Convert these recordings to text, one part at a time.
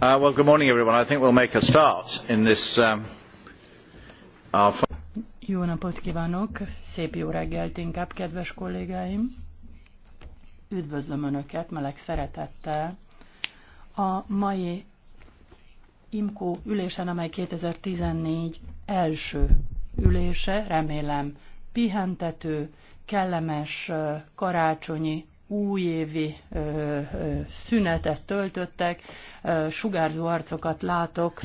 Uh, good morning everyone. I think we'll make a start in this um, our... Jó napot kívánok, szép jó reggelt inkább, kedves kollégáim. Üdvözlöm Önöket meleg szeretettel. A mai IMKO ülésen, amely 2014 első ülése, remélem pihentető, kellemes uh, karácsonyi újévi ö, ö, szünetet töltöttek, ö, sugárzó arcokat látok,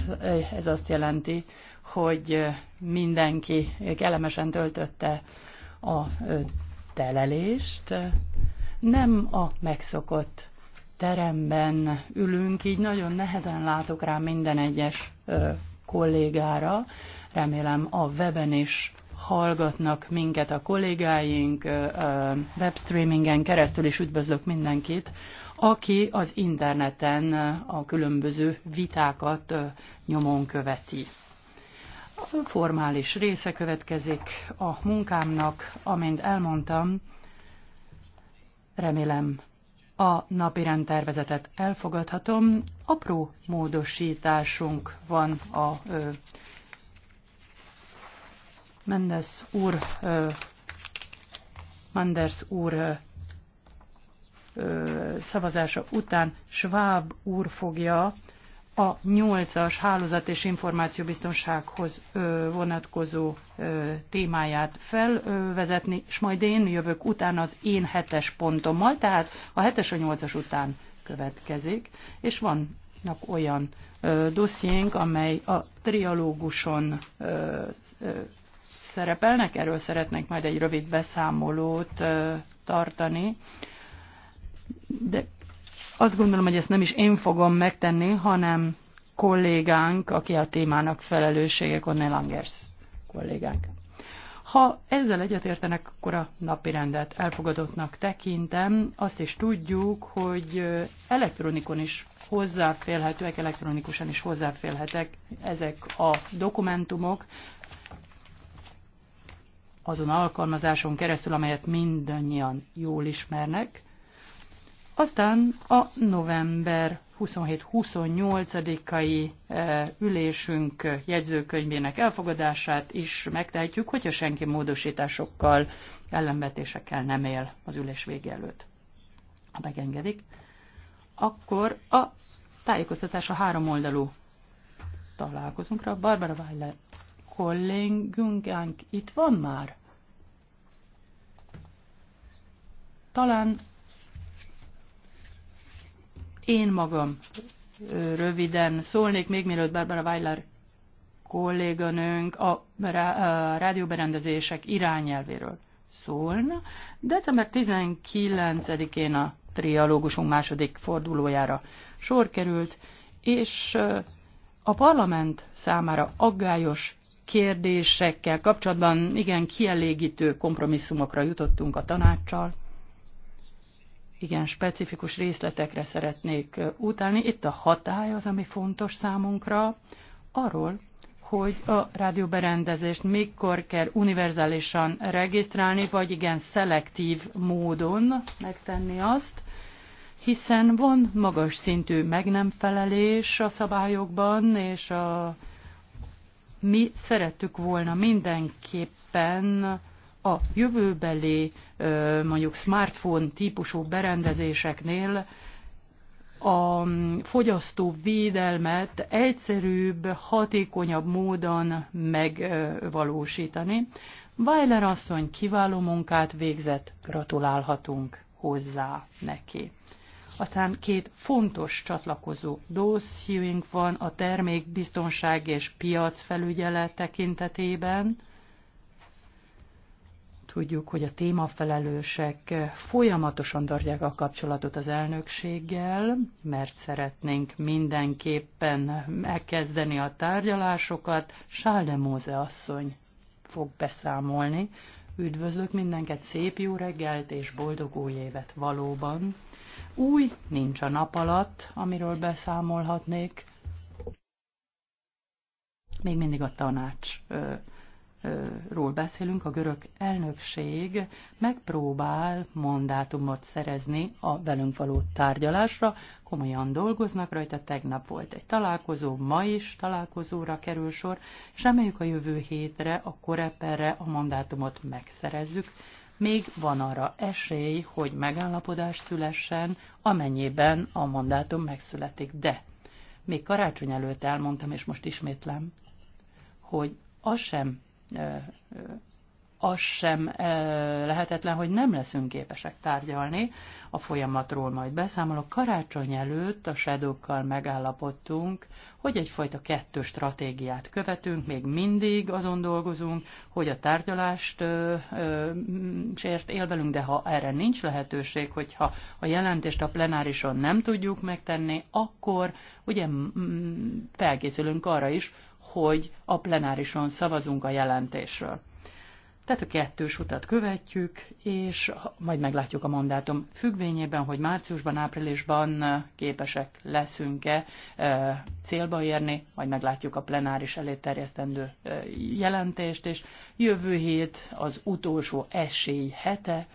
ez azt jelenti, hogy mindenki kellemesen töltötte a ö, telelést. Nem a megszokott teremben ülünk, így nagyon nehezen látok rá minden egyes ö, kollégára. Remélem a weben is hallgatnak minket a kollégáink webstreamingen keresztül, is üdvözlök mindenkit, aki az interneten a különböző vitákat nyomon követi. A formális része következik a munkámnak, amint elmondtam, remélem a napi rendtervezetet elfogadhatom. Apró módosításunk van a Mendes úr, Manders úr szavazása után Schwab úr fogja a nyolcas hálózat és információbiztonsághoz vonatkozó témáját felvezetni, és majd én jövök utána az én hetes pontommal, tehát a hetes a nyolcas után következik, és vannak olyan dossziénk, amely a trialóguson szerepelnek, erről szeretnék majd egy rövid beszámolót tartani. De azt gondolom, hogy ezt nem is én fogom megtenni, hanem kollégánk, aki a témának felelőssége, Conné Langers kollégánk. Ha ezzel egyetértenek, akkor a napi rendet elfogadottnak tekintem. Azt is tudjuk, hogy elektronikon is hozzáférhetőek, elektronikusan is hozzáférhetek ezek a dokumentumok azon alkalmazáson keresztül, amelyet mindannyian jól ismernek. Aztán a november 27-28-ai eh, ülésünk jegyzőkönyvének elfogadását is megtehetjük, hogyha senki módosításokkal, ellenvetésekkel nem él az ülés vége előtt. Ha megengedik, akkor a tájékoztatás a három oldalú találkozunkra. Barbara Weiler kollégunkánk itt van már? Talán én magam röviden szólnék, még mielőtt Barbara Weiler kolléganőnk a rádióberendezések irányelvéről szólna. December 19-én a trialógusunk második fordulójára sor került, és a parlament számára aggályos kérdésekkel kapcsolatban igen kielégítő kompromisszumokra jutottunk a tanácssal. Igen, specifikus részletekre szeretnék utálni. Itt a hatály az, ami fontos számunkra. Arról, hogy a rádióberendezést mikor kell univerzálisan regisztrálni, vagy igen szelektív módon megtenni azt, hiszen van magas szintű meg nem felelés a szabályokban, és a mi szerettük volna mindenképpen a jövőbeli mondjuk smartphone típusú berendezéseknél a fogyasztó védelmet egyszerűbb, hatékonyabb módon megvalósítani. Weiler asszony kiváló munkát végzett, gratulálhatunk hozzá neki. Aztán két fontos csatlakozó dossziünk van a termékbiztonság és piacfelügyelet tekintetében. Tudjuk, hogy a témafelelősek folyamatosan tartják a kapcsolatot az elnökséggel, mert szeretnénk mindenképpen megkezdeni a tárgyalásokat. Sálde Móze asszony fog beszámolni. Üdvözlök mindenket, szép jó reggelt és boldog új évet valóban! Új nincs a nap alatt, amiről beszámolhatnék. Még mindig a tanács ö, ról beszélünk, a görög elnökség megpróbál mandátumot szerezni a velünk való tárgyalásra, komolyan dolgoznak rajta, tegnap volt egy találkozó, ma is találkozóra kerül sor, és reméljük a jövő hétre, a koreperre a mandátumot megszerezzük, még van arra esély, hogy megállapodás szülessen, amennyiben a mandátum megszületik. De még karácsony előtt elmondtam, és most ismétlem, hogy az sem az sem lehetetlen, hogy nem leszünk képesek tárgyalni. A folyamatról majd beszámolok. Karácsony előtt a sedokkal megállapodtunk, hogy egyfajta kettő stratégiát követünk, még mindig azon dolgozunk, hogy a tárgyalást ö, ö, sért élvelünk, de ha erre nincs lehetőség, hogyha a jelentést a plenárison nem tudjuk megtenni, akkor ugye felkészülünk arra is, hogy a plenárison szavazunk a jelentésről. Tehát a kettős utat követjük, és majd meglátjuk a mandátum függvényében, hogy márciusban, áprilisban képesek leszünk-e e, célba érni, majd meglátjuk a plenáris elé terjesztendő e, jelentést, és jövő hét az utolsó esély hete,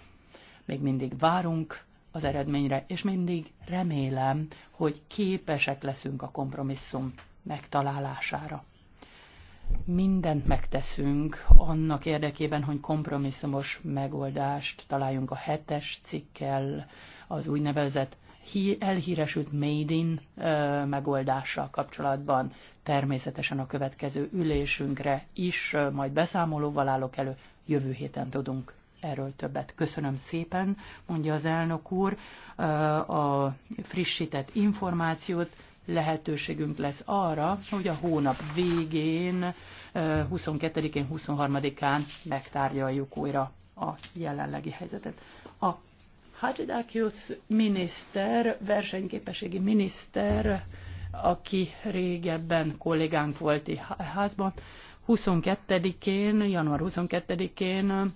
még mindig várunk az eredményre, és mindig remélem, hogy képesek leszünk a kompromisszum megtalálására mindent megteszünk annak érdekében, hogy kompromisszumos megoldást találjunk a hetes cikkel, az úgynevezett elhíresült Made in megoldással kapcsolatban. Természetesen a következő ülésünkre is majd beszámolóval állok elő, jövő héten tudunk erről többet. Köszönöm szépen, mondja az elnök úr, a frissített információt lehetőségünk lesz arra, hogy a hónap végén, 22-én, 23-án megtárgyaljuk újra a jelenlegi helyzetet. A Hadjidakius miniszter, versenyképességi miniszter, aki régebben kollégánk volt házban, 22-én, január 22-én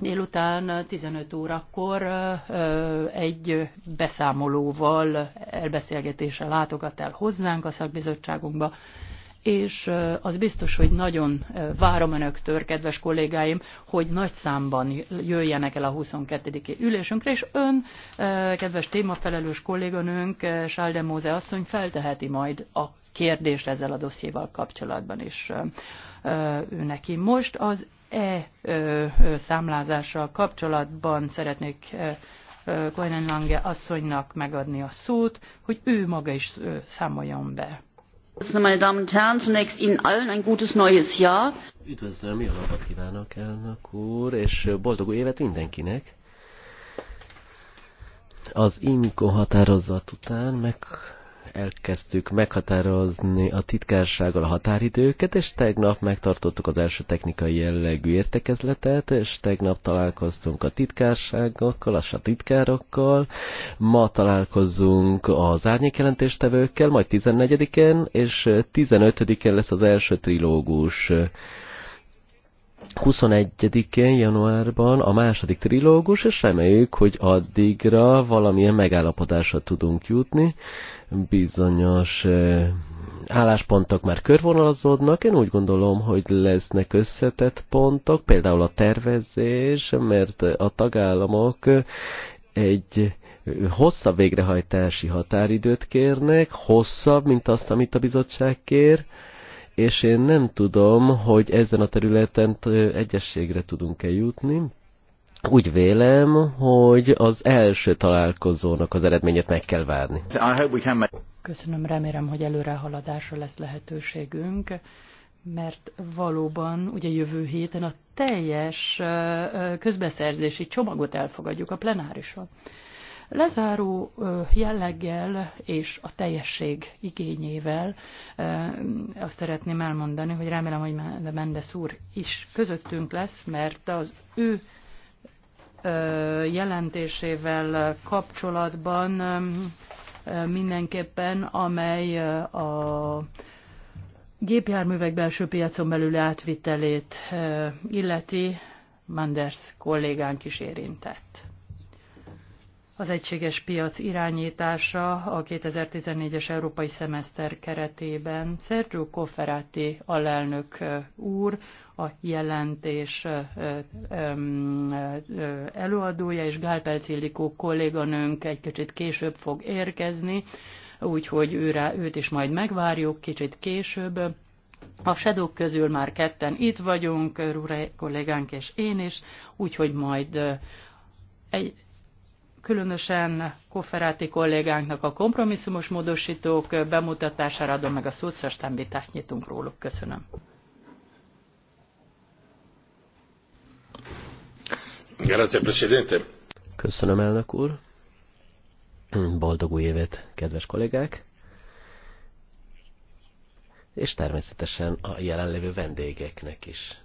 délután 15 órakor egy beszámolóval, elbeszélgetéssel látogat el hozzánk a szakbizottságunkba, és az biztos, hogy nagyon várom önöktől, kedves kollégáim, hogy nagy számban jöjjenek el a 22. ülésünkre, és ön, kedves témafelelős kolléganőnk, Sálde Móze asszony felteheti majd a kérdést ezzel a dossziéval kapcsolatban is ő neki. Most az e ö, ö, számlázással kapcsolatban szeretnék e, ö, Koinen Lange asszonynak megadni a szót, hogy ő maga is ö, számoljon be. Üdvözlöm, jó napot kívánok, elnök úr, és boldog új évet mindenkinek! Az IMCO határozat után meg elkezdtük meghatározni a titkársággal a határidőket, és tegnap megtartottuk az első technikai jellegű értekezletet, és tegnap találkoztunk a titkárságokkal, a satitkárokkal, ma találkozunk az árnyékjelentéstevőkkel, majd 14-en, és 15-en lesz az első trilógus 21-én januárban a második trilógus, és reméljük, hogy addigra valamilyen megállapodásra tudunk jutni. Bizonyos eh, álláspontok már körvonalazódnak, én úgy gondolom, hogy lesznek összetett pontok, például a tervezés, mert a tagállamok eh, egy eh, hosszabb végrehajtási határidőt kérnek, hosszabb, mint azt, amit a bizottság kér, és én nem tudom, hogy ezen a területen egyességre tudunk-e jutni. Úgy vélem, hogy az első találkozónak az eredményét meg kell várni. Köszönöm, remélem, hogy előre haladásra lesz lehetőségünk, mert valóban ugye jövő héten a teljes közbeszerzési csomagot elfogadjuk a plenárison lezáró jelleggel és a teljesség igényével azt szeretném elmondani, hogy remélem, hogy Mendes úr is közöttünk lesz, mert az ő jelentésével kapcsolatban mindenképpen, amely a gépjárművek belső piacon belüli átvitelét illeti, Manders kollégánk is érintett az egységes piac irányítása a 2014-es európai szemeszter keretében. Sergio Cofferati alelnök úr, a jelentés előadója, és Gálperc Illikó kolléganőnk egy kicsit később fog érkezni, úgyhogy őre, őt is majd megvárjuk kicsit később. A sedok közül már ketten itt vagyunk, Rúre kollégánk és én is, úgyhogy majd egy, különösen Kofferáti kollégánknak a kompromisszumos módosítók bemutatására adom meg a szót, szóval aztán vitát nyitunk róluk. Köszönöm. Köszönöm, elnök úr. Boldog új évet, kedves kollégák! És természetesen a jelenlévő vendégeknek is.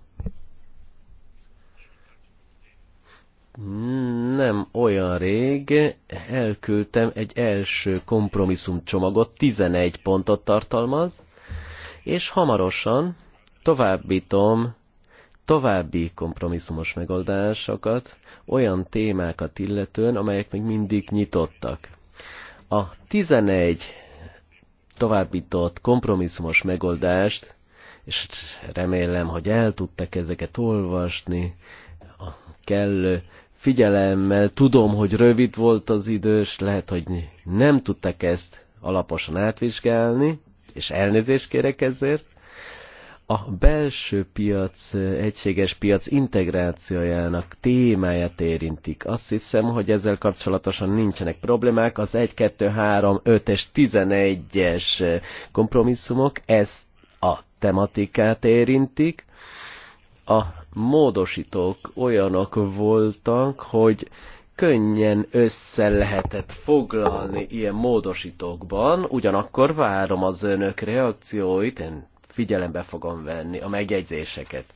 nem olyan rég elküldtem egy első csomagot, 11 pontot tartalmaz, és hamarosan továbbítom további kompromisszumos megoldásokat olyan témákat illetően, amelyek még mindig nyitottak. A 11 továbbított kompromisszumos megoldást, és remélem, hogy el tudtak ezeket olvasni, a kellő figyelemmel, tudom, hogy rövid volt az idős, lehet, hogy nem tudtak ezt alaposan átvizsgálni, és elnézést kérek ezért. A belső piac, egységes piac integrációjának témáját érintik. Azt hiszem, hogy ezzel kapcsolatosan nincsenek problémák. Az 1, 2, 3, 5 és 11-es kompromisszumok ezt a tematikát érintik. A módosítók olyanok voltak, hogy könnyen össze lehetett foglalni ilyen módosítókban, ugyanakkor várom az önök reakcióit, én figyelembe fogom venni a megjegyzéseket.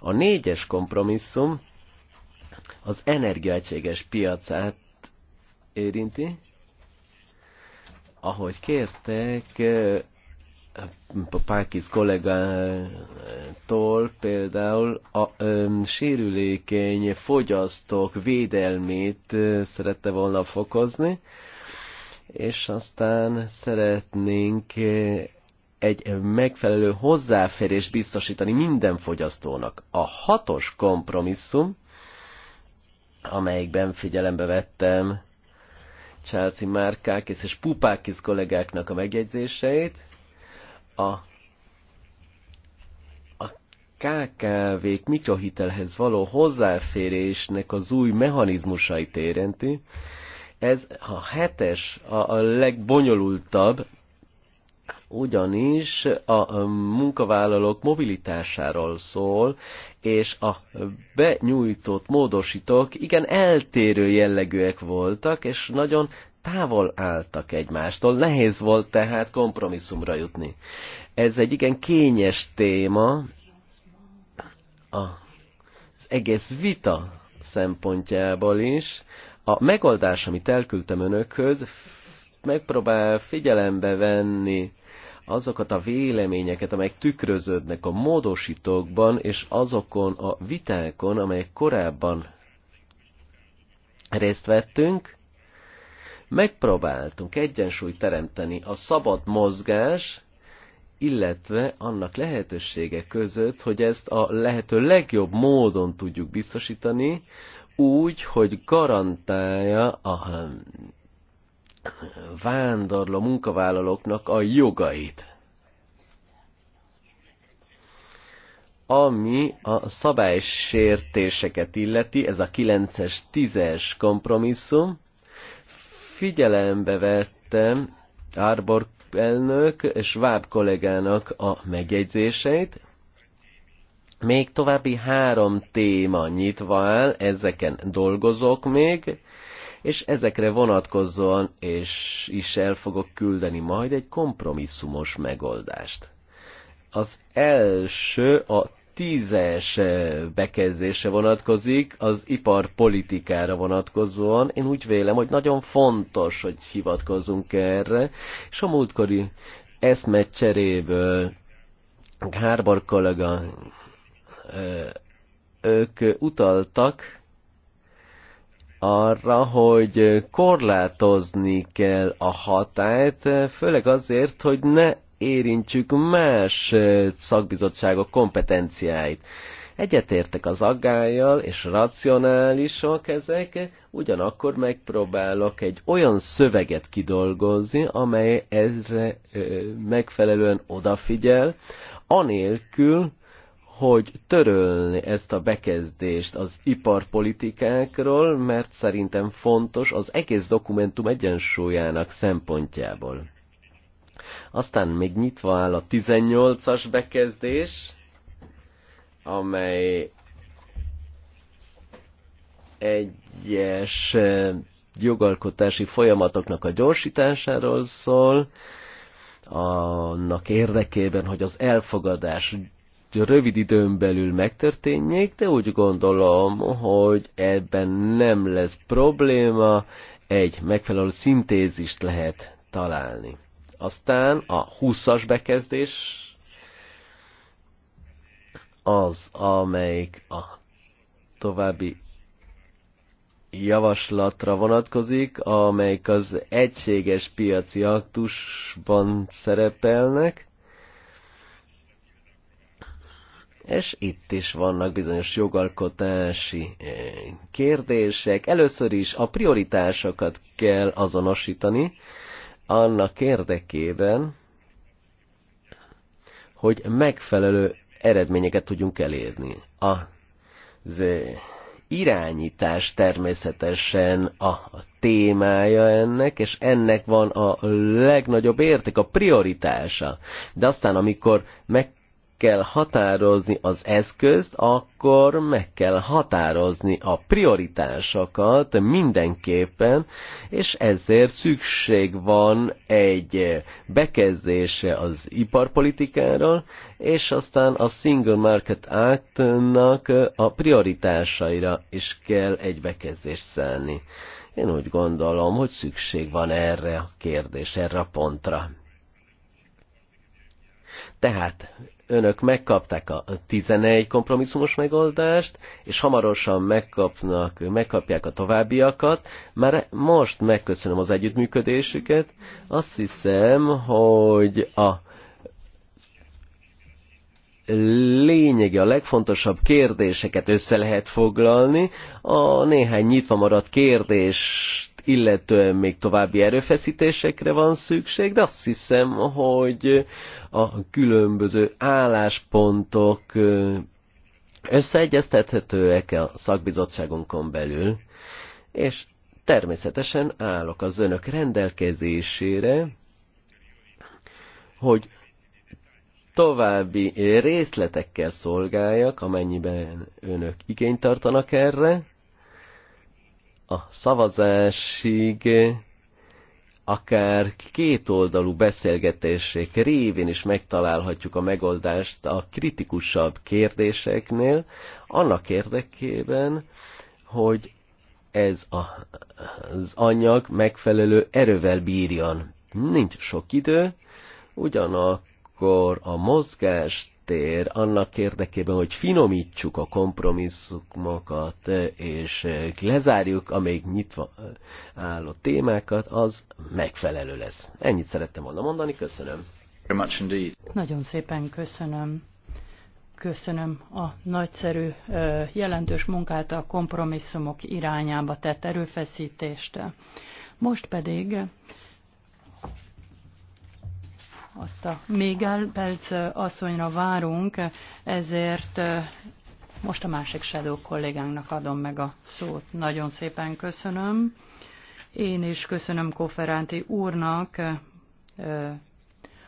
A négyes kompromisszum az energiaegységes piacát érinti. Ahogy kértek, Pákis kollégától például a ö, sérülékeny fogyasztók védelmét szerette volna fokozni, és aztán szeretnénk egy megfelelő hozzáférést biztosítani minden fogyasztónak. A hatos kompromisszum, amelyikben figyelembe vettem Csáci márkák és Pupákis kollégáknak a megjegyzéseit, a, a KKV-k mikrohitelhez való hozzáférésnek az új mechanizmusait érinti. Ez a hetes, a, a legbonyolultabb, ugyanis a munkavállalók mobilitásáról szól, és a benyújtott módosítók igen eltérő jellegűek voltak, és nagyon távol álltak egymástól, nehéz volt tehát kompromisszumra jutni. Ez egy igen kényes téma az egész vita szempontjából is. A megoldás, amit elküldtem önökhöz, megpróbál figyelembe venni azokat a véleményeket, amelyek tükröződnek a módosítókban és azokon a vitákon, amelyek korábban részt vettünk, Megpróbáltunk egyensúlyt teremteni a szabad mozgás, illetve annak lehetősége között, hogy ezt a lehető legjobb módon tudjuk biztosítani, úgy, hogy garantálja a vándorló munkavállalóknak a jogait. Ami a szabálysértéseket illeti, ez a 9-es, 10-es kompromisszum, figyelembe vettem Árbor elnök és Schwab kollégának a megjegyzéseit. Még további három téma nyitva áll, ezeken dolgozok még, és ezekre vonatkozóan és is el fogok küldeni majd egy kompromisszumos megoldást. Az első a tízes eh, bekezdése vonatkozik, az iparpolitikára vonatkozóan. Én úgy vélem, hogy nagyon fontos, hogy hivatkozunk erre, és a múltkori eszmet cseréből Gárbar kollega eh, ők utaltak arra, hogy korlátozni kell a hatályt, főleg azért, hogy ne érintsük más szakbizottságok kompetenciáit. Egyetértek az aggájjal, és racionálisak ezek, ugyanakkor megpróbálok egy olyan szöveget kidolgozni, amely ezre ö, megfelelően odafigyel, anélkül, hogy törölni ezt a bekezdést az iparpolitikákról, mert szerintem fontos az egész dokumentum egyensúlyának szempontjából. Aztán még nyitva áll a 18-as bekezdés, amely egyes eh, jogalkotási folyamatoknak a gyorsításáról szól, annak érdekében, hogy az elfogadás rövid időn belül megtörténjék, de úgy gondolom, hogy ebben nem lesz probléma, egy megfelelő szintézist lehet találni. Aztán a 20-as bekezdés az, amelyik a további javaslatra vonatkozik, amelyik az egységes piaci aktusban szerepelnek, és itt is vannak bizonyos jogalkotási eh, kérdések. Először is a prioritásokat kell azonosítani, annak érdekében, hogy megfelelő eredményeket tudjunk elérni. Az eh, irányítás természetesen a témája ennek, és ennek van a legnagyobb érték, a prioritása. De aztán, amikor meg kell határozni az eszközt, akkor meg kell határozni a prioritásokat mindenképpen, és ezért szükség van egy bekezdése az iparpolitikáról, és aztán a Single Market Act-nak a prioritásaira is kell egy bekezdést szállni. Én úgy gondolom, hogy szükség van erre a kérdés, erre a pontra. Tehát önök megkapták a 11 kompromisszumos megoldást, és hamarosan megkapnak, megkapják a továbbiakat. Már most megköszönöm az együttműködésüket. Azt hiszem, hogy a lényegi, a legfontosabb kérdéseket össze lehet foglalni. A néhány nyitva maradt kérdés illetően még további erőfeszítésekre van szükség, de azt hiszem, hogy a különböző álláspontok összeegyeztethetőek a szakbizottságunkon belül, és természetesen állok az önök rendelkezésére, hogy további részletekkel szolgáljak, amennyiben önök igényt tartanak erre, a szavazásig akár kétoldalú beszélgetések révén is megtalálhatjuk a megoldást a kritikusabb kérdéseknél, annak érdekében, hogy ez a, az anyag megfelelő erővel bírjon. Nincs sok idő, ugyanakkor a mozgás háttér annak érdekében, hogy finomítsuk a kompromisszumokat, és lezárjuk a még nyitva álló témákat, az megfelelő lesz. Ennyit szerettem volna mondani, köszönöm. Nagyon szépen köszönöm. Köszönöm a nagyszerű, jelentős munkát a kompromisszumok irányába tett erőfeszítést. Most pedig azt a Mégel Pelc asszonyra várunk, ezért most a másik Shadow kollégánknak adom meg a szót. Nagyon szépen köszönöm. Én is köszönöm Koferánti úrnak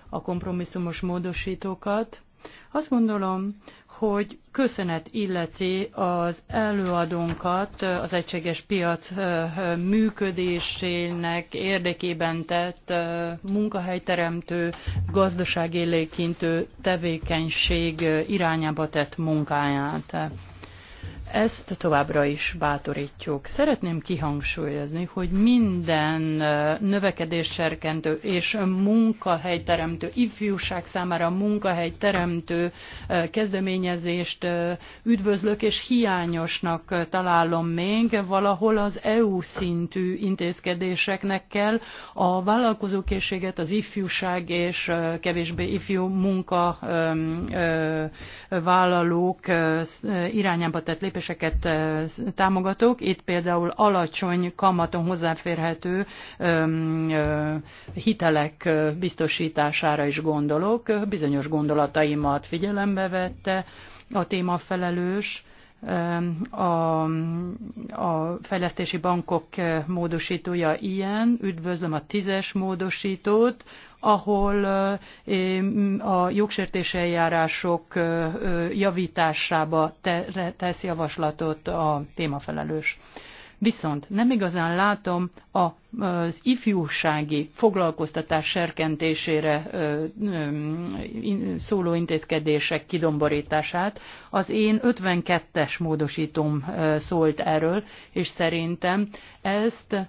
a kompromisszumos módosítókat. Azt gondolom, hogy köszönet illeti az előadónkat az egységes piac működésének érdekében tett munkahelyteremtő, gazdaságélékintő tevékenység irányába tett munkáját. Ezt továbbra is bátorítjuk. Szeretném kihangsúlyozni, hogy minden növekedés serkentő és munkahelyteremtő, ifjúság számára munkahelyteremtő kezdeményezést üdvözlök, és hiányosnak találom még valahol az EU szintű intézkedéseknek kell a vállalkozókészséget, az ifjúság és kevésbé ifjú munkavállalók irányába tett lépés lépéseket támogatok. Itt például alacsony kamaton hozzáférhető hitelek biztosítására is gondolok. Bizonyos gondolataimat figyelembe vette a témafelelős a, a fejlesztési bankok módosítója ilyen, üdvözlöm a tízes módosítót, ahol a jogsértés eljárások javításába tesz javaslatot a témafelelős. Viszont nem igazán látom az ifjúsági foglalkoztatás serkentésére szóló intézkedések kidomborítását. Az én 52-es módosítom szólt erről, és szerintem ezt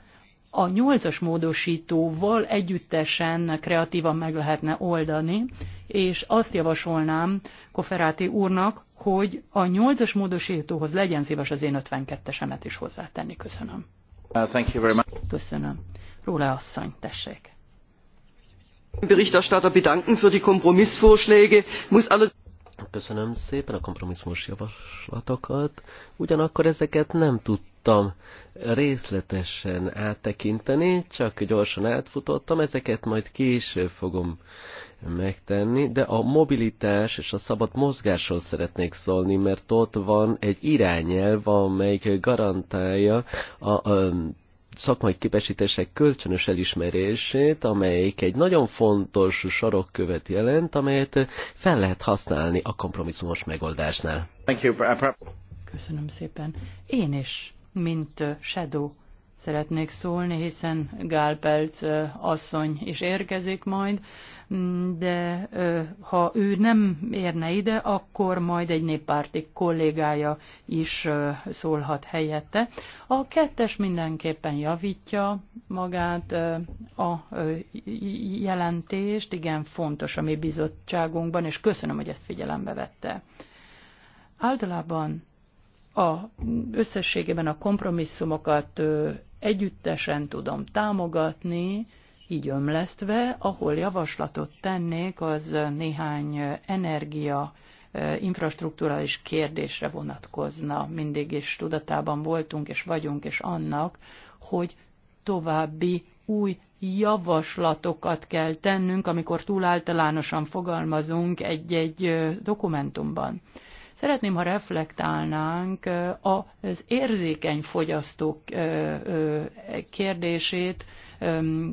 a nyolcas módosítóval együttesen kreatívan meg lehetne oldani, és azt javasolnám Koferáti úrnak, hogy a nyolcas módosítóhoz legyen szíves az én 52-esemet is hozzátenni. Köszönöm. Uh, thank you very much. Köszönöm. Róla asszony, tessék. Berichterstatter bedanken für die Kompromissvorschläge. Muss alles Köszönöm szépen a kompromisszumos javaslatokat. Ugyanakkor ezeket nem tud tudtam részletesen áttekinteni, csak gyorsan átfutottam, ezeket majd később fogom megtenni, de a mobilitás és a szabad mozgásról szeretnék szólni, mert ott van egy irányelv, amelyik garantálja a, a szakmai képesítések kölcsönös elismerését, amelyik egy nagyon fontos sarokkövet jelent, amelyet fel lehet használni a kompromisszumos megoldásnál. Köszönöm szépen. Én is mint Shadow szeretnék szólni, hiszen Gálpelt asszony is érkezik majd, mm, de ha ő nem érne ide, akkor majd egy néppárti kollégája is szólhat helyette. A kettes mindenképpen javítja magát a jelentést, igen fontos a mi bizottságunkban, és köszönöm, hogy ezt figyelembe vette. Általában a összességében a kompromisszumokat együttesen tudom támogatni, így ömlesztve, ahol javaslatot tennék, az néhány energia infrastruktúrális kérdésre vonatkozna. Mindig is tudatában voltunk és vagyunk, és annak, hogy további új javaslatokat kell tennünk, amikor túl általánosan fogalmazunk egy-egy dokumentumban. Szeretném, ha reflektálnánk az érzékeny fogyasztók kérdését,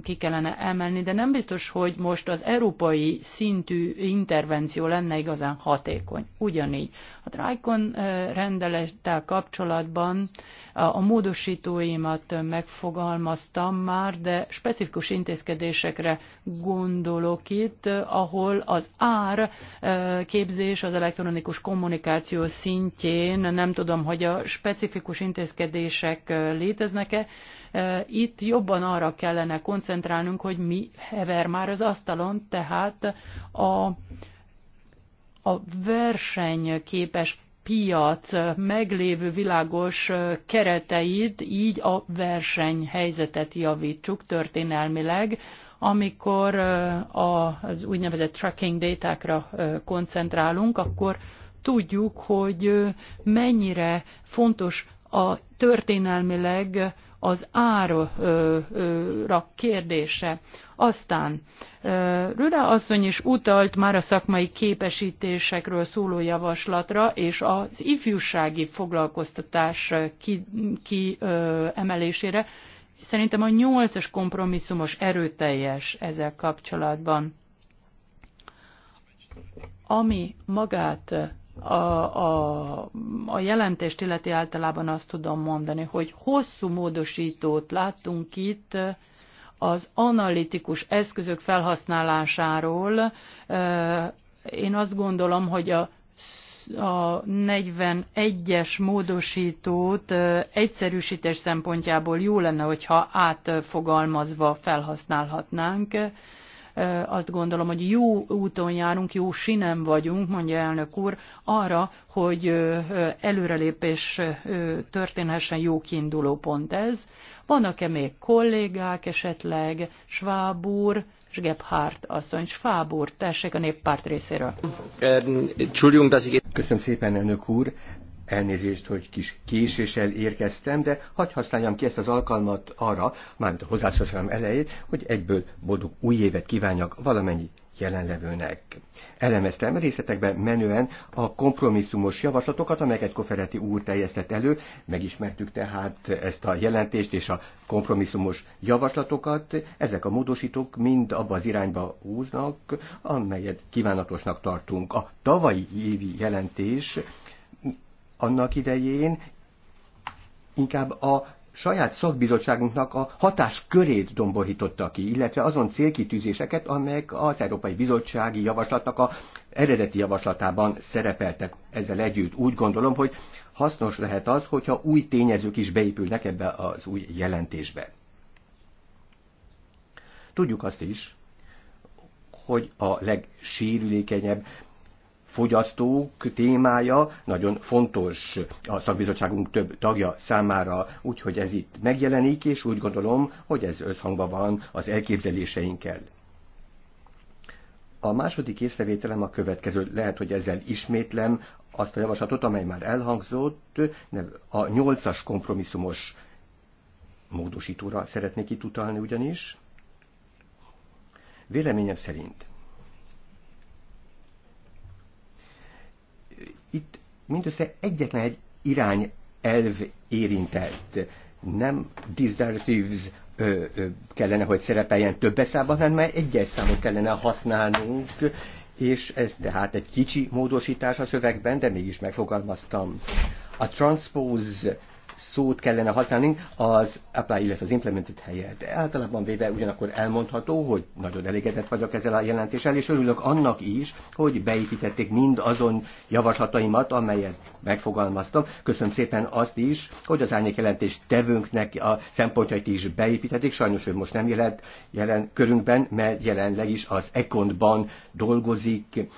ki kellene emelni, de nem biztos, hogy most az európai szintű intervenció lenne igazán hatékony. Ugyanígy a Tricon rendelettel kapcsolatban a módosítóimat megfogalmaztam már, de specifikus intézkedésekre gondolok itt, ahol az ár e, képzés az elektronikus kommunikáció szintjén, nem tudom, hogy a specifikus intézkedések e, léteznek-e, e, itt jobban arra kellene koncentrálnunk, hogy mi hever már az asztalon, tehát a, a versenyképes piac meglévő világos kereteit, így a versenyhelyzetet javítsuk történelmileg, amikor az úgynevezett tracking datákra koncentrálunk, akkor tudjuk, hogy mennyire fontos a történelmileg az ára kérdése. Aztán Rüra asszony is utalt már a szakmai képesítésekről szóló javaslatra, és az ifjúsági foglalkoztatás kiemelésére. Ki, ki Szerintem a nyolcas kompromisszumos erőteljes ezzel kapcsolatban. Ami magát a, a, a jelentést illeti általában azt tudom mondani, hogy hosszú módosítót láttunk itt az analitikus eszközök felhasználásáról. Én azt gondolom, hogy a a 41-es módosítót egyszerűsítés szempontjából jó lenne, hogyha átfogalmazva felhasználhatnánk azt gondolom, hogy jó úton járunk, jó sinem vagyunk, mondja elnök úr, arra, hogy előrelépés történhessen jó kiinduló pont ez. Vannak-e még kollégák esetleg, Schwab úr, és Gebhardt asszony, Schwab úr, tessék a néppárt részéről. Köszönöm szépen, elnök úr. Elnézést, hogy kis késéssel érkeztem, de hagy használjam ki ezt az alkalmat arra, mármint a hozzászólásom elejét, hogy egyből boldog új évet kívánjak valamennyi jelenlevőnek. Elemeztem részletekben menően a kompromisszumos javaslatokat, amelyeket Kofereti úr teljesztett elő, megismertük tehát ezt a jelentést és a kompromisszumos javaslatokat. Ezek a módosítók mind abba az irányba húznak, amelyet kívánatosnak tartunk. A tavalyi évi jelentés annak idején inkább a saját szakbizottságunknak a hatáskörét domborította ki, illetve azon célkitűzéseket, amelyek az Európai Bizottsági Javaslatnak a eredeti javaslatában szerepeltek ezzel együtt. Úgy gondolom, hogy hasznos lehet az, hogyha új tényezők is beépülnek ebbe az új jelentésbe. Tudjuk azt is, hogy a legsérülékenyebb fogyasztók témája nagyon fontos a szakbizottságunk több tagja számára, úgyhogy ez itt megjelenik, és úgy gondolom, hogy ez összhangban van az elképzeléseinkkel. A második észrevételem a következő, lehet, hogy ezzel ismétlem azt a javaslatot, amely már elhangzott, a nyolcas kompromisszumos módosítóra szeretnék itt utalni ugyanis. Véleményem szerint itt mindössze egyetlen egy irány elv érintett. Nem disdaratives kellene, hogy szerepeljen több eszában, hanem egyes számot kellene használnunk, és ez tehát egy kicsi módosítás a szövegben, de mégis megfogalmaztam. A transpose szót kellene használni az apply, illetve az implemented helyett. Általában véve ugyanakkor elmondható, hogy nagyon elégedett vagyok ezzel a jelentéssel, és örülök annak is, hogy beépítették mind azon javaslataimat, amelyet megfogalmaztam. Köszönöm szépen azt is, hogy az árnyék jelentés tevőnknek a szempontjait is beépítették. Sajnos ő most nem jelent jelen körünkben, mert jelenleg is az Ekontban dolgozik,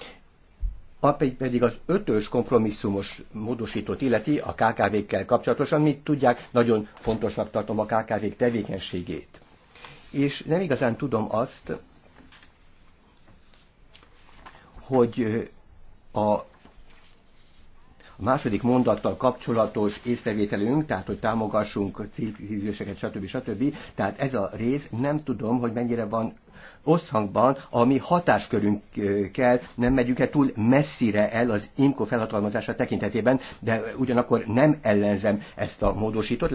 a pedig az ötös kompromisszumos módosítót illeti a KKV-kkel kapcsolatosan, mint tudják, nagyon fontosnak tartom a KKV-k tevékenységét. És nem igazán tudom azt, hogy a a második mondattal kapcsolatos észrevételünk, tehát hogy támogassunk célkívüléseket, stb. stb. Tehát ez a rész nem tudom, hogy mennyire van oszhangban ami mi hatáskörünkkel nem megyünk -e túl messzire el az IMCO felhatalmazása tekintetében, de ugyanakkor nem ellenzem ezt a módosítót,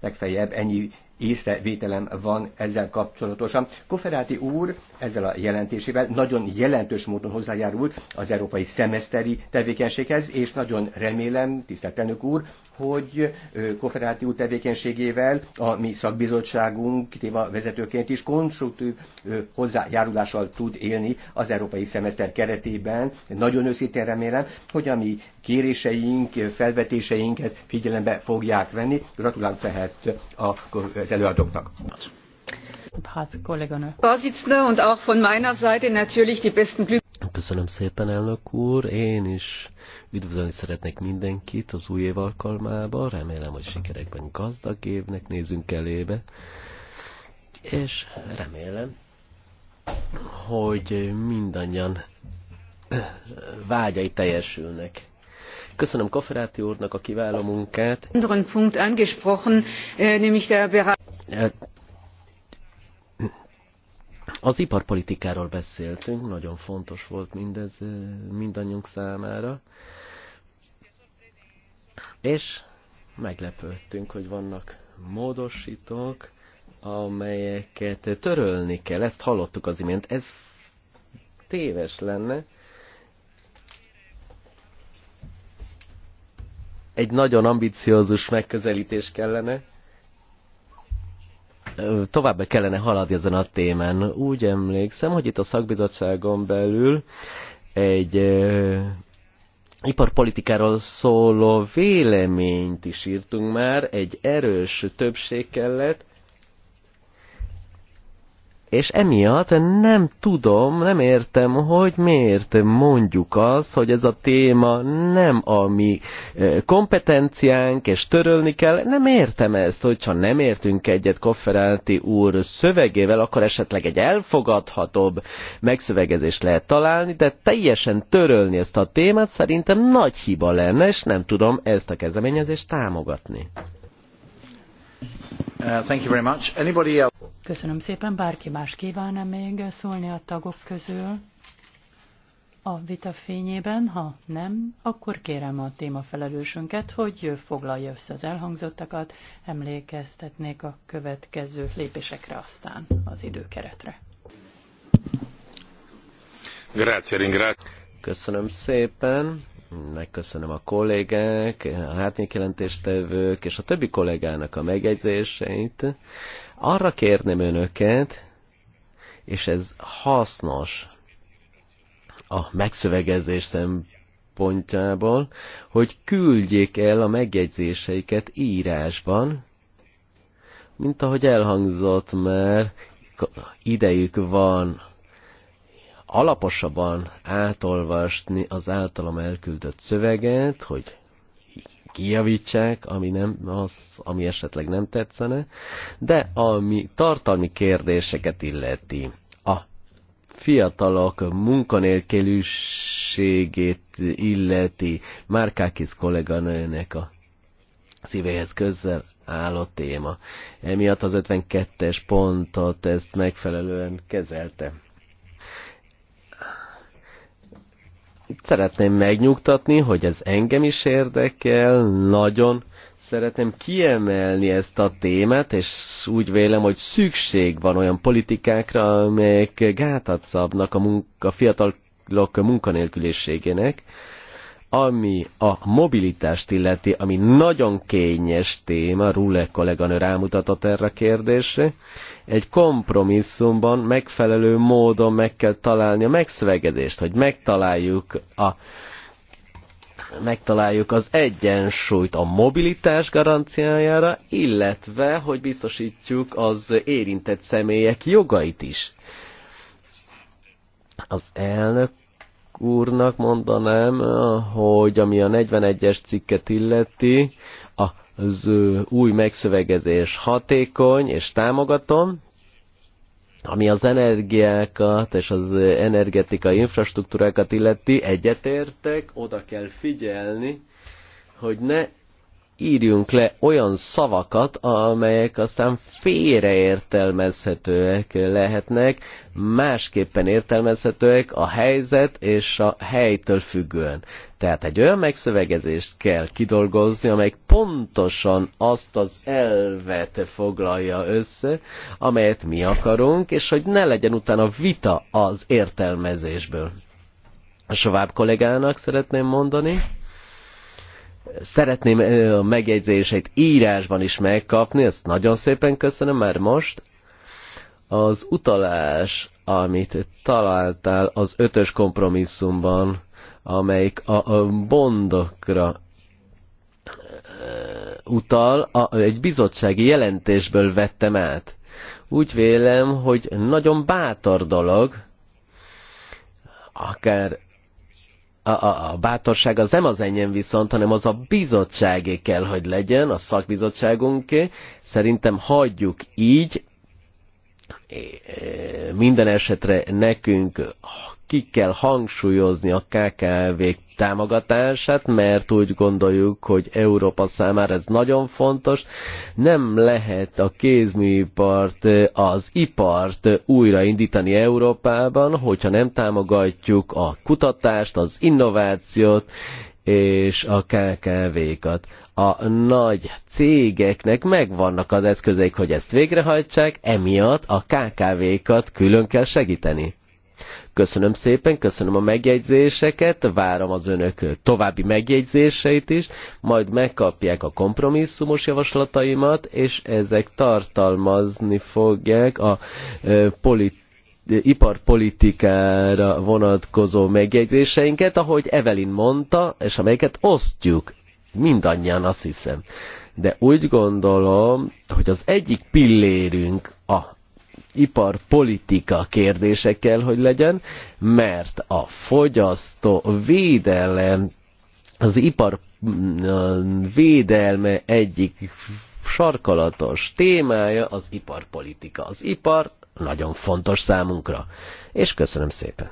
legfeljebb ennyi észrevételem van ezzel kapcsolatosan. Koferáti úr ezzel a jelentésével nagyon jelentős módon hozzájárult az európai szemeszteri tevékenységhez, és nagyon remélem, tisztelt elnök úr, hogy Koferáti úr tevékenységével a mi szakbizottságunk téma vezetőként is konstruktív hozzájárulással tud élni az európai szemeszter keretében. Nagyon őszintén remélem, hogy a mi kéréseink, felvetéseinket figyelembe fogják venni. Gratulálok tehát a előadóknak. Hát, Köszönöm szépen, elnök úr. Én is üdvözölni szeretnék mindenkit az új év alkalmába. Remélem, hogy sikerekben gazdag évnek nézünk elébe. És remélem, hogy mindannyian vágyai teljesülnek. Köszönöm Kofferáti úrnak a kiváló munkát. Äh, az iparpolitikáról beszéltünk, nagyon fontos volt mindez mindannyiunk számára. És meglepődtünk, hogy vannak módosítók, amelyeket törölni kell. Ezt hallottuk az imént. Ez téves lenne. egy nagyon ambiciózus megközelítés kellene. Tovább kellene haladni ezen a témán. Úgy emlékszem, hogy itt a szakbizottságon belül egy e, iparpolitikáról szóló véleményt is írtunk már, egy erős többség kellett, és emiatt nem tudom, nem értem, hogy miért mondjuk azt, hogy ez a téma nem a mi e, kompetenciánk, és törölni kell. Nem értem ezt, hogyha nem értünk egyet Kofferáti úr szövegével, akkor esetleg egy elfogadhatóbb megszövegezést lehet találni, de teljesen törölni ezt a témát szerintem nagy hiba lenne, és nem tudom ezt a kezdeményezést támogatni. Uh, thank you very much. Anybody else? Köszönöm szépen. Bárki más kívánna -e még szólni a tagok közül? A vita fényében, ha nem, akkor kérem a témafelelősünket, hogy foglalja össze az elhangzottakat, emlékeztetnék a következő lépésekre aztán az időkeretre. Grazie, ringrazie. Köszönöm szépen. Megköszönöm a kollégák, a hátnyékjelentéstevők és a többi kollégának a megjegyzéseit. Arra kérném önöket, és ez hasznos a megszövegezés szempontjából, hogy küldjék el a megjegyzéseiket írásban, mint ahogy elhangzott már, idejük van alaposabban átolvasni az általam elküldött szöveget, hogy kijavítsák, ami, nem, az, ami esetleg nem tetszene, de ami tartalmi kérdéseket illeti. A fiatalok munkanélkülségét illeti Márkákis kolléganőnek a szívéhez közel álló téma. Emiatt az 52-es pontot ezt megfelelően kezelte. szeretném megnyugtatni, hogy ez engem is érdekel, nagyon szeretném kiemelni ezt a témát, és úgy vélem, hogy szükség van olyan politikákra, amelyek gátat szabnak a, munka, a fiatalok munkanélküliségének, ami a mobilitást illeti, ami nagyon kényes téma, Rule kolléganő rámutatott erre a kérdésre, egy kompromisszumban megfelelő módon meg kell találni a megszövegedést, hogy megtaláljuk a megtaláljuk az egyensúlyt a mobilitás garanciájára, illetve, hogy biztosítjuk az érintett személyek jogait is. Az elnök úrnak mondanám, hogy ami a 41-es cikket illeti, az új megszövegezés hatékony, és támogatom, ami az energiákat és az energetikai infrastruktúrákat illeti, egyetértek, oda kell figyelni, hogy ne írjunk le olyan szavakat, amelyek aztán félreértelmezhetőek lehetnek, másképpen értelmezhetőek a helyzet és a helytől függően. Tehát egy olyan megszövegezést kell kidolgozni, amely pontosan azt az elvet foglalja össze, amelyet mi akarunk, és hogy ne legyen utána vita az értelmezésből. A Sovább kollégának szeretném mondani Szeretném a megjegyzéseit írásban is megkapni, ezt nagyon szépen köszönöm már most. Az utalás, amit találtál az ötös kompromisszumban, amelyik a bondokra utal, a, egy bizottsági jelentésből vettem át. Úgy vélem, hogy nagyon bátor dolog, akár a, a, a bátorság az nem az enyém viszont, hanem az a bizottságé kell, hogy legyen, a szakbizottságunké. Szerintem hagyjuk így, minden esetre nekünk ki kell hangsúlyozni a kkv támogatását, mert úgy gondoljuk, hogy Európa számára ez nagyon fontos. Nem lehet a kézműipart, az ipart újraindítani Európában, hogyha nem támogatjuk a kutatást, az innovációt, és a KKV-kat. A nagy cégeknek megvannak az eszközeik, hogy ezt végrehajtsák, emiatt a KKV-kat külön kell segíteni. Köszönöm szépen, köszönöm a megjegyzéseket, várom az önök további megjegyzéseit is, majd megkapják a kompromisszumos javaslataimat, és ezek tartalmazni fogják a politikát iparpolitikára vonatkozó megjegyzéseinket, ahogy Evelyn mondta, és amelyeket osztjuk mindannyian, azt hiszem. De úgy gondolom, hogy az egyik pillérünk a iparpolitika kérdése kell, hogy legyen, mert a fogyasztó védelem, az ipar mm, védelme egyik sarkalatos témája az iparpolitika. Az ipar nagyon fontos számunkra. És köszönöm szépen.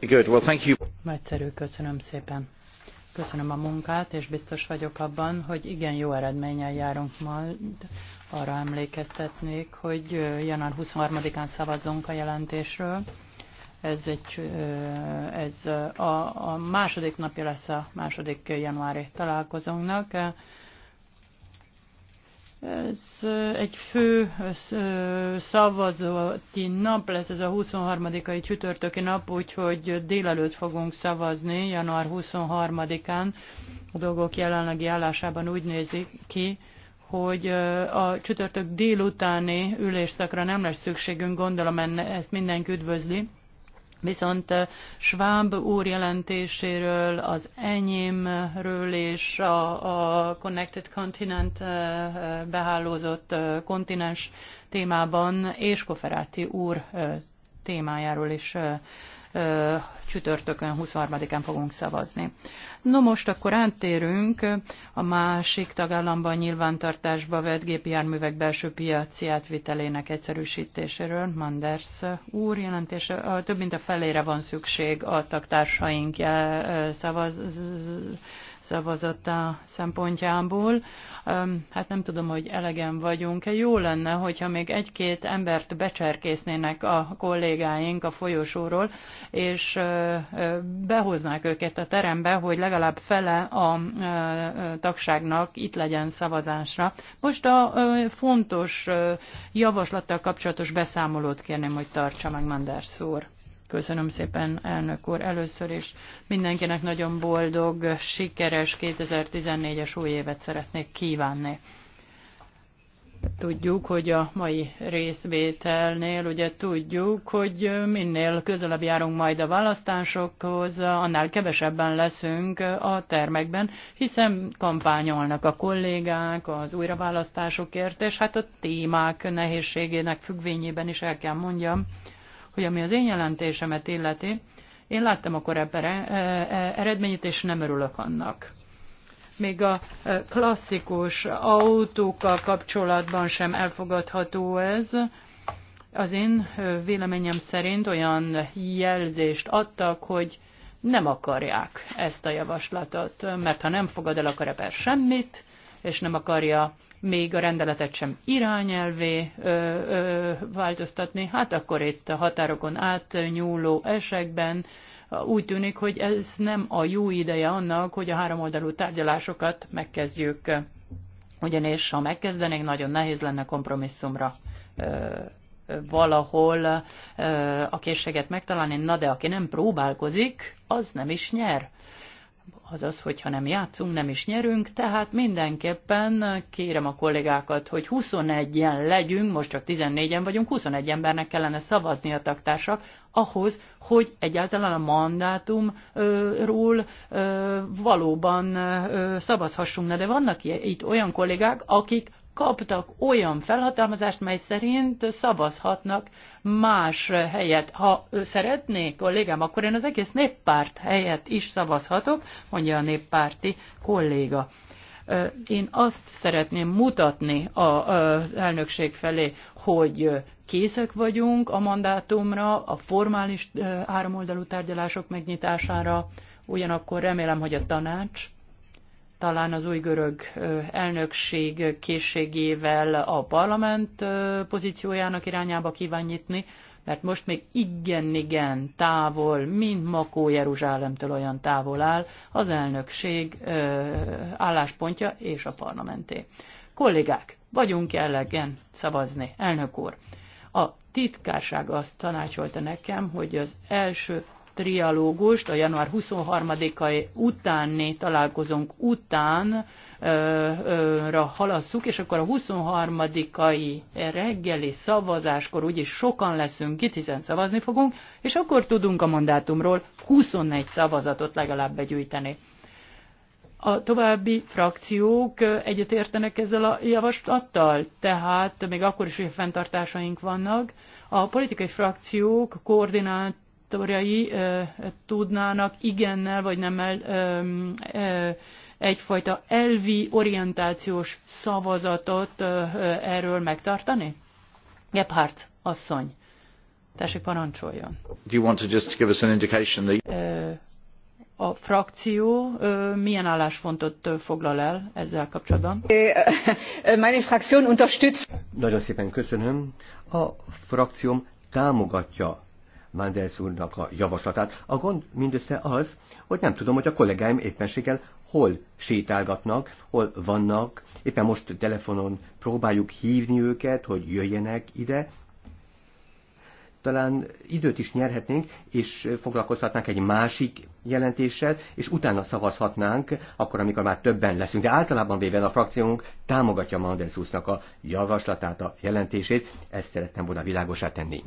Good, well, thank you. Nagyszerű, köszönöm szépen. Köszönöm a munkát, és biztos vagyok abban, hogy igen jó eredménnyel járunk majd arra emlékeztetnék, hogy január 23-án szavazunk a jelentésről. Ez, egy, ez a, a második napja lesz a második januári találkozónak. Ez egy fő szavazati nap lesz, ez a 23-ai csütörtöki nap, úgyhogy délelőtt fogunk szavazni, január 23-án. A dolgok jelenlegi állásában úgy nézik ki, hogy a csütörtök délutáni ülésszakra nem lesz szükségünk, gondolom enne, ezt mindenki üdvözli. Viszont Schwab úr jelentéséről, az enyémről és a, a Connected Continent behálózott kontinens témában és Koferáti úr témájáról is csütörtökön 23-án fogunk szavazni. No most akkor áttérünk a másik tagállamban nyilvántartásba vett gépjárművek belső piaci átvitelének egyszerűsítéséről. Manders úr jelentése, több mint a felére van szükség a tagtársaink szavaz, szavazata szempontjából. Hát nem tudom, hogy elegen vagyunk-e. Jó lenne, hogyha még egy-két embert becserkésznének a kollégáink a folyosóról, és behoznák őket a terembe, hogy legalább fele a tagságnak itt legyen szavazásra. Most a fontos javaslattal kapcsolatos beszámolót kérném, hogy tartsa meg Manders úr. Köszönöm szépen, elnök úr. Először is mindenkinek nagyon boldog, sikeres 2014-es új évet szeretnék kívánni. Tudjuk, hogy a mai részvételnél, ugye tudjuk, hogy minél közelebb járunk majd a választásokhoz, annál kevesebben leszünk a termekben, hiszen kampányolnak a kollégák az újraválasztásokért, és hát a témák nehézségének függvényében is el kell mondjam, hogy ami az én jelentésemet illeti, én láttam a korábbi eh, eh, eredményt, és nem örülök annak. Még a eh, klasszikus autókkal kapcsolatban sem elfogadható ez. Az én véleményem szerint olyan jelzést adtak, hogy nem akarják ezt a javaslatot, mert ha nem fogad el a koreper semmit, és nem akarja még a rendeletet sem irányelvé ö, ö, változtatni, hát akkor itt a határokon átnyúló esekben úgy tűnik, hogy ez nem a jó ideje annak, hogy a háromoldalú tárgyalásokat megkezdjük. Ugyanis ha megkezdenénk, nagyon nehéz lenne kompromisszumra ö, valahol ö, a készséget megtalálni, na de aki nem próbálkozik, az nem is nyer. Ö, azaz, hogyha nem játszunk, nem is nyerünk, tehát mindenképpen kérem a kollégákat, hogy 21-en legyünk, most csak 14-en vagyunk, 21 embernek kellene szavazni a taktársak ahhoz, hogy egyáltalán a mandátumról valóban szavazhassunk. de vannak itt olyan kollégák, akik kaptak olyan felhatalmazást, mely szerint szavazhatnak más helyet. Ha ő szeretné, kollégám, akkor én az egész néppárt helyet is szavazhatok, mondja a néppárti kolléga. Én azt szeretném mutatni az elnökség felé, hogy készek vagyunk a mandátumra, a formális háromoldalú tárgyalások megnyitására, ugyanakkor remélem, hogy a tanács talán az új görög elnökség készségével a parlament pozíciójának irányába kíván nyitni, mert most még igen-igen távol, mint Makó Jeruzsálemtől olyan távol áll az elnökség álláspontja és a parlamenté. Kollégák, vagyunk elegen szavazni, elnök úr. A titkárság azt tanácsolta nekem, hogy az első trialógust a január 23-ai utáni találkozónk utánra ra halasszuk, és akkor a 23-ai reggeli szavazáskor úgyis sokan leszünk itt, hiszen szavazni fogunk, és akkor tudunk a mandátumról 24 szavazatot legalább begyűjteni. A további frakciók egyetértenek ezzel a javaslattal, tehát még akkor is, hogy fenntartásaink vannak, a politikai frakciók koordinált koordinátorjai tudnának igennel vagy nemmel egyfajta elvi orientációs szavazatot erről megtartani? Gebhardt asszony, tessék parancsoljon. Do you want to just give us an indication that... A frakció milyen álláspontot foglal el ezzel kapcsolatban? Meine Fraktion unterstützt. Nagyon szépen köszönöm. A frakcióm támogatja Mandels úrnak a javaslatát. A gond mindössze az, hogy nem tudom, hogy a kollégáim éppenséggel hol sétálgatnak, hol vannak. Éppen most telefonon próbáljuk hívni őket, hogy jöjjenek ide. Talán időt is nyerhetnénk, és foglalkozhatnánk egy másik jelentéssel, és utána szavazhatnánk, akkor, amikor már többen leszünk. De általában véve a frakciónk támogatja Mandelszúsznak a javaslatát, a jelentését. Ezt szerettem volna világosá tenni.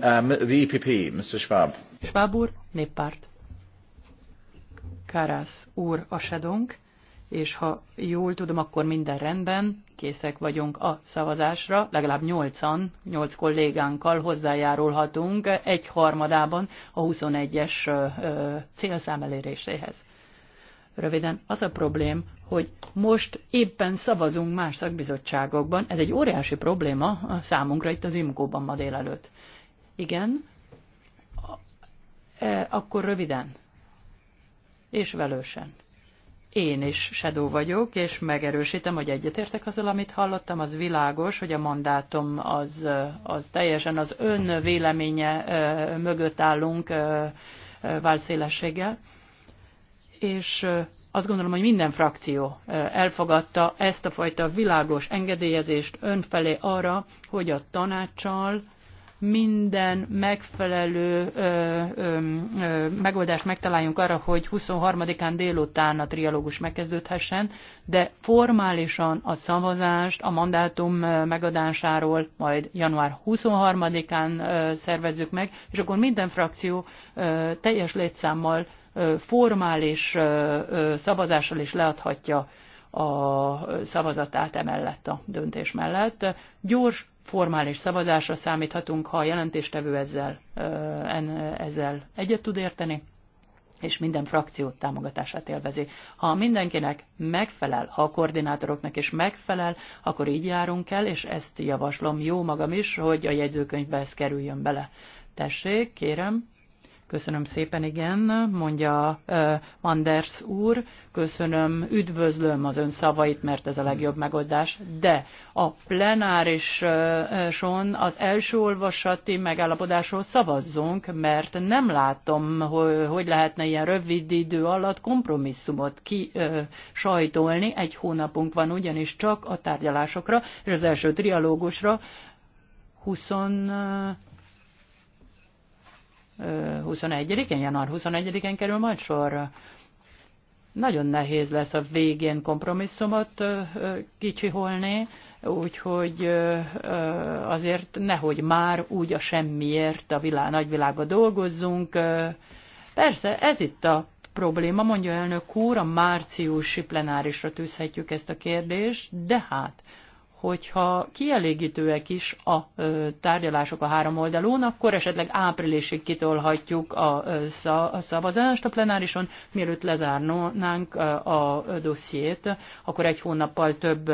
Um, the EPP, Mr. Schwab. Schwab úr, néppárt. úr a sedonk, és ha jól tudom, akkor minden rendben, készek vagyunk a szavazásra, legalább nyolcan, nyolc kollégánkkal hozzájárulhatunk egy harmadában a 21-es célszám eléréséhez. Röviden, az a problém, hogy most éppen szavazunk más szakbizottságokban, ez egy óriási probléma számunkra itt az IMKO-ban ma délelőtt. Igen. E, akkor röviden. És velősen. Én is sedó vagyok, és megerősítem, hogy egyetértek azzal, amit hallottam, az világos, hogy a mandátum az, e, az teljesen az ön véleménye e, mögött állunk e, válszélességgel. És azt gondolom, hogy minden frakció elfogadta ezt a fajta világos engedélyezést önfelé arra, hogy a tanácssal minden megfelelő ö, ö, ö, megoldást megtaláljunk arra, hogy 23-án délután a trialógus megkezdődhessen, de formálisan a szavazást a mandátum megadásáról majd január 23-án szervezzük meg, és akkor minden frakció ö, teljes létszámmal ö, formális ö, ö, szavazással is leadhatja a szavazatát emellett a döntés mellett. Gyors formális szavazásra számíthatunk, ha a jelentéstevő ezzel, ezzel egyet tud érteni és minden frakció támogatását élvezi. Ha mindenkinek megfelel, ha a koordinátoroknak is megfelel, akkor így járunk el, és ezt javaslom jó magam is, hogy a jegyzőkönyvbe ez kerüljön bele. Tessék, kérem, Köszönöm szépen, igen, mondja Anders úr. Köszönöm, üdvözlöm az ön szavait, mert ez a legjobb megoldás. De a plenárison az első olvasati megállapodásról szavazzunk, mert nem látom, hogy hogy lehetne ilyen rövid idő alatt kompromisszumot kisajtolni. Uh, Egy hónapunk van ugyanis csak a tárgyalásokra és az első trialógusra. 20 21-én, január 21-én kerül majd sor. Nagyon nehéz lesz a végén kompromisszumot kicsiholni, úgyhogy azért nehogy már úgy a semmiért a világ, nagyvilágba dolgozzunk. Persze, ez itt a probléma, mondja elnök úr, a márciusi plenárisra tűzhetjük ezt a kérdést, de hát hogyha kielégítőek is a tárgyalások a három oldalon, akkor esetleg áprilisig kitolhatjuk a, szavazást a plenárison, mielőtt lezárnánk a dossziét, akkor egy hónappal több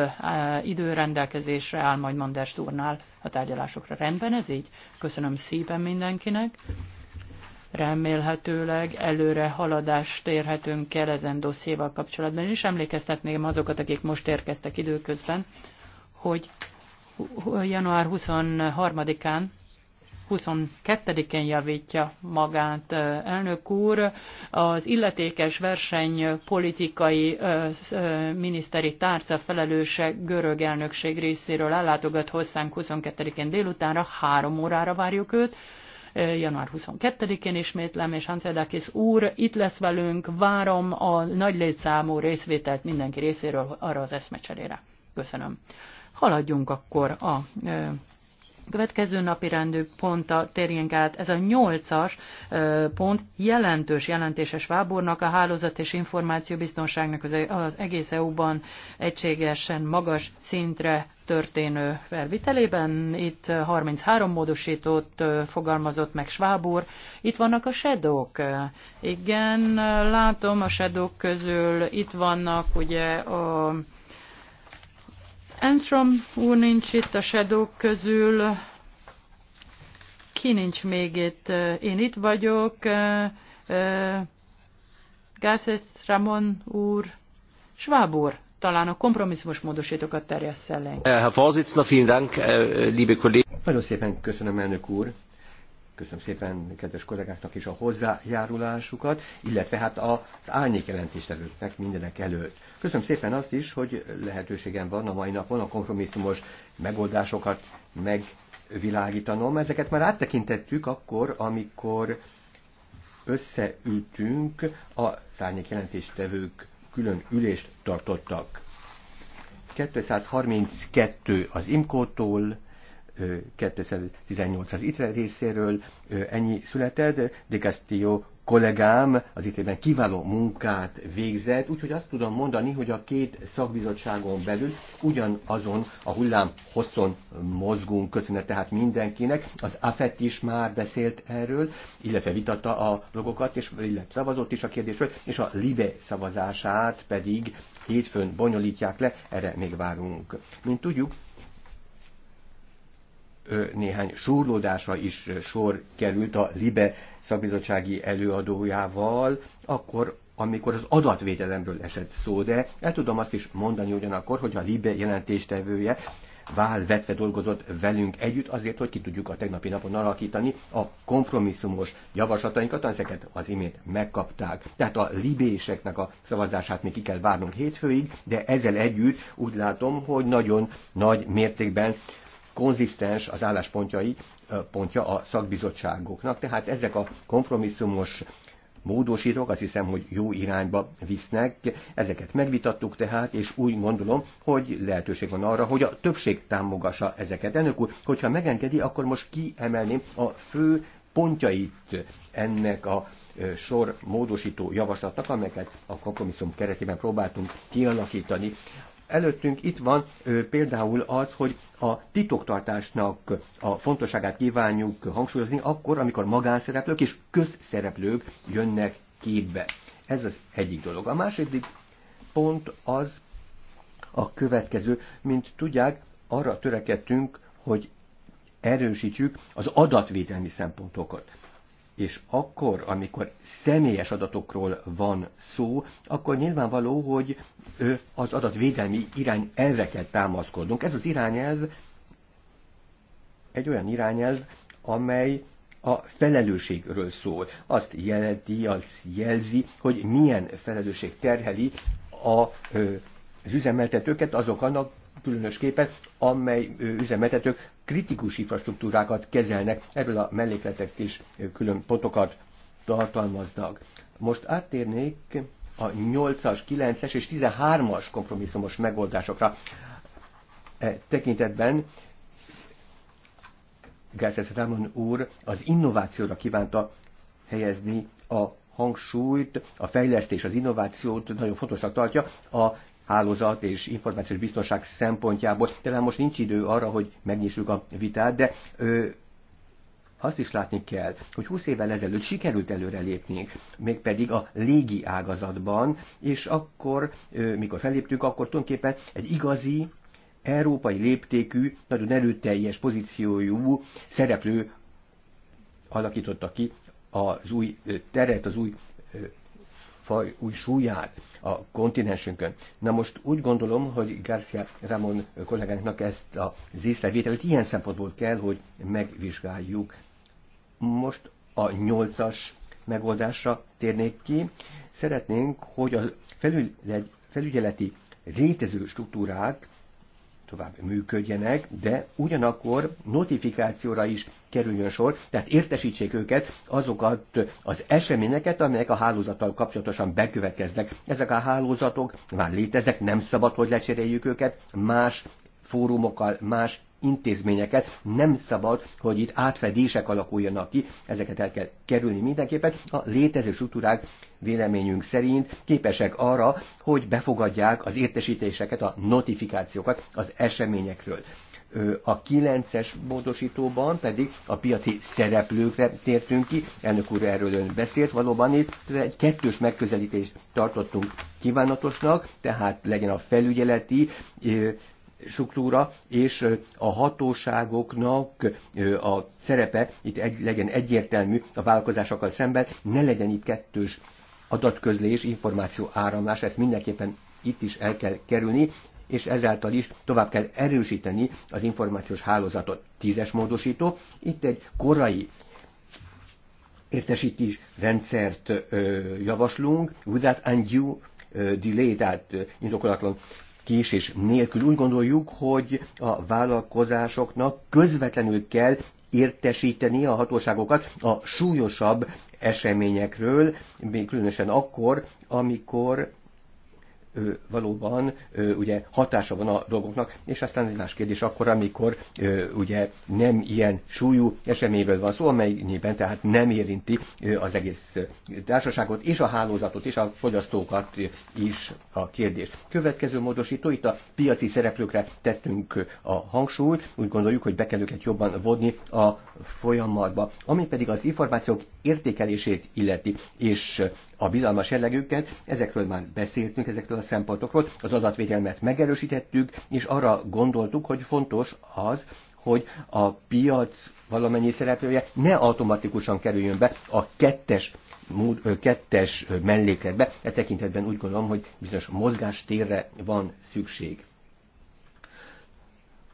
idő rendelkezésre áll majd Manders úrnál a tárgyalásokra. Rendben ez így? Köszönöm szépen mindenkinek. Remélhetőleg előre haladást érhetünk el ezen dosszéval kapcsolatban, és emlékeztetném azokat, akik most érkeztek időközben, hogy január 23-án 22-én javítja magát elnök úr. Az illetékes versenypolitikai miniszteri tárca felelőse görög elnökség részéről ellátogat hozzánk 22-én délutánra, három órára várjuk őt január 22-én ismétlem, és Hanszedakis úr itt lesz velünk, várom a nagy létszámú részvételt mindenki részéről arra az eszmecserére. Köszönöm. Haladjunk akkor a következő napi pont ponta térjénk át. Ez a nyolcas pont jelentős jelentéses Vábornak a hálózat és információbiztonságnak az egész EU-ban egységesen magas szintre történő felvitelében. Itt 33 módosítót fogalmazott meg Schwabur. Itt vannak a sedok. Igen, látom a sedok közül. Itt vannak ugye a Enstrom úr nincs itt a sedók közül. Ki nincs még itt? Én itt vagyok. Gászes Ramon úr. Schwab úr, talán a kompromisszumos módosítókat terjessz ellenk. Herr Vorsitzender, vielen Dank, äh, liebe Kollegen. Nagyon szépen köszönöm, elnök úr. Köszönöm szépen kedves kollégáknak is a hozzájárulásukat, illetve hát az árnyék jelentéstevőknek mindenek előtt. Köszönöm szépen azt is, hogy lehetőségem van a mai napon a kompromisszumos megoldásokat megvilágítanom. Ezeket már áttekintettük akkor, amikor összeültünk, a árnyék jelentéstevők külön ülést tartottak. 232 az Imkótól, 2018 ITRE részéről ennyi született, de Castillo kollégám az ítélben kiváló munkát végzett, úgyhogy azt tudom mondani, hogy a két szakbizottságon belül ugyanazon a hullám hosszon mozgunk, köszönet tehát mindenkinek. Az AFET is már beszélt erről, illetve vitatta a dolgokat, és illetve szavazott is a kérdésről, és a LIBE szavazását pedig hétfőn bonyolítják le, erre még várunk. Mint tudjuk, néhány súrlódásra is sor került a LIBE szakbizottsági előadójával, akkor amikor az adatvédelemről esett szó, de el tudom azt is mondani ugyanakkor, hogy a LIBE jelentéstevője válvetve dolgozott velünk együtt azért, hogy ki tudjuk a tegnapi napon alakítani a kompromisszumos javaslatainkat, ezeket az imént megkapták. Tehát a libéseknek a szavazását még ki kell várnunk hétfőig, de ezzel együtt úgy látom, hogy nagyon nagy mértékben konzisztens az álláspontjai pontja a szakbizottságoknak. Tehát ezek a kompromisszumos módosítók, azt hiszem, hogy jó irányba visznek. Ezeket megvitattuk tehát, és úgy gondolom, hogy lehetőség van arra, hogy a többség támogassa ezeket. Elnök úr, hogyha megengedi, akkor most kiemelném a fő pontjait ennek a sor módosító javaslatnak, amelyeket a kompromisszum keretében próbáltunk kialakítani. Előttünk itt van például az, hogy a titoktartásnak a fontosságát kívánjuk hangsúlyozni akkor, amikor magánszereplők és közszereplők jönnek képbe. Ez az egyik dolog. A második pont az a következő. Mint tudják, arra törekedtünk, hogy erősítsük az adatvédelmi szempontokat és akkor, amikor személyes adatokról van szó, akkor nyilvánvaló, hogy az adatvédelmi irány elve kell támaszkodnunk. Ez az irányelv egy olyan irányelv, amely a felelősségről szól. Azt jelenti, azt jelzi, hogy milyen felelősség terheli a, az üzemeltetőket azok annak különösképpen, amely üzemeltetők kritikus infrastruktúrákat kezelnek, erről a mellékletek is külön pontokat tartalmaznak. Most áttérnék a 8-as, 9-es és 13-as kompromisszumos megoldásokra. E tekintetben Gászes Ramon úr az innovációra kívánta helyezni a hangsúlyt, a fejlesztés, az innovációt nagyon fontosnak tartja. A hálózat és információs biztonság szempontjából. Talán most nincs idő arra, hogy megnyissuk a vitát, de ö, azt is látni kell, hogy 20 évvel ezelőtt sikerült előrelépni, mégpedig a légi ágazatban, és akkor, mikor feléptünk, akkor tulajdonképpen egy igazi, európai léptékű, nagyon erőteljes pozíciójú szereplő alakította ki az új teret, az új faj új súlyát a kontinensünkön. Na most úgy gondolom, hogy Garcia Ramon kollégánknak ezt az észrevételt ilyen szempontból kell, hogy megvizsgáljuk. Most a nyolcas megoldásra térnék ki. Szeretnénk, hogy a felügyeleti létező struktúrák tovább működjenek, de ugyanakkor notifikációra is kerüljön sor, tehát értesítsék őket azokat az eseményeket, amelyek a hálózattal kapcsolatosan bekövetkeznek. Ezek a hálózatok már léteznek, nem szabad, hogy lecseréljük őket más fórumokkal, más intézményeket, nem szabad, hogy itt átfedések alakuljanak ki, ezeket el kell kerülni mindenképpen. A létező struktúrák véleményünk szerint képesek arra, hogy befogadják az értesítéseket, a notifikációkat az eseményekről. A 9-es módosítóban pedig a piaci szereplőkre tértünk ki, elnök úr erről ön beszélt, valóban itt egy kettős megközelítést tartottunk kívánatosnak, tehát legyen a felügyeleti struktúra, és a hatóságoknak a szerepe itt egy, legyen egyértelmű a vállalkozásokkal szemben, ne legyen itt kettős adatközlés, információ áramlás, ezt mindenképpen itt is el kell kerülni, és ezáltal is tovább kell erősíteni az információs hálózatot. Tízes módosító, itt egy korai értesítés rendszert ö, javaslunk, without undue delay, tehát indokolatlan késés nélkül. Úgy gondoljuk, hogy a vállalkozásoknak közvetlenül kell értesíteni a hatóságokat a súlyosabb eseményekről, még különösen akkor, amikor valóban ugye hatása van a dolgoknak, és aztán egy más kérdés akkor, amikor ugye nem ilyen súlyú eseményről van szó, amelyben tehát nem érinti az egész társaságot, és a hálózatot, és a fogyasztókat is a kérdés. Következő módosító, itt a piaci szereplőkre tettünk a hangsúlyt, úgy gondoljuk, hogy be kell őket jobban vodni a folyamatba. Ami pedig az információk értékelését illeti, és a bizalmas jellegüket, ezekről már beszéltünk, ezekről a szempontokról. Az adatvédelmet megerősítettük, és arra gondoltuk, hogy fontos az, hogy a piac valamennyi szereplője ne automatikusan kerüljön be a kettes kettes mellékletbe. E tekintetben úgy gondolom, hogy bizonyos mozgástérre van szükség.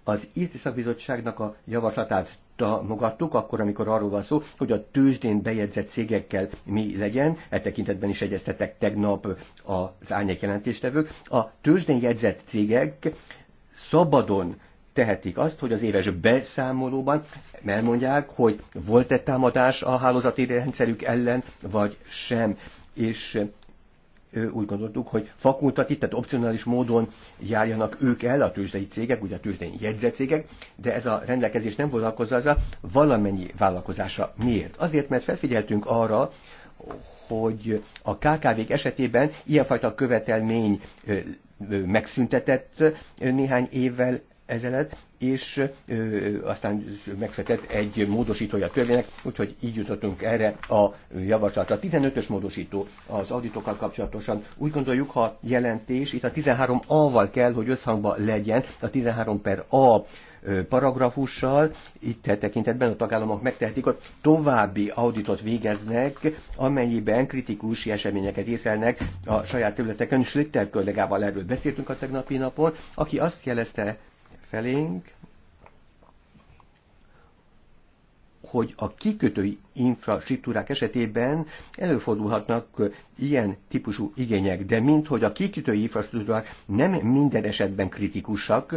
Az írti szakbizottságnak a javaslatát támogattuk, akkor, amikor arról van szó, hogy a tőzsdén bejegyzett cégekkel mi legyen, e tekintetben is egyeztetek tegnap az árnyék jelentéstevők, a tőzsdén jegyzett cégek szabadon tehetik azt, hogy az éves beszámolóban elmondják, hogy volt-e támadás a hálózati rendszerük ellen, vagy sem. És úgy gondoltuk, hogy fakultatív, tehát opcionális módon járjanak ők el a tőzsdei cégek, ugye a tőzsdei jegyzetcégek, de ez a rendelkezés nem foglalkozza az a valamennyi vállalkozása. Miért? Azért, mert felfigyeltünk arra, hogy a KKV-k esetében ilyenfajta követelmény megszüntetett néhány évvel ezelet, és ö, aztán megfetett egy módosítója a törvénynek, úgyhogy így jutottunk erre a javaslatra. A 15-ös módosító az auditokkal kapcsolatosan. Úgy gondoljuk, ha jelentés itt a 13A-val kell, hogy összhangba legyen, a 13 per A paragrafussal, itt e tekintetben a tagállamok megtehetik, hogy további auditot végeznek, amennyiben kritikus eseményeket észlelnek a saját területeken. Schlitter kollégával erről beszéltünk a tegnapi napon, aki azt jelezte felénk, hogy a kikötői infrastruktúrák esetében előfordulhatnak ilyen típusú igények, de mint hogy a kikötői infrastruktúrák nem minden esetben kritikusak,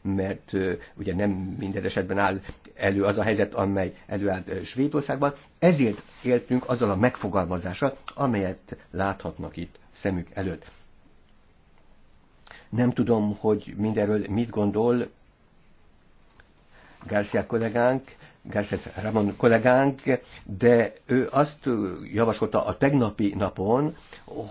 mert ugye nem minden esetben áll elő az a helyzet, amely előállt Svédországban, ezért éltünk azzal a megfogalmazással, amelyet láthatnak itt szemük előtt. Nem tudom, hogy mindenről mit gondol Garcia kollégánk, Garcia Ramon kollégánk, de ő azt javasolta a tegnapi napon,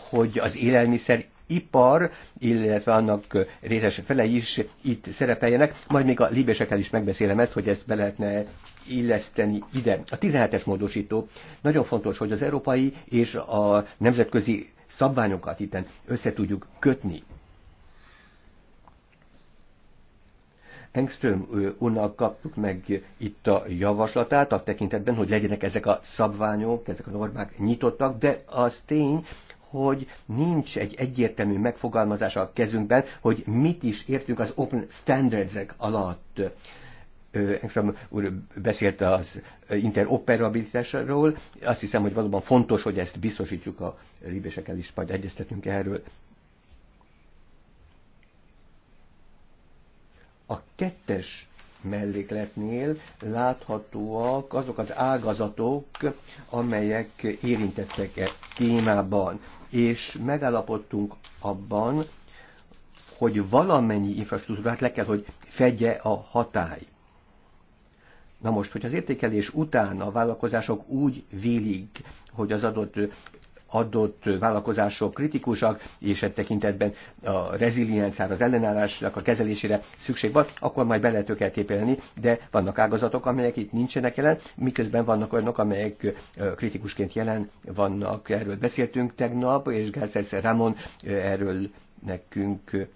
hogy az élelmiszer ipar, illetve annak részes fele is itt szerepeljenek, majd még a libésekkel is megbeszélem ezt, hogy ezt be lehetne illeszteni ide. A 17-es módosító nagyon fontos, hogy az európai és a nemzetközi szabványokat itten össze tudjuk kötni. Engström úrnak kaptuk meg itt a javaslatát a tekintetben, hogy legyenek ezek a szabványok, ezek a normák nyitottak, de az tény, hogy nincs egy egyértelmű megfogalmazása a kezünkben, hogy mit is értünk az open standards alatt. Engström úr beszélt az interoperabilitásról, azt hiszem, hogy valóban fontos, hogy ezt biztosítjuk a libésekkel is, majd egyeztetünk erről. A kettes mellékletnél láthatóak azok az ágazatok, amelyek érintettek e témában, és megállapodtunk abban, hogy valamennyi infrastruktúrát le kell, hogy fedje a hatály. Na most, hogy az értékelés után a vállalkozások úgy vélik, hogy az adott adott vállalkozások kritikusak, és egy tekintetben a rezilienciára, az ellenállásnak a kezelésére szükség van, akkor majd be lehet őket képelni, de vannak ágazatok, amelyek itt nincsenek jelen, miközben vannak olyanok, amelyek kritikusként jelen vannak. Erről beszéltünk tegnap, és Gászes Ramon erről nekünk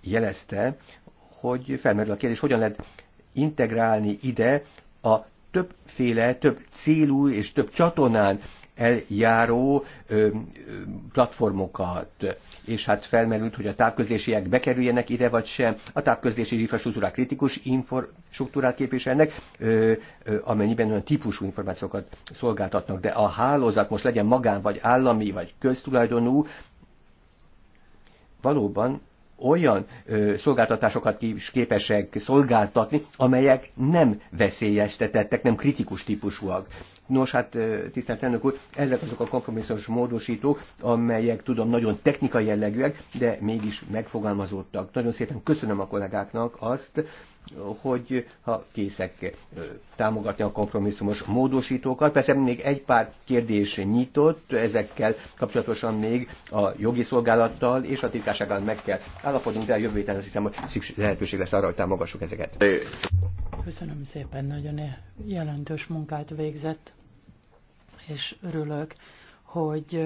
jelezte, hogy felmerül a kérdés, hogyan lehet integrálni ide a többféle, több célú és több csatornán eljáró platformokat, és hát felmerült, hogy a távközlésiek bekerüljenek ide vagy sem. A távközlési infrastruktúra kritikus infrastruktúrát képviselnek, amennyiben olyan típusú információkat szolgáltatnak, de a hálózat most legyen magán vagy állami vagy köztulajdonú, valóban olyan ö, szolgáltatásokat is képesek szolgáltatni, amelyek nem veszélyeztetettek, nem kritikus típusúak. Nos, hát tisztelt elnök úr, ezek azok a kompromisszos módosítók, amelyek tudom nagyon technikai jellegűek, de mégis megfogalmazottak. Nagyon szépen köszönöm a kollégáknak azt, hogy ha készek támogatni a kompromisszumos módosítókat. Persze még egy pár kérdés nyitott, ezekkel kapcsolatosan még a jogi szolgálattal és a titkársággal meg kell állapodnunk, de a jövő héten azt hiszem, hogy szükség, lehetőség lesz arra, hogy támogassuk ezeket. Köszönöm szépen, nagyon jelentős munkát végzett, és örülök, hogy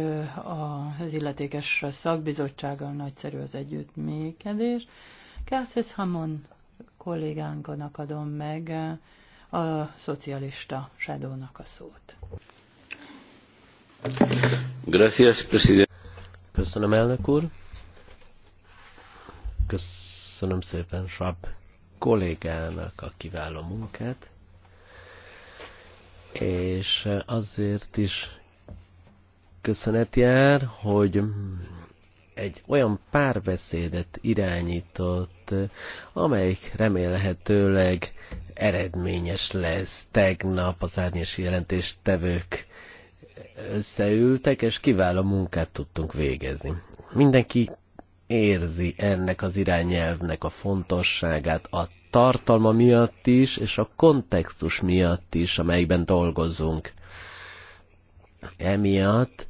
az illetékes szakbizottsággal nagyszerű az együttműködés. Kászes Hamon kollégánknak adom meg a szocialista Sedónak a szót. Gracias, president. Köszönöm, elnök úr. Köszönöm szépen, Schwab kollégának a kiváló munkát, és azért is köszönet jár, hogy egy olyan párbeszédet irányított, amelyik remélhetőleg eredményes lesz. Tegnap az árnyési jelentéstevők összeültek, és kiváló munkát tudtunk végezni. Mindenki érzi ennek az irányelvnek a fontosságát a tartalma miatt is, és a kontextus miatt is, amelyben dolgozunk. Emiatt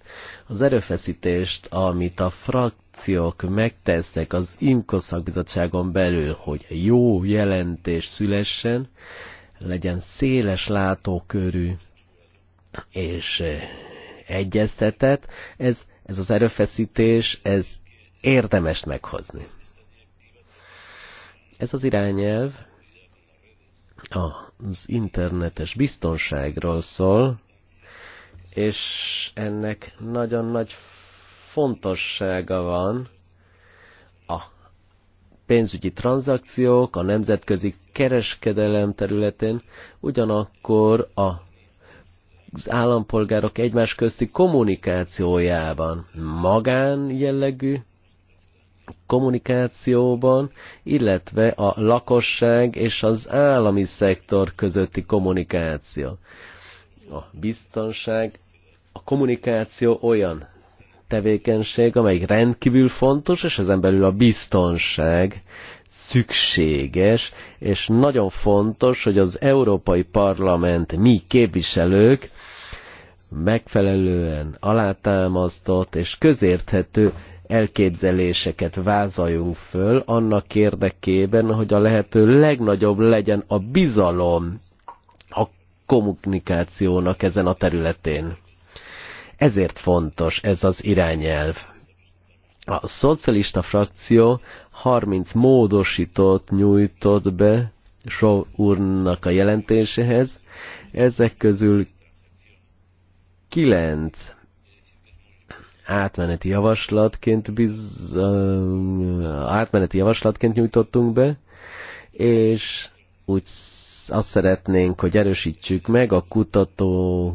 az erőfeszítést, amit a frakciók megtesznek az IMKO szakbizottságon belül, hogy jó jelentés szülessen, legyen széles látókörű és egyeztetett, ez, ez az erőfeszítés, ez érdemes meghozni. Ez az irányelv az internetes biztonságról szól, és ennek nagyon nagy fontossága van a pénzügyi tranzakciók, a nemzetközi kereskedelem területén, ugyanakkor a az állampolgárok egymás közti kommunikációjában magán jellegű kommunikációban, illetve a lakosság és az állami szektor közötti kommunikáció. A biztonság, a kommunikáció olyan tevékenység, amely rendkívül fontos, és ezen belül a biztonság szükséges, és nagyon fontos, hogy az Európai Parlament mi képviselők megfelelően alátámasztott és közérthető elképzeléseket vázoljunk föl annak érdekében, hogy a lehető legnagyobb legyen a bizalom a kommunikációnak ezen a területén. Ezért fontos ez az irányelv. A szocialista frakció 30 módosítót nyújtott be Show úrnak a jelentéséhez, ezek közül 9 átmeneti javaslatként, biz, átmeneti javaslatként nyújtottunk be, és úgy azt szeretnénk, hogy erősítsük meg a kutató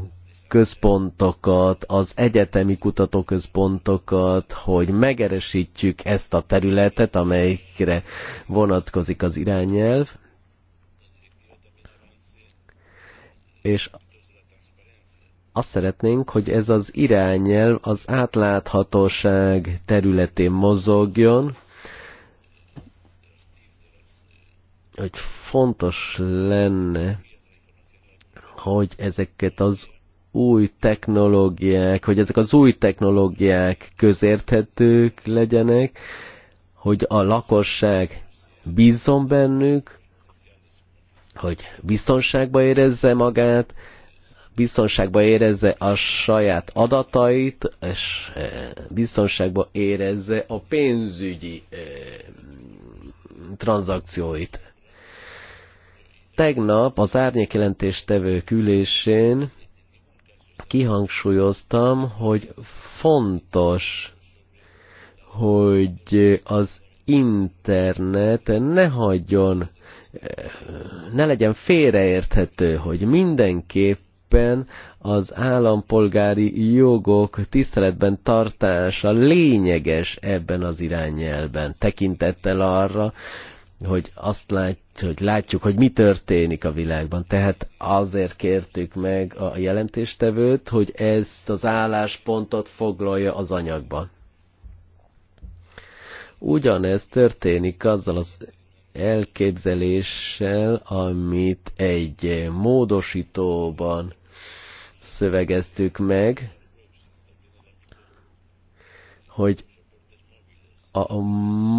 központokat, az egyetemi kutatóközpontokat, hogy megeresítjük ezt a területet, amelyikre vonatkozik az irányelv, és azt szeretnénk, hogy ez az irányelv az átláthatóság területén mozogjon, hogy fontos lenne, hogy ezeket az új technológiák, hogy ezek az új technológiák közérthetők legyenek, hogy a lakosság bízzon bennük, hogy biztonságba érezze magát, biztonságban érezze a saját adatait, és eh, biztonságban érezze a pénzügyi eh, tranzakcióit. Tegnap az árnyékjelentéstevő külésén kihangsúlyoztam, hogy fontos, hogy az internet ne hagyjon, eh, ne legyen félreérthető, hogy mindenképp tulajdonképpen az állampolgári jogok tiszteletben tartása lényeges ebben az irányelben, tekintettel arra, hogy azt lát, hogy látjuk, hogy mi történik a világban. Tehát azért kértük meg a jelentéstevőt, hogy ezt az álláspontot foglalja az anyagban. Ugyanez történik azzal az elképzeléssel, amit egy módosítóban szövegeztük meg, hogy a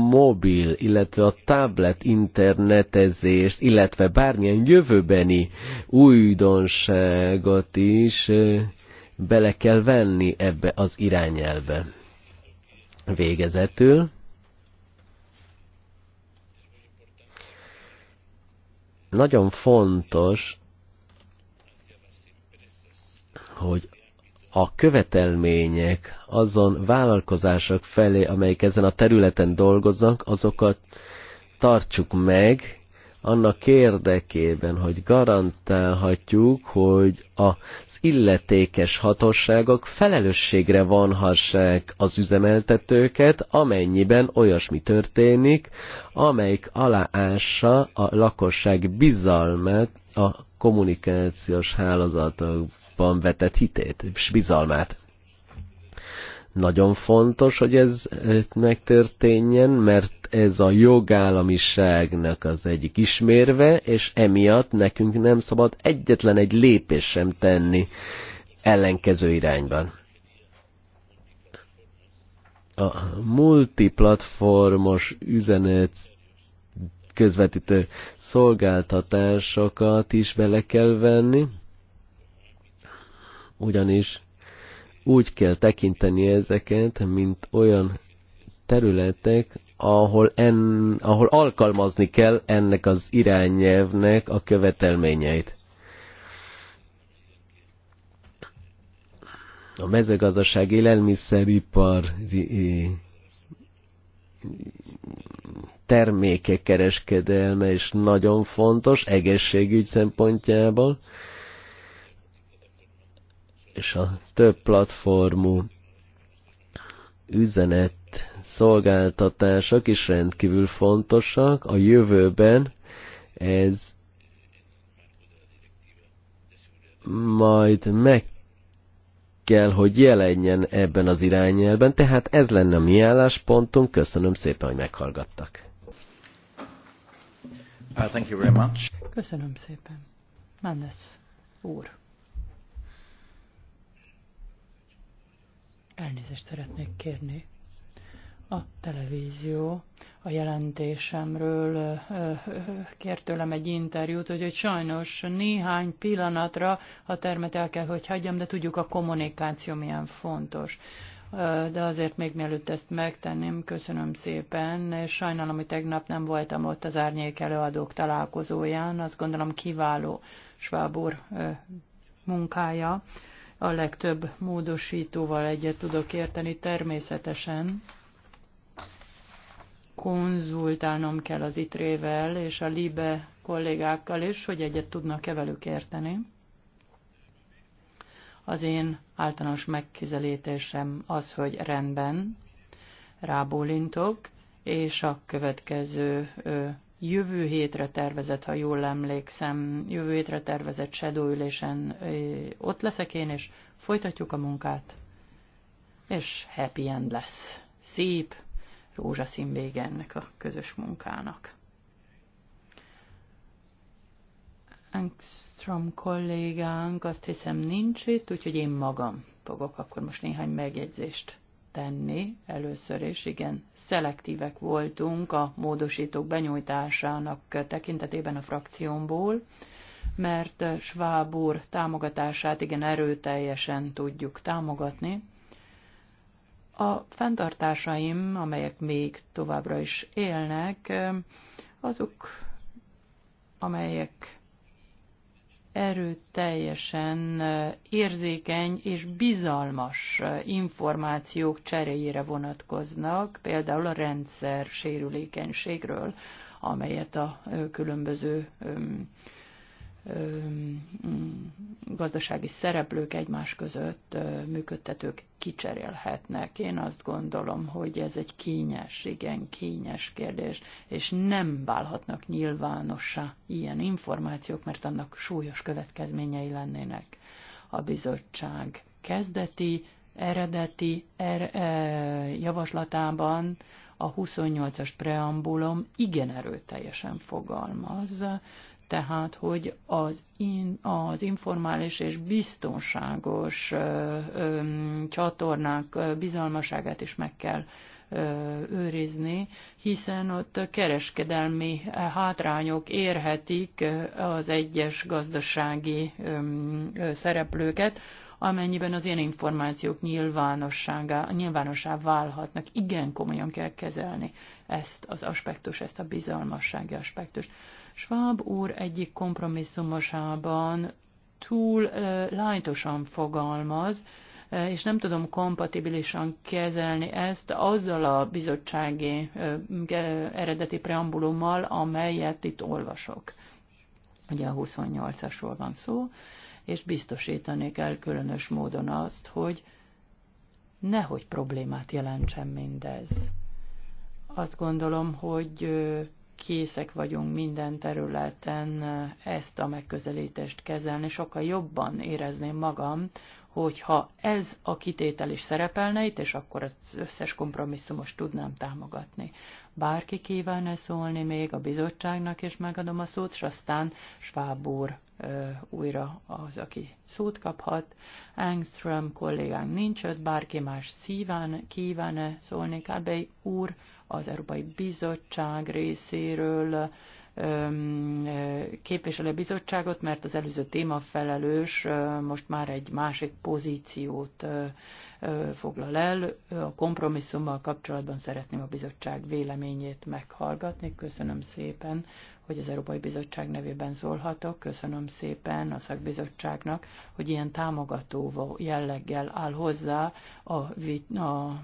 mobil, illetve a tablet internetezést, illetve bármilyen jövőbeni újdonságot is bele kell venni ebbe az irányelbe. Végezetül. Nagyon fontos hogy a követelmények azon vállalkozások felé, amelyik ezen a területen dolgoznak, azokat tartsuk meg, annak érdekében, hogy garantálhatjuk, hogy az illetékes hatóságok felelősségre vonhassák az üzemeltetőket, amennyiben olyasmi történik, amelyik aláássa a lakosság bizalmát a kommunikációs hálózatokban Jézusban vetett hitét és bizalmát. Nagyon fontos, hogy ez megtörténjen, mert ez a jogállamiságnak az egyik ismérve, és emiatt nekünk nem szabad egyetlen egy lépés sem tenni ellenkező irányban a multiplatformos üzenet közvetítő szolgáltatásokat is bele kell venni ugyanis úgy kell tekinteni ezeket, mint olyan területek, ahol, en, ahol alkalmazni kell ennek az irányelvnek a követelményeit. A mezőgazdaság élelmiszeripari termékek kereskedelme is nagyon fontos egészségügy szempontjából és a több platformú üzenet szolgáltatások is rendkívül fontosak. A jövőben ez majd meg kell, hogy jelenjen ebben az irányelben, tehát ez lenne a mi álláspontunk. Köszönöm szépen, hogy meghallgattak. Uh, thank you very much. Köszönöm szépen. Mendes úr. Elnézést szeretnék kérni. A televízió a jelentésemről kért tőlem egy interjút, hogy sajnos néhány pillanatra a termet el kell, hogy hagyjam, de tudjuk a kommunikáció milyen fontos de azért még mielőtt ezt megtenném, köszönöm szépen, és sajnálom, hogy tegnap nem voltam ott az árnyék előadók találkozóján, azt gondolom kiváló Schwab úr munkája a legtöbb módosítóval egyet tudok érteni természetesen. Konzultálnom kell az ITRÉ-vel és a LIBE kollégákkal is, hogy egyet tudnak-e velük érteni. Az én általános megkizelítésem az, hogy rendben, rábólintok, és a következő jövő hétre tervezett, ha jól emlékszem, jövő hétre tervezett shadow ülésen ott leszek én, és folytatjuk a munkát, és happy end lesz. Szép, rózsaszín vége ennek a közös munkának. Angstrom kollégánk azt hiszem nincs itt, úgyhogy én magam fogok akkor most néhány megjegyzést tenni. Először is igen, szelektívek voltunk a módosítók benyújtásának tekintetében a frakciómból, mert Schwab úr támogatását igen erőteljesen tudjuk támogatni. A fenntartásaim, amelyek még továbbra is élnek, azok, amelyek erőteljesen érzékeny és bizalmas információk cseréjére vonatkoznak, például a rendszer sérülékenységről, amelyet a különböző Mm, gazdasági szereplők egymás között működtetők kicserélhetnek. Én azt gondolom, hogy ez egy kényes, igen, kényes kérdés, és nem válhatnak nyilvánossá ilyen információk, mert annak súlyos következményei lennének. A bizottság kezdeti, eredeti er, e, javaslatában a 28-as preambulum igen erőteljesen fogalmaz, tehát, hogy az, in, az informális és biztonságos ö, ö, csatornák ö, bizalmaságát is meg kell őrizni, hiszen ott kereskedelmi hátrányok érhetik az egyes gazdasági szereplőket, amennyiben az ilyen információk nyilvánossá válhatnak. Igen komolyan kell kezelni ezt az aspektus, ezt a bizalmassági aspektust. Schwab úr egyik kompromisszumosában túl lájtosan fogalmaz, és nem tudom kompatibilisan kezelni ezt azzal a bizottsági eredeti preambulummal, amelyet itt olvasok. Ugye a 28-asról van szó, és biztosítani kell különös módon azt, hogy nehogy problémát jelentsen mindez. Azt gondolom, hogy készek vagyunk minden területen eh, ezt a megközelítést kezelni. Sokkal jobban érezném magam, hogyha ez a kitétel is szerepelne itt, és akkor az összes kompromisszumos tudnám támogatni. Bárki kívánne szólni még a bizottságnak, és megadom a szót, és aztán Schwab úr eh, újra az, aki szót kaphat. Engström kollégánk nincs ott, bárki más szíván, kívánne szólni, Kábei úr, az Európai Bizottság részéről képviselő a bizottságot, mert az előző témafelelős most már egy másik pozíciót foglal el. A kompromisszummal kapcsolatban szeretném a bizottság véleményét meghallgatni. Köszönöm szépen, hogy az Európai Bizottság nevében szólhatok. Köszönöm szépen a szakbizottságnak, hogy ilyen támogató jelleggel áll hozzá a, a, a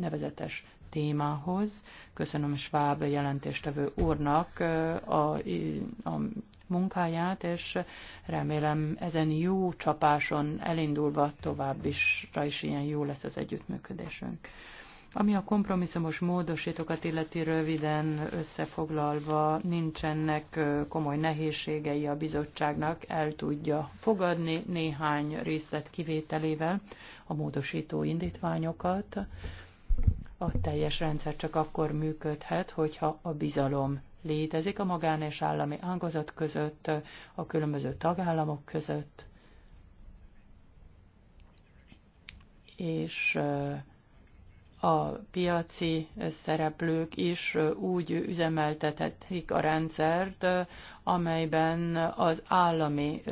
nevezetes témához. Köszönöm Schwab jelentéstevő úrnak a, a munkáját, és remélem ezen jó csapáson elindulva tovább is, rá is ilyen jó lesz az együttműködésünk. Ami a kompromisszumos módosítókat illeti röviden összefoglalva, nincsenek komoly nehézségei a bizottságnak, el tudja fogadni néhány részlet kivételével a módosító indítványokat. A teljes rendszer csak akkor működhet, hogyha a bizalom létezik a magán és állami ágazat között, a különböző tagállamok között, és a piaci szereplők is úgy üzemeltethetik a rendszert, amelyben az állami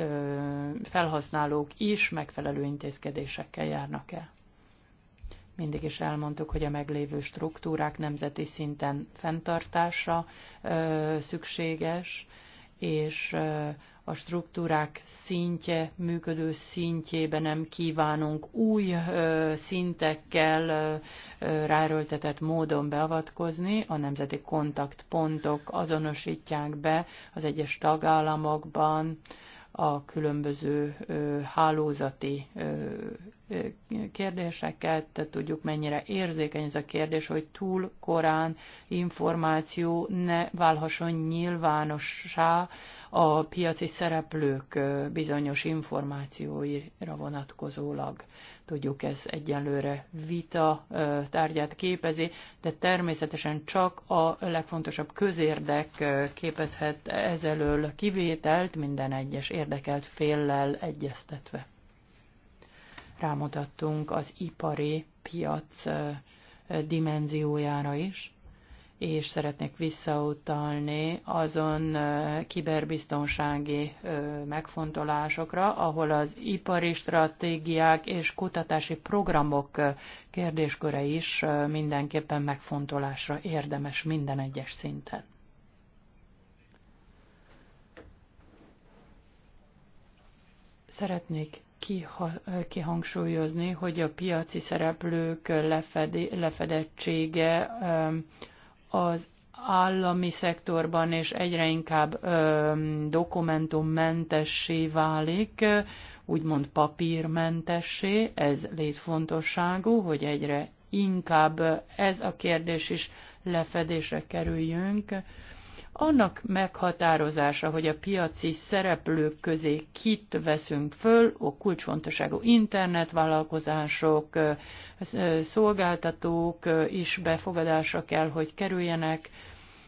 felhasználók is megfelelő intézkedésekkel járnak el. Mindig is elmondtuk, hogy a meglévő struktúrák nemzeti szinten fenntartása ö, szükséges, és ö, a struktúrák szintje, működő szintjébe nem kívánunk új ö, szintekkel ö, ráerőltetett módon beavatkozni. A nemzeti kontaktpontok azonosítják be az egyes tagállamokban a különböző hálózati kérdéseket, tehát tudjuk mennyire érzékeny ez a kérdés, hogy túl korán információ ne válhasson nyilvánossá a piaci szereplők bizonyos információira vonatkozólag. Tudjuk, ez egyenlőre vita tárgyát képezi, de természetesen csak a legfontosabb közérdek képezhet ezelől kivételt minden egyes érdekelt féllel egyeztetve. Rámutattunk az ipari piac dimenziójára is, és szeretnék visszautalni azon kiberbiztonsági megfontolásokra, ahol az ipari stratégiák és kutatási programok kérdésköre is mindenképpen megfontolásra érdemes minden egyes szinten. Szeretnék kihangsúlyozni, hogy a piaci szereplők lefedi, lefedettsége az állami szektorban és egyre inkább ö, dokumentummentessé válik, úgymond papírmentessé, ez létfontosságú, hogy egyre inkább ez a kérdés is lefedésre kerüljünk annak meghatározása, hogy a piaci szereplők közé kit veszünk föl, a kulcsfontosságú internetvállalkozások, szolgáltatók is befogadásra kell, hogy kerüljenek,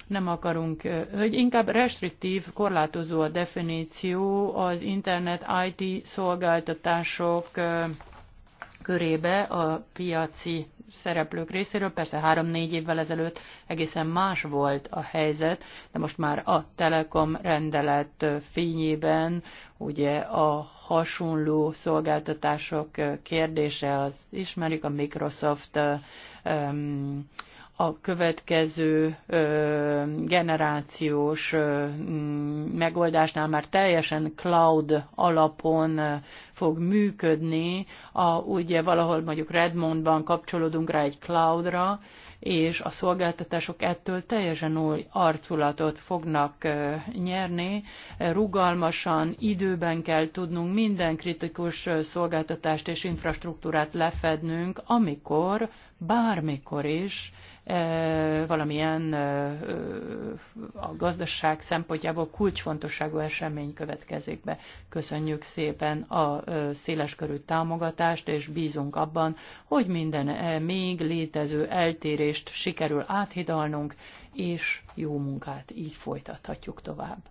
nem akarunk, hogy inkább restriktív, korlátozó a definíció az internet IT szolgáltatások körébe a piaci szereplők részéről. Persze három-négy évvel ezelőtt egészen más volt a helyzet, de most már a Telekom rendelet fényében ugye a hasonló szolgáltatások kérdése az ismerik, a Microsoft um, a következő generációs megoldásnál már teljesen cloud alapon fog működni. A, ugye valahol mondjuk Redmondban kapcsolódunk rá egy cloudra, és a szolgáltatások ettől teljesen új arculatot fognak nyerni. Rugalmasan, időben kell tudnunk minden kritikus szolgáltatást és infrastruktúrát lefednünk, amikor, bármikor is valamilyen a gazdaság szempontjából kulcsfontosságú esemény következik be. Köszönjük szépen a széleskörű támogatást, és bízunk abban, hogy minden még létező eltérést sikerül áthidalnunk, és jó munkát így folytathatjuk tovább.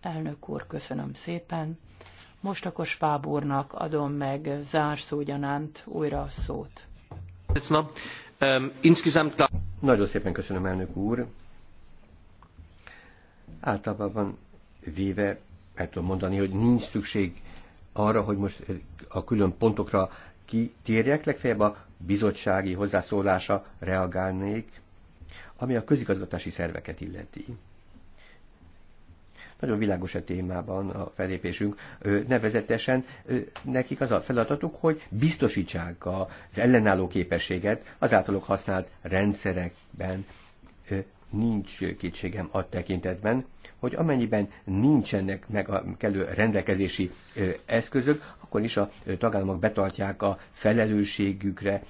Elnök úr, köszönöm szépen. Most akkor Spáb úrnak adom meg zárszógyanánt újra a szót. Um, insgesamt nagyon szépen köszönöm, elnök úr. Általában véve el tudom mondani, hogy nincs szükség arra, hogy most a külön pontokra kitérjek, legfeljebb a bizottsági hozzászólása reagálnék, ami a közigazgatási szerveket illeti. Nagyon világos a témában a felépésünk. Nevezetesen nekik az a feladatuk, hogy biztosítsák az ellenálló képességet az általuk használt rendszerekben. Nincs kétségem a tekintetben, hogy amennyiben nincsenek meg a kellő rendelkezési eszközök, akkor is a tagállamok betartják a felelősségükre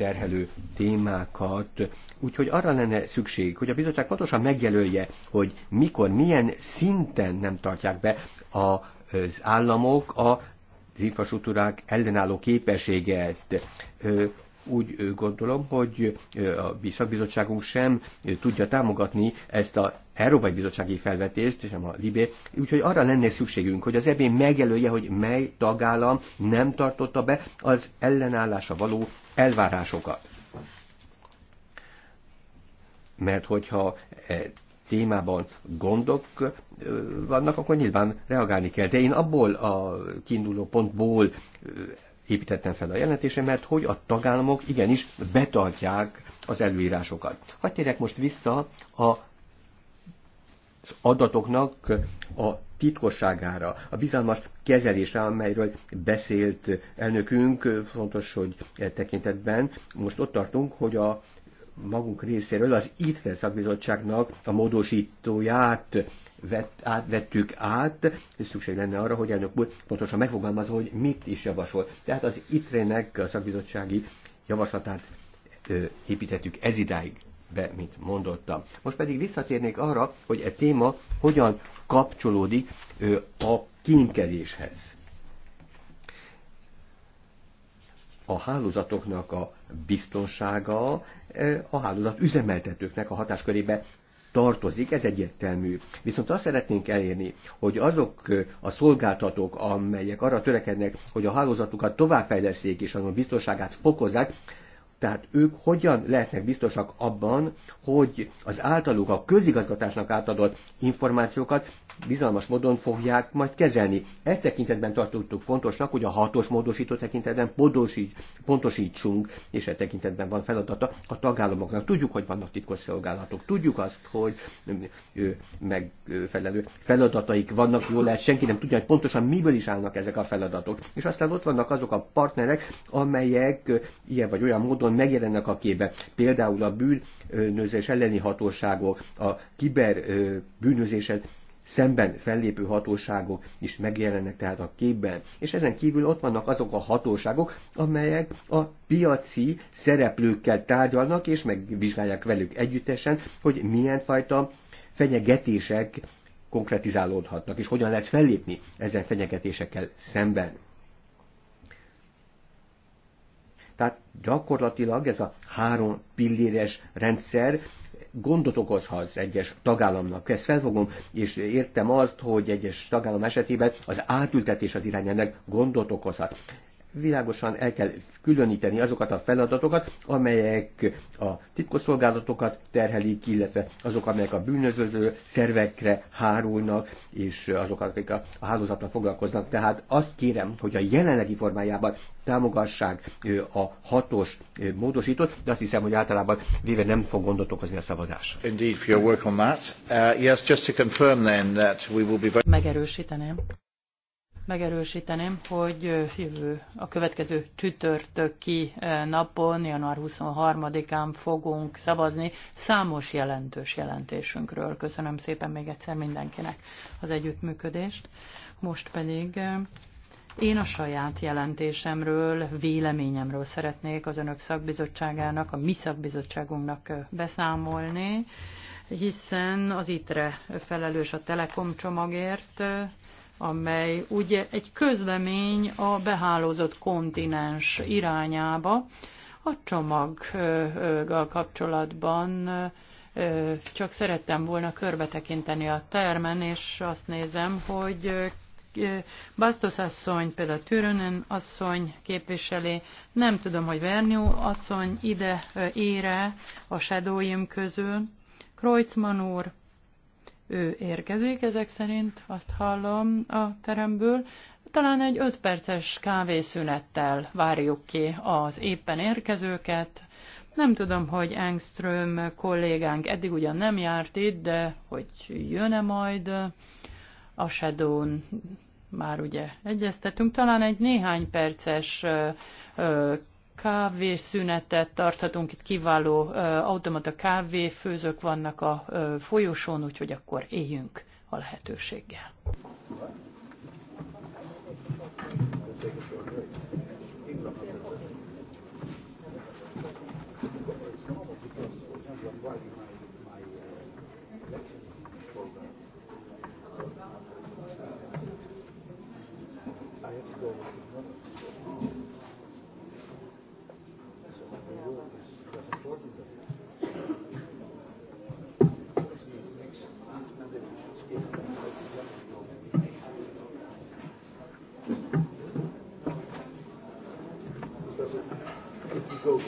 terhelő témákat. Úgyhogy arra lenne szükség, hogy a bizottság pontosan megjelölje, hogy mikor, milyen szinten nem tartják be az államok a az infrastruktúrák ellenálló képességet úgy gondolom, hogy a szakbizottságunk sem tudja támogatni ezt a Európai Bizottsági felvetést, sem a Libé, úgyhogy arra lenne szükségünk, hogy az EB megjelölje, hogy mely tagállam nem tartotta be az ellenállása való elvárásokat. Mert hogyha e témában gondok vannak, akkor nyilván reagálni kell. De én abból a kiinduló pontból építettem fel a jelentésem, mert hogy a tagállamok igenis betartják az előírásokat. Hadd térjek most vissza a adatoknak a titkosságára, a bizalmas kezelésre, amelyről beszélt elnökünk, fontos, hogy e tekintetben most ott tartunk, hogy a magunk részéről az ITRE szakbizottságnak a módosítóját vett, át, vettük át, és szükség lenne arra, hogy elnök úr pontosan megfogalmazza, hogy mit is javasol. Tehát az ITRE-nek a szakbizottsági javaslatát ö, építettük ez idáig be, mint mondottam. Most pedig visszatérnék arra, hogy e téma hogyan kapcsolódik ö, a kínkedéshez. a hálózatoknak a biztonsága a hálózat üzemeltetőknek a hatáskörébe tartozik, ez egyértelmű. Viszont azt szeretnénk elérni, hogy azok a szolgáltatók, amelyek arra törekednek, hogy a hálózatukat továbbfejleszék és annak biztonságát fokozzák, tehát ők hogyan lehetnek biztosak abban, hogy az általuk a közigazgatásnak átadott információkat bizalmas módon fogják majd kezelni. E tekintetben tartottuk fontosnak, hogy a hatos módosító tekintetben pontosítsunk, és e tekintetben van feladata a tagállamoknak. Tudjuk, hogy vannak titkos szolgálatok, tudjuk azt, hogy ő, megfelelő feladataik vannak, jól lehet, senki nem tudja, hogy pontosan miből is állnak ezek a feladatok. És aztán ott vannak azok a partnerek, amelyek ilyen vagy olyan módon megjelennek a képbe. Például a bűnözés elleni hatóságok, a kiberbűnözés szemben fellépő hatóságok is megjelennek tehát a képben. És ezen kívül ott vannak azok a hatóságok, amelyek a piaci szereplőkkel tárgyalnak, és megvizsgálják velük együttesen, hogy milyen fajta fenyegetések konkretizálódhatnak, és hogyan lehet fellépni ezen fenyegetésekkel szemben. Tehát gyakorlatilag ez a három pilléres rendszer gondot okozhat egyes tagállamnak. Ezt felfogom, és értem azt, hogy egyes tagállam esetében az átültetés az irányának gondot okozhat világosan el kell különíteni azokat a feladatokat, amelyek a titkosszolgálatokat terhelik, illetve azok, amelyek a bűnözöző szervekre hárulnak, és azok, akik a hálózatnak foglalkoznak. Tehát azt kérem, hogy a jelenlegi formájában támogassák a hatos módosítót, de azt hiszem, hogy általában véve nem fog gondot okozni a szavazás. Indeed, for your work on that. Uh, yes, just to confirm then that we will be... Megerősíteném megerősíteném, hogy jövő a következő csütörtöki napon, január 23-án fogunk szavazni számos jelentős jelentésünkről. Köszönöm szépen még egyszer mindenkinek az együttműködést. Most pedig én a saját jelentésemről, véleményemről szeretnék az Önök szakbizottságának, a mi szakbizottságunknak beszámolni, hiszen az ITRE felelős a Telekom csomagért, amely ugye egy közlemény a behálózott kontinens irányába, a csomaggal kapcsolatban csak szerettem volna körbetekinteni a termen, és azt nézem, hogy Bastos asszony, például Türönen asszony képviseli, nem tudom, hogy Vernió asszony ide ére a sedóim közül, Kreutzmann úr, ő érkezik, ezek szerint azt hallom a teremből. Talán egy öt perces kávészünettel várjuk ki az éppen érkezőket. Nem tudom, hogy Engström kollégánk eddig ugyan nem járt itt, de hogy jön-e majd a Shadow-n már ugye egyeztetünk, talán egy néhány perces kávészünetet tarthatunk, itt kiváló automata kávéfőzők vannak a folyosón, úgyhogy akkor éljünk a lehetőséggel. go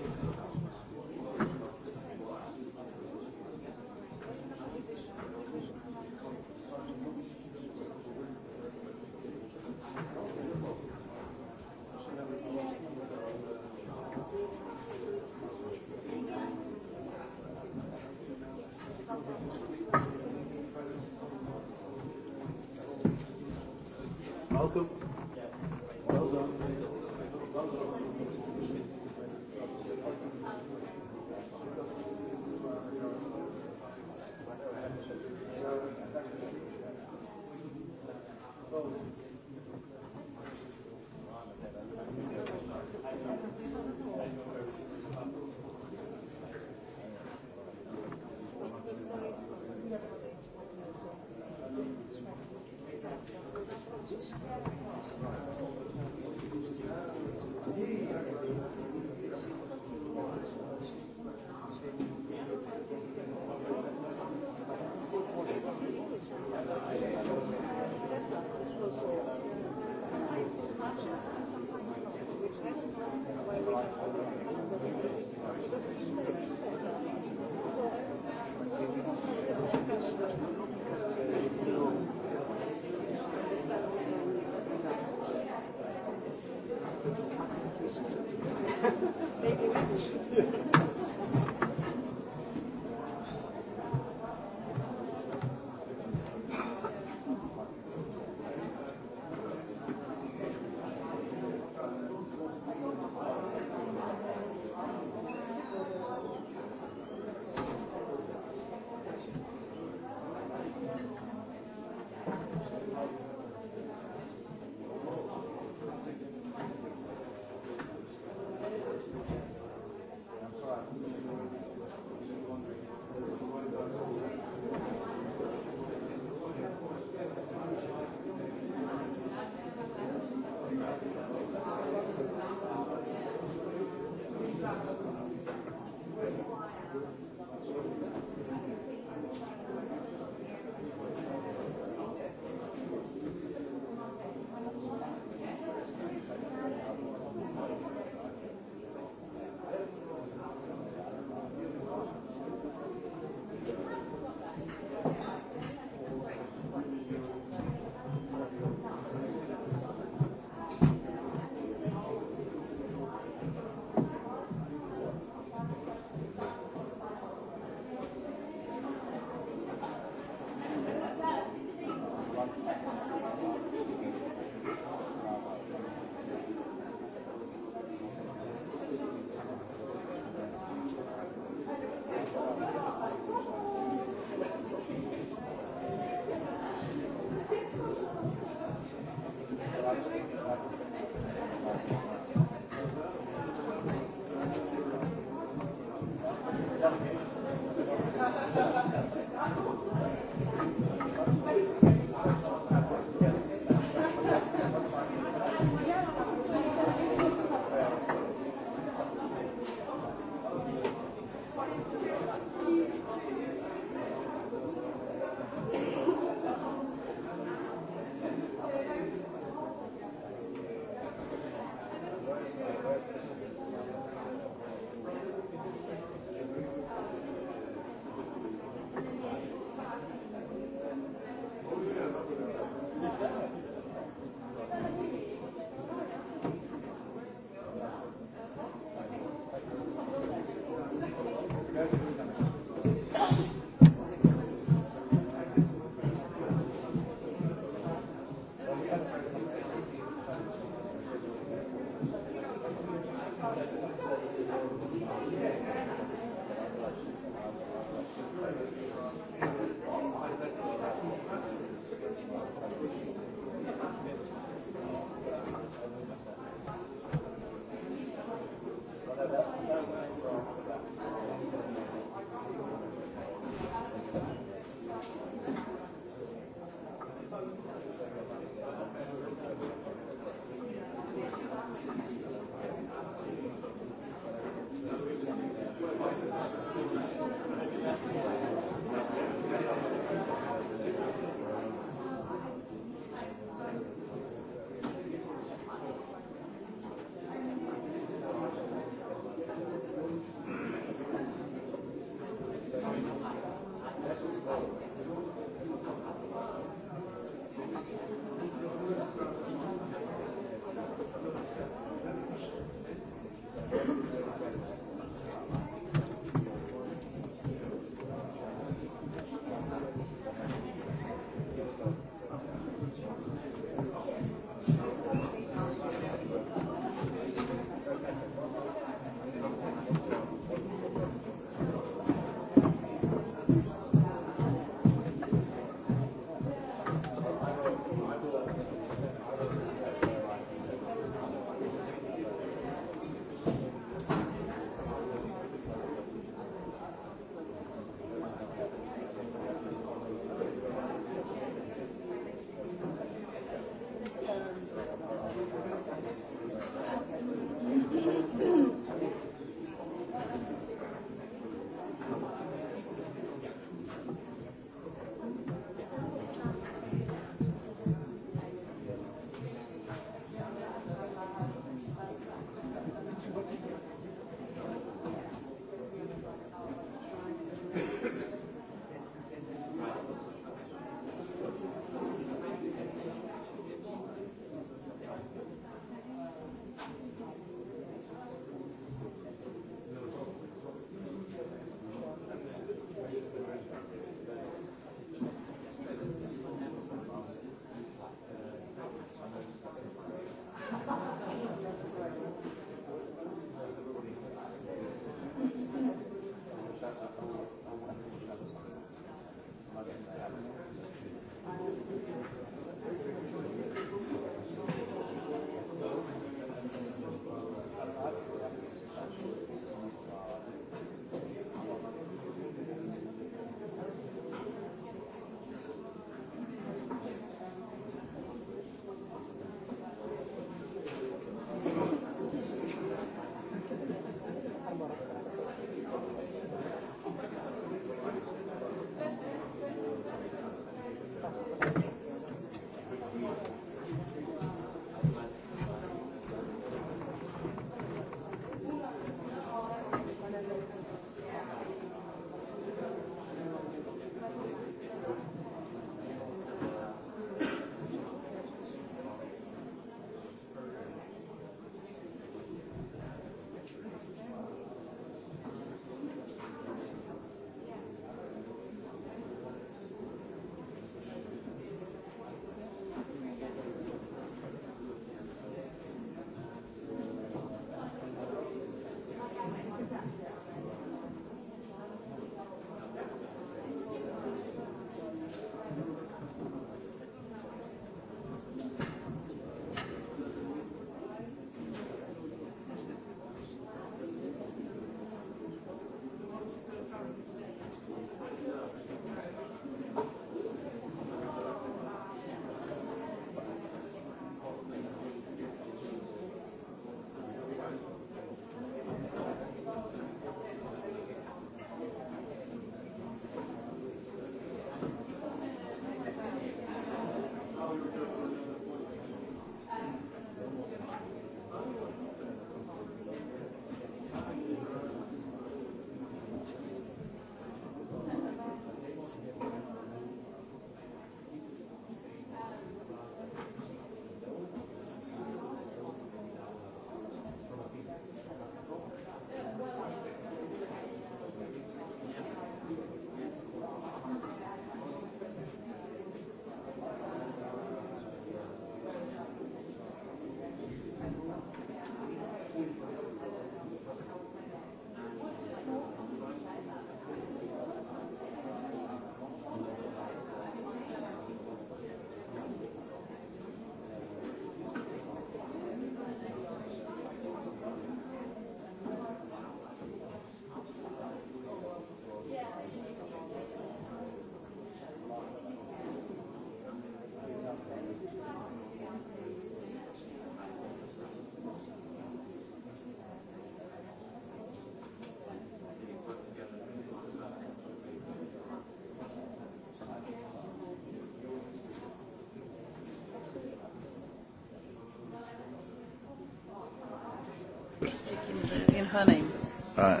Uh,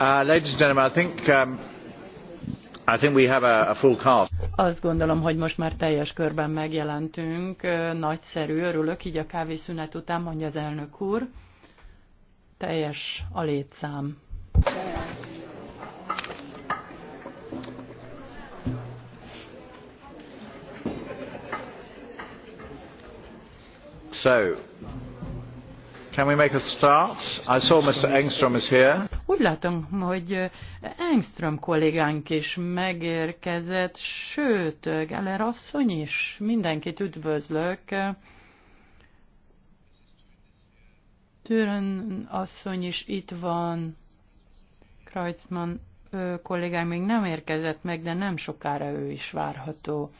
uh, ladies and gentlemen, I think, um, we have a, full cast. Azt gondolom, hogy most már teljes körben megjelentünk. Nagyszerű, örülök, így a kávészünet után mondja az elnök úr. Teljes a létszám. So, Can we make a start? I saw Mr. Engström is here. Úgy látom, hogy Engström kollégánk is megérkezett, sőt, Geller asszony is. Mindenkit üdvözlök. Türen asszony is itt van. Kreutzmann kollégám még nem érkezett meg, de nem sokára ő is várható.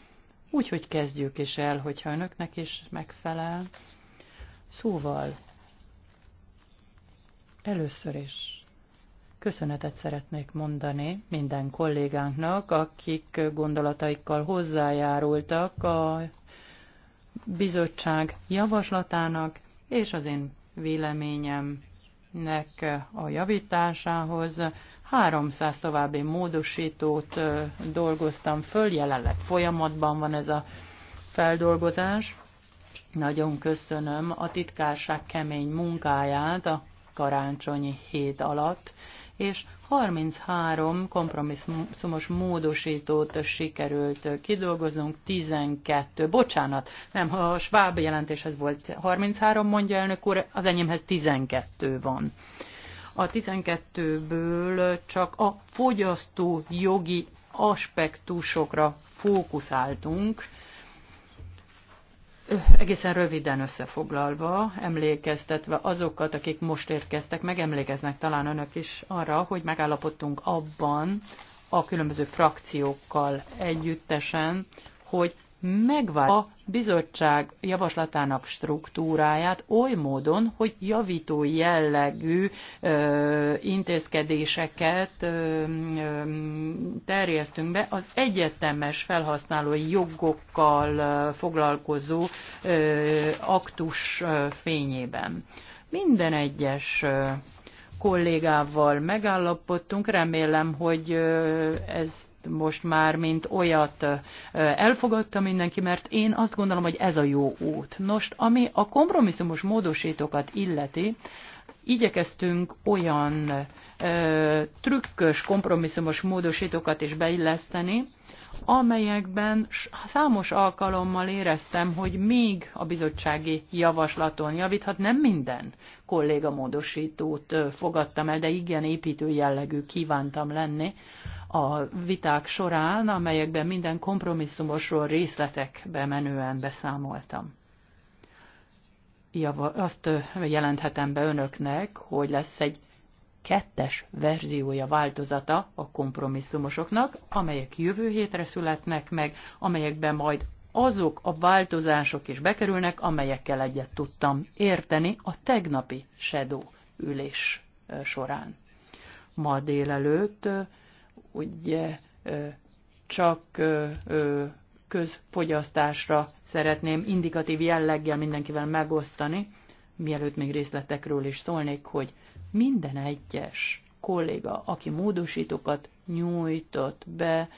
Úgyhogy kezdjük is el, hogyha önöknek is megfelel. Szóval, Először is köszönetet szeretnék mondani minden kollégánknak, akik gondolataikkal hozzájárultak a bizottság javaslatának és az én véleményemnek a javításához. 300 további módosítót dolgoztam föl, jelenleg folyamatban van ez a feldolgozás. Nagyon köszönöm a titkárság kemény munkáját, a karácsonyi hét alatt, és 33 kompromisszumos módosítót sikerült kidolgoznunk, 12, bocsánat, nem, a Schwab jelentéshez volt 33, mondja elnök úr, az enyémhez 12 van. A 12-ből csak a fogyasztó jogi aspektusokra fókuszáltunk, Egészen röviden összefoglalva, emlékeztetve azokat, akik most érkeztek, megemlékeznek talán önök is arra, hogy megállapodtunk abban a különböző frakciókkal együttesen, hogy megvár a bizottság javaslatának struktúráját oly módon, hogy javító jellegű ö, intézkedéseket ö, ö, terjesztünk be az egyetemes felhasználói jogokkal ö, foglalkozó ö, aktus ö, fényében. Minden egyes ö, kollégával megállapodtunk, remélem, hogy ez most már mint olyat elfogadta mindenki, mert én azt gondolom, hogy ez a jó út. Nos, ami a kompromisszumos módosítókat illeti, igyekeztünk olyan ö, trükkös, kompromisszumos módosítókat is beilleszteni, amelyekben számos alkalommal éreztem, hogy még a bizottsági javaslaton javíthat, nem minden, kolléga módosítót fogadtam el, de igen építő jellegű kívántam lenni a viták során, amelyekben minden kompromisszumosról részletekbe menően beszámoltam. Ja, azt jelenthetem be önöknek, hogy lesz egy kettes verziója, változata a kompromisszumosoknak, amelyek jövő hétre születnek meg, amelyekben majd azok a változások is bekerülnek, amelyekkel egyet tudtam érteni a tegnapi Shadow ülés során. Ma délelőtt ugye csak közfogyasztásra szeretném indikatív jelleggel mindenkivel megosztani, mielőtt még részletekről is szólnék, hogy minden egyes kolléga, aki módosítókat nyújtott be,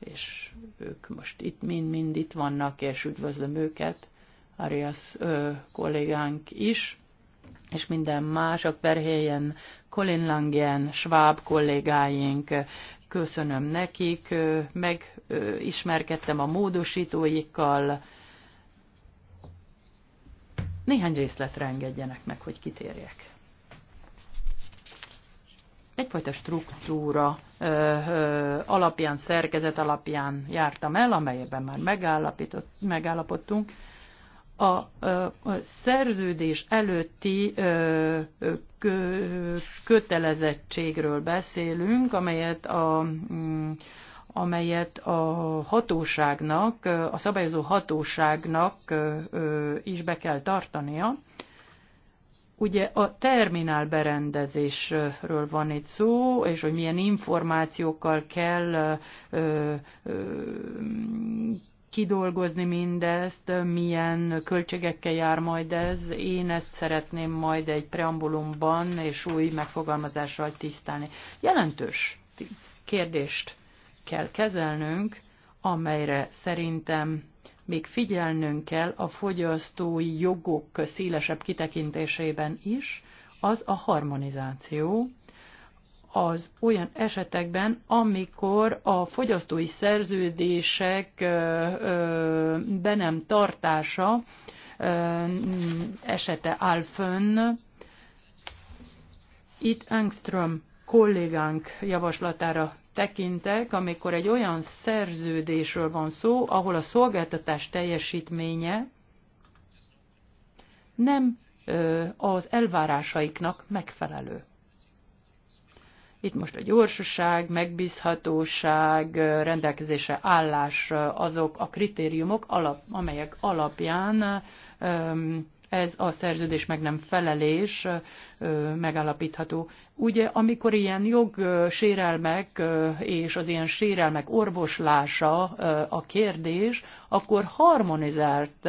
és ők most itt mind-mind itt vannak, és üdvözlöm őket, Arias ö, kollégánk is, és minden más, a Perhelyen, Colin Langen, Schwab kollégáink, köszönöm nekik, megismerkedtem a módosítóikkal, néhány részletre engedjenek meg, hogy kitérjek egyfajta struktúra ö, ö, alapján, szerkezet alapján jártam el, amelyben már megállapított, megállapodtunk. A, ö, a szerződés előtti ö, kö, kötelezettségről beszélünk, amelyet a mm, amelyet a hatóságnak, a szabályozó hatóságnak is be kell tartania, Ugye a terminál berendezésről van itt szó, és hogy milyen információkkal kell ö, ö, kidolgozni mindezt, milyen költségekkel jár majd ez. Én ezt szeretném majd egy preambulumban és új megfogalmazással tisztálni. Jelentős kérdést kell kezelnünk, amelyre szerintem még figyelnünk kell a fogyasztói jogok szélesebb kitekintésében is, az a harmonizáció, az olyan esetekben, amikor a fogyasztói szerződések be nem tartása esete áll fönn. Itt Engström kollégánk javaslatára tekintek, amikor egy olyan szerződésről van szó, ahol a szolgáltatás teljesítménye nem az elvárásaiknak megfelelő. Itt most a gyorsaság, megbízhatóság, rendelkezése állás azok a kritériumok, alap, amelyek alapján ez a szerződés meg nem felelés megállapítható. Ugye, amikor ilyen jogsérelmek és az ilyen sérelmek orvoslása a kérdés, akkor harmonizált,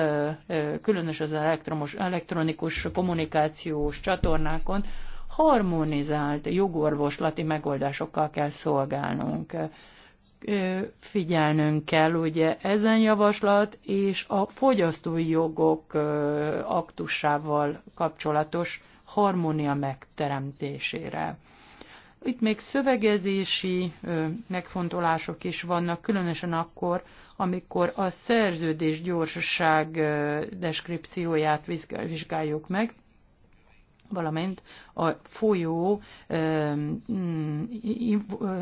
különös az elektromos, elektronikus kommunikációs csatornákon, harmonizált jogorvoslati megoldásokkal kell szolgálnunk figyelnünk kell, ugye ezen javaslat és a fogyasztói jogok aktussával kapcsolatos harmónia megteremtésére. Itt még szövegezési megfontolások is vannak, különösen akkor, amikor a szerződés gyorsaság deskripcióját vizsgáljuk meg, valamint a folyó mm,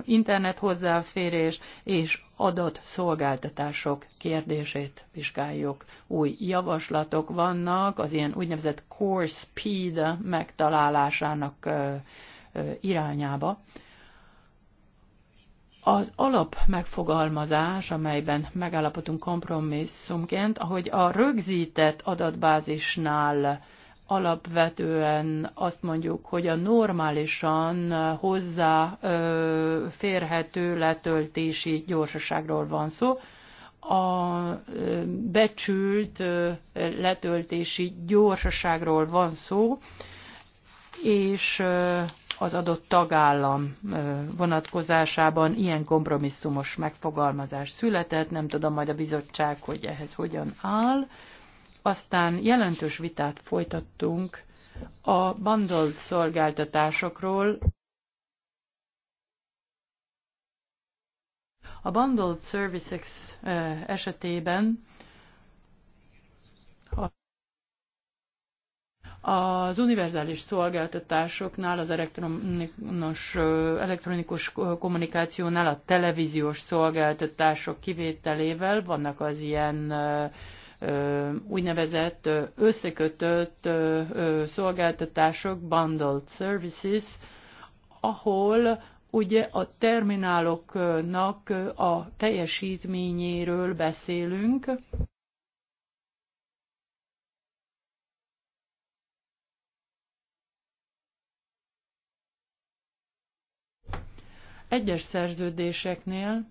internet hozzáférés és adatszolgáltatások kérdését vizsgáljuk. Új javaslatok vannak az ilyen úgynevezett core speed megtalálásának irányába. Az alap megfogalmazás, amelyben megállapodunk kompromisszumként, ahogy a rögzített adatbázisnál alapvetően azt mondjuk, hogy a normálisan hozzá férhető letöltési gyorsaságról van szó, a becsült letöltési gyorsaságról van szó, és az adott tagállam vonatkozásában ilyen kompromisszumos megfogalmazás született, nem tudom majd a bizottság, hogy ehhez hogyan áll, aztán jelentős vitát folytattunk a bandolt szolgáltatásokról, A bundled services eh, esetében az univerzális szolgáltatásoknál, az elektronikus eh, elektronikus kommunikációnál, a televíziós szolgáltatások kivételével vannak az ilyen eh, úgynevezett összekötött szolgáltatások, bundled services, ahol ugye a termináloknak a teljesítményéről beszélünk, Egyes szerződéseknél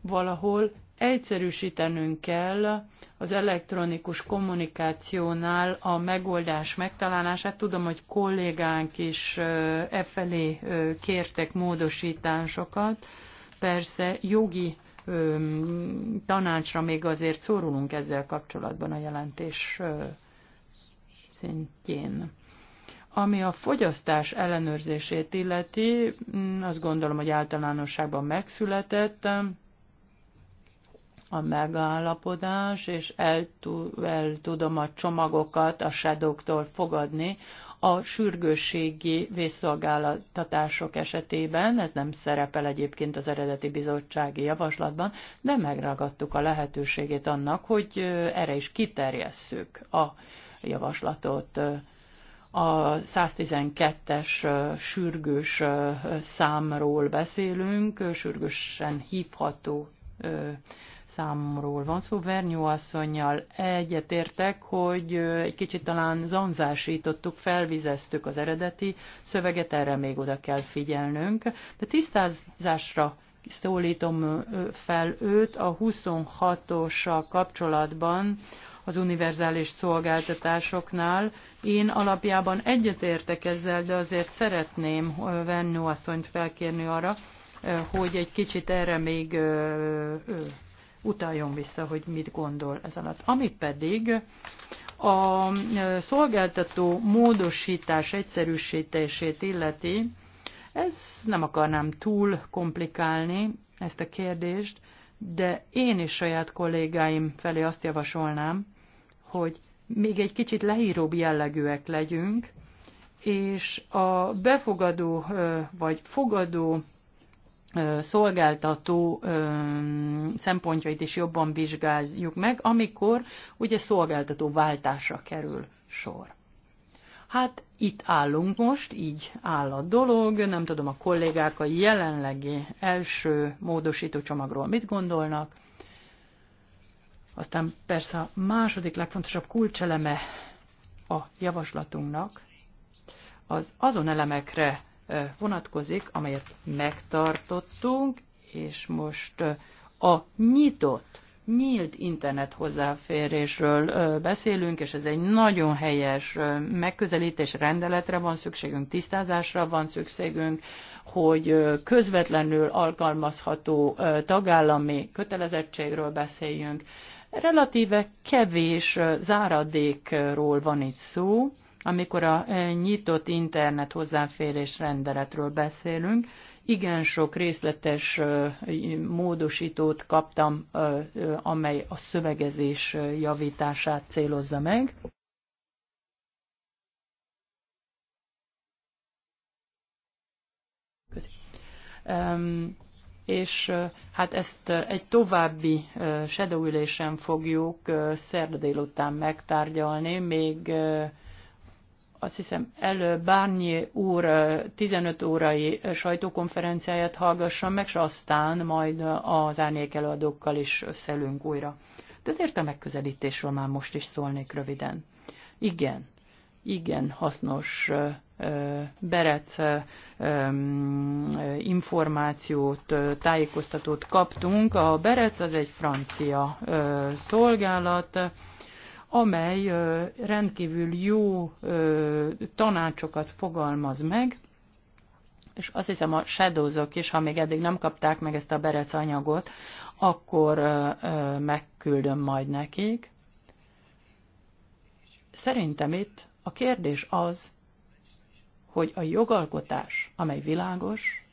valahol Egyszerűsítenünk kell az elektronikus kommunikációnál a megoldás megtalálását. Tudom, hogy kollégánk is e felé kértek módosításokat. Persze jogi tanácsra még azért szorulunk ezzel kapcsolatban a jelentés szintjén. Ami a fogyasztás ellenőrzését illeti, mm, azt gondolom, hogy általánosságban megszületett, a megállapodás, és el, el tudom a csomagokat a sedoktól fogadni a sürgősségi vészszolgáltatások esetében, ez nem szerepel egyébként az eredeti bizottsági javaslatban, de megragadtuk a lehetőségét annak, hogy erre is kiterjesszük a javaslatot a 112-es sürgős számról beszélünk, sürgősen hívható számról van szó. Vernyó asszonynal egyetértek, hogy egy kicsit talán zanzásítottuk, felvizeztük az eredeti szöveget, erre még oda kell figyelnünk. De tisztázásra szólítom fel őt a 26-ossal kapcsolatban, az univerzális szolgáltatásoknál. Én alapjában egyetértek ezzel, de azért szeretném Vernó asszonyt felkérni arra, hogy egy kicsit erre még utaljon vissza, hogy mit gondol ez alatt. Ami pedig a e, szolgáltató módosítás egyszerűsítését illeti, ez nem akarnám túl komplikálni ezt a kérdést, de én is saját kollégáim felé azt javasolnám, hogy még egy kicsit leíróbb jellegűek legyünk, és a befogadó e, vagy fogadó szolgáltató szempontjait is jobban vizsgáljuk meg, amikor ugye szolgáltató váltásra kerül sor. Hát itt állunk most, így áll a dolog, nem tudom a kollégák a jelenlegi első módosító csomagról mit gondolnak. Aztán persze a második legfontosabb kulcseleme a javaslatunknak az azon elemekre vonatkozik, amelyet megtartottunk, és most a nyitott, nyílt internet hozzáférésről beszélünk, és ez egy nagyon helyes megközelítés, rendeletre van szükségünk, tisztázásra van szükségünk, hogy közvetlenül alkalmazható tagállami kötelezettségről beszéljünk. Relatíve kevés záradékról van itt szó, amikor a e, nyitott internet hozzáférés rendeletről beszélünk, igen sok részletes e, módosítót kaptam, e, amely a szövegezés javítását célozza meg. és hát ezt egy további shadow fogjuk szerda délután megtárgyalni, még azt hiszem előbb Bárnyi úr 15 órai sajtókonferenciáját hallgassam meg, és aztán majd az árnyékelőadókkal előadókkal is szelünk újra. De azért a megközelítésről már most is szólnék röviden. Igen, igen hasznos beret információt, tájékoztatót kaptunk. A beret az egy francia szolgálat, amely rendkívül jó tanácsokat fogalmaz meg, és azt hiszem a shadows -ok is, ha még eddig nem kapták meg ezt a berec anyagot, akkor megküldöm majd nekik. Szerintem itt a kérdés az, hogy a jogalkotás, amely világos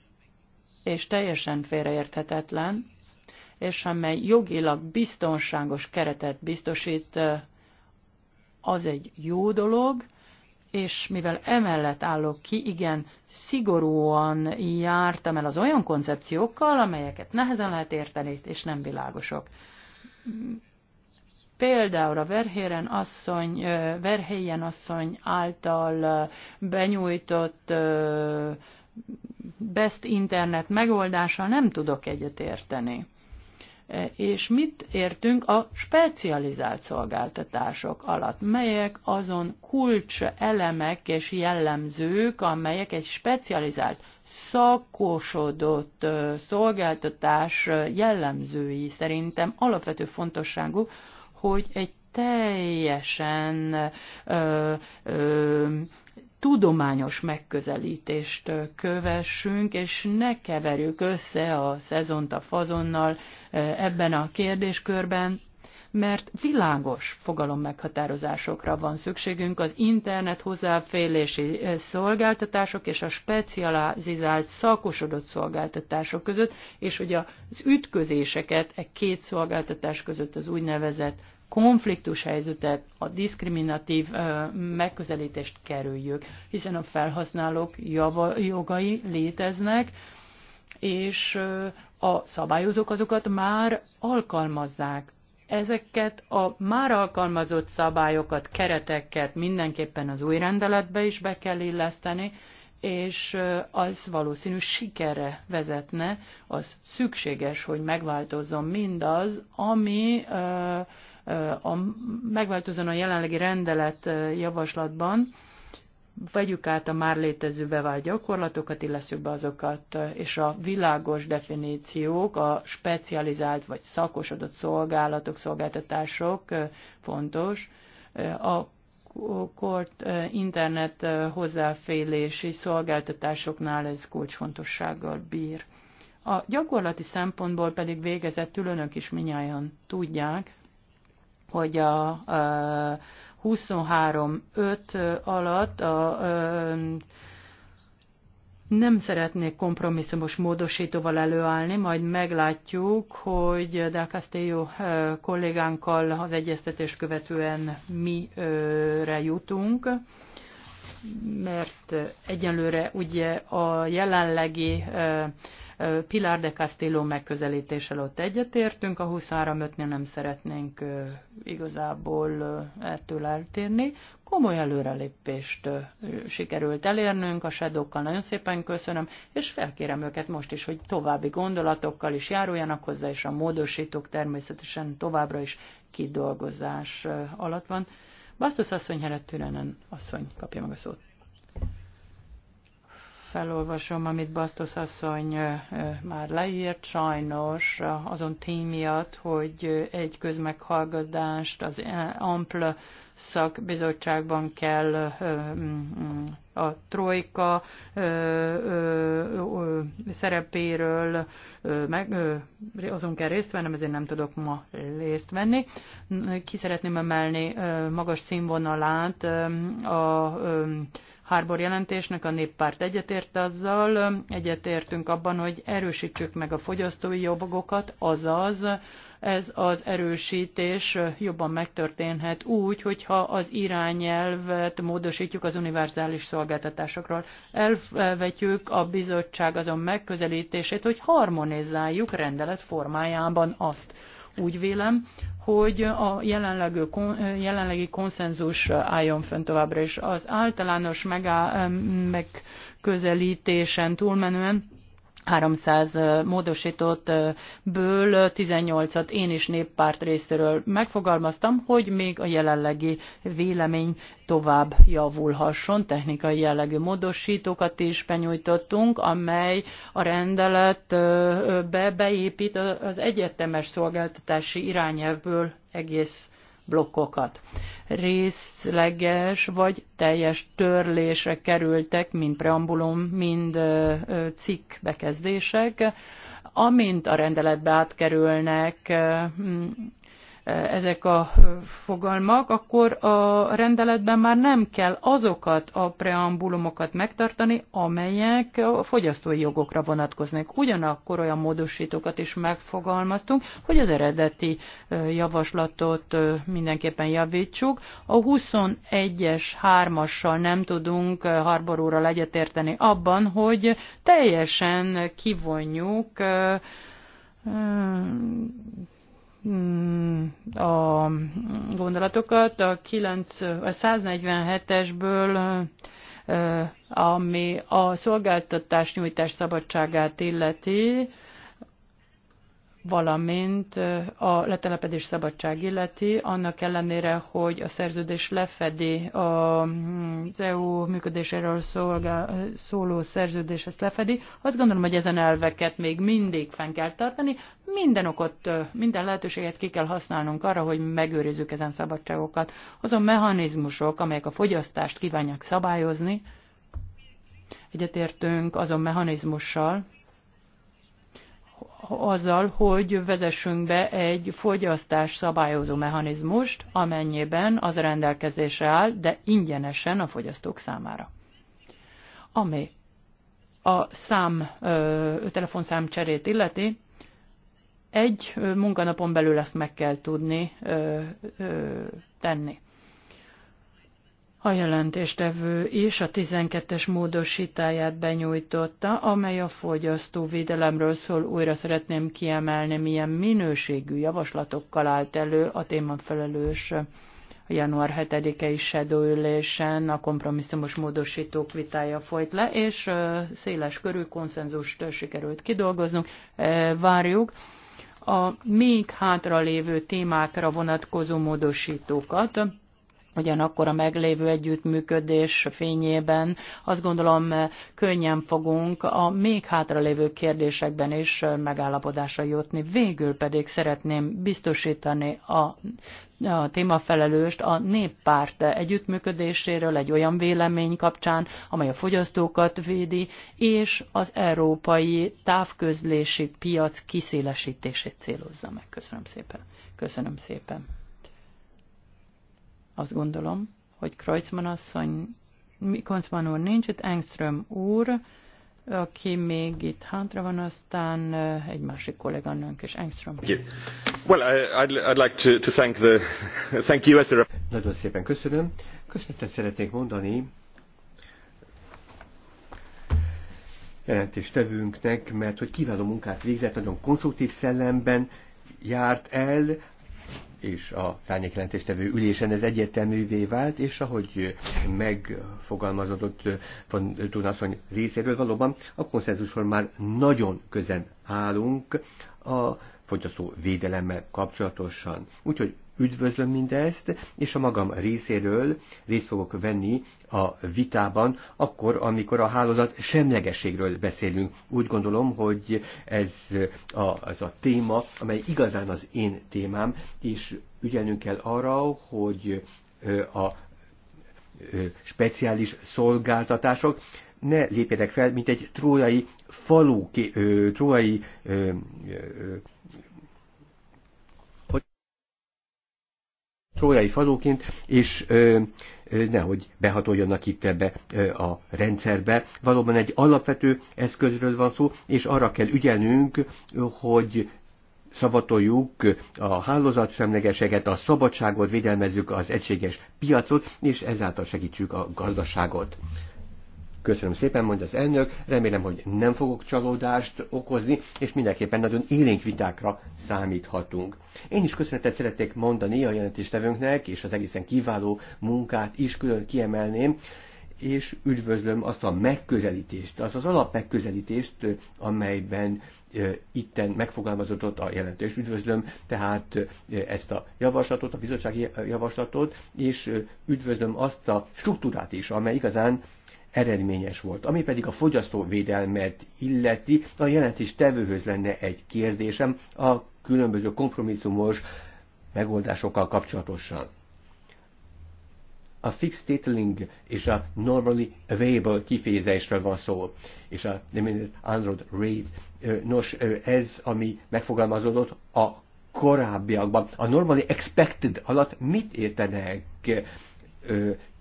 és teljesen félreérthetetlen, és amely jogilag biztonságos keretet biztosít az egy jó dolog, és mivel emellett állok ki, igen, szigorúan jártam el az olyan koncepciókkal, amelyeket nehezen lehet érteni, és nem világosok. Például a Verhéren asszony, Verhéjen asszony által benyújtott best internet megoldással nem tudok egyetérteni és mit értünk a specializált szolgáltatások alatt, melyek azon kulcs elemek és jellemzők, amelyek egy specializált, szakosodott szolgáltatás jellemzői szerintem alapvető fontosságú, hogy egy teljesen ö, ö, tudományos megközelítést kövessünk, és ne keverjük össze a szezont a fazonnal ebben a kérdéskörben, mert világos fogalom meghatározásokra van szükségünk az internet hozzáférési szolgáltatások és a specializált szakosodott szolgáltatások között, és hogy az ütközéseket e két szolgáltatás között az úgynevezett konfliktus helyzetet, a diszkriminatív megközelítést kerüljük, hiszen a felhasználók java, jogai léteznek, és a szabályozók azokat már alkalmazzák. Ezeket a már alkalmazott szabályokat, kereteket mindenképpen az új rendeletbe is be kell illeszteni, és az valószínű sikere vezetne, az szükséges, hogy megváltozzon mindaz, ami uh, a, megváltozóan a jelenlegi rendelet javaslatban, vegyük át a már létező bevált gyakorlatokat, illeszük be azokat, és a világos definíciók, a specializált vagy szakosodott szolgálatok, szolgáltatások fontos. A kort internet hozzáférési szolgáltatásoknál ez kulcsfontossággal bír. A gyakorlati szempontból pedig végezett önök is minnyáján tudják, hogy a, a 5 alatt a, a nem szeretnék kompromisszumos módosítóval előállni, majd meglátjuk, hogy Del Castillo kollégánkkal az egyeztetés követően mire jutunk, mert egyelőre ugye a jelenlegi Pilar de Castillo megközelítéssel ott egyetértünk, a 23-5-nél nem szeretnénk igazából ettől eltérni. Komoly előrelépést sikerült elérnünk, a sedokkal nagyon szépen köszönöm, és felkérem őket most is, hogy további gondolatokkal is járuljanak hozzá, és a módosítók természetesen továbbra is kidolgozás alatt van. Basztus asszony helyett Türenen asszony kapja meg a szót felolvasom, amit Basztos asszony már leírt, sajnos azon tény miatt, hogy egy közmeghallgatást az Ample szakbizottságban kell a trojka szerepéről, meg, azon kell részt vennem, ezért nem tudok ma részt venni. Ki szeretném emelni magas színvonalát a, a Harbor jelentésnek a néppárt egyetért azzal, egyetértünk abban, hogy erősítsük meg a fogyasztói jogokat, azaz ez az erősítés jobban megtörténhet úgy, hogyha az irányelvet módosítjuk az univerzális szolgáltatásokról. Elvetjük a bizottság azon megközelítését, hogy harmonizáljuk rendelet formájában azt. Úgy vélem, hogy a jelenleg, jelenlegi konszenzus álljon fönn továbbra is. Az általános megá, megközelítésen túlmenően 300 módosított ből 18-at én is néppárt részéről megfogalmaztam, hogy még a jelenlegi vélemény tovább javulhasson. Technikai jellegű módosítókat is benyújtottunk, amely a rendeletbe beépít az egyetemes szolgáltatási irányelvből egész blokkokat. Részleges vagy teljes törlésre kerültek, mind preambulum, mind cikk bekezdések, amint a rendeletbe átkerülnek ezek a fogalmak, akkor a rendeletben már nem kell azokat a preambulumokat megtartani, amelyek a fogyasztói jogokra vonatkoznak. Ugyanakkor olyan módosítókat is megfogalmaztunk, hogy az eredeti javaslatot mindenképpen javítsuk. A 21-es 3-assal nem tudunk Harborúra egyetérteni abban, hogy teljesen kivonjuk Hmm, a gondolatokat. A, a 147-esből eh, ami a szolgáltatás nyújtás szabadságát illeti, valamint a letelepedés szabadság illeti, annak ellenére, hogy a szerződés lefedi az EU működéséről szolgál, szóló szerződés ezt lefedi, azt gondolom, hogy ezen elveket még mindig fenn kell tartani, minden okot, minden lehetőséget ki kell használnunk arra, hogy megőrizzük ezen szabadságokat. Azon mechanizmusok, amelyek a fogyasztást kívánják szabályozni, egyetértünk azon mechanizmussal, azzal, hogy vezessünk be egy fogyasztás szabályozó mechanizmust, amennyiben az rendelkezésre áll, de ingyenesen a fogyasztók számára. Ami a szám, ö, telefonszám cserét illeti, egy munkanapon belül ezt meg kell tudni ö, ö, tenni. A jelentéstevő is a 12-es módosítáját benyújtotta, amely a fogyasztóvédelemről szól. Újra szeretném kiemelni, milyen minőségű javaslatokkal állt elő a témafelelős felelős január 7-i sedőülésen a kompromisszumos módosítók vitája folyt le, és széles körű konszenzust sikerült kidolgoznunk. Várjuk a még hátralévő témákra vonatkozó módosítókat ugyanakkor a meglévő együttműködés fényében azt gondolom könnyen fogunk a még hátralévő kérdésekben is megállapodásra jutni. Végül pedig szeretném biztosítani a a témafelelőst a néppárt együttműködéséről egy olyan vélemény kapcsán, amely a fogyasztókat védi, és az európai távközlési piac kiszélesítését célozza meg. Köszönöm szépen. Köszönöm szépen. Azt gondolom, hogy Kreuzmann asszony, Kreuzmann úr nincs itt, Engström úr, aki még itt hátra van, aztán egy másik kolléganőnk is, Engström. Well, I'd, I'd like to, to thank, the, thank you as the... Nagyon szépen köszönöm. Köszönetet szeretnék mondani jelentéstevőnknek, mert hogy kiváló munkát végzett, nagyon konstruktív szellemben járt el, és a szárnyékjelentéstevő ülésen ez egyértelművé vált, és ahogy megfogalmazódott von Tunasszony részéről, valóban a konszenzusról már nagyon közel állunk a fogyasztó védelemmel kapcsolatosan. Úgyhogy üdvözlöm mindezt, és a magam részéről részt fogok venni a vitában, akkor, amikor a hálózat semlegességről beszélünk. Úgy gondolom, hogy ez a, az a téma, amely igazán az én témám, és ügyelnünk kell arra, hogy a speciális szolgáltatások ne lépjenek fel, mint egy trójai falu, trójai trójai falóként, és nehogy behatoljanak itt ebbe a rendszerbe. Valóban egy alapvető eszközről van szó, és arra kell ügyelnünk, hogy szavatoljuk a hálózatsemlegeseget, a szabadságot, védelmezzük az egységes piacot, és ezáltal segítsük a gazdaságot. Köszönöm szépen, mondja az elnök, remélem, hogy nem fogok csalódást okozni, és mindenképpen nagyon élénk vitákra számíthatunk. Én is köszönetet szeretnék mondani a jelentéstevőnknek, és az egészen kiváló munkát is külön kiemelném, és üdvözlöm azt a megközelítést, az az alap megközelítést, amelyben itten megfogalmazódott a jelentős Üdvözlöm tehát ezt a javaslatot, a bizottsági javaslatot, és üdvözlöm azt a struktúrát is, amely igazán eredményes volt. Ami pedig a fogyasztóvédelmet illeti, a jelentés tevőhöz lenne egy kérdésem a különböző kompromisszumos megoldásokkal kapcsolatosan. A fixed titling és a normally available kifejezésről van szó, és a diminished Android rate. Nos, ez, ami megfogalmazódott a korábbiakban. A normally expected alatt mit értenek?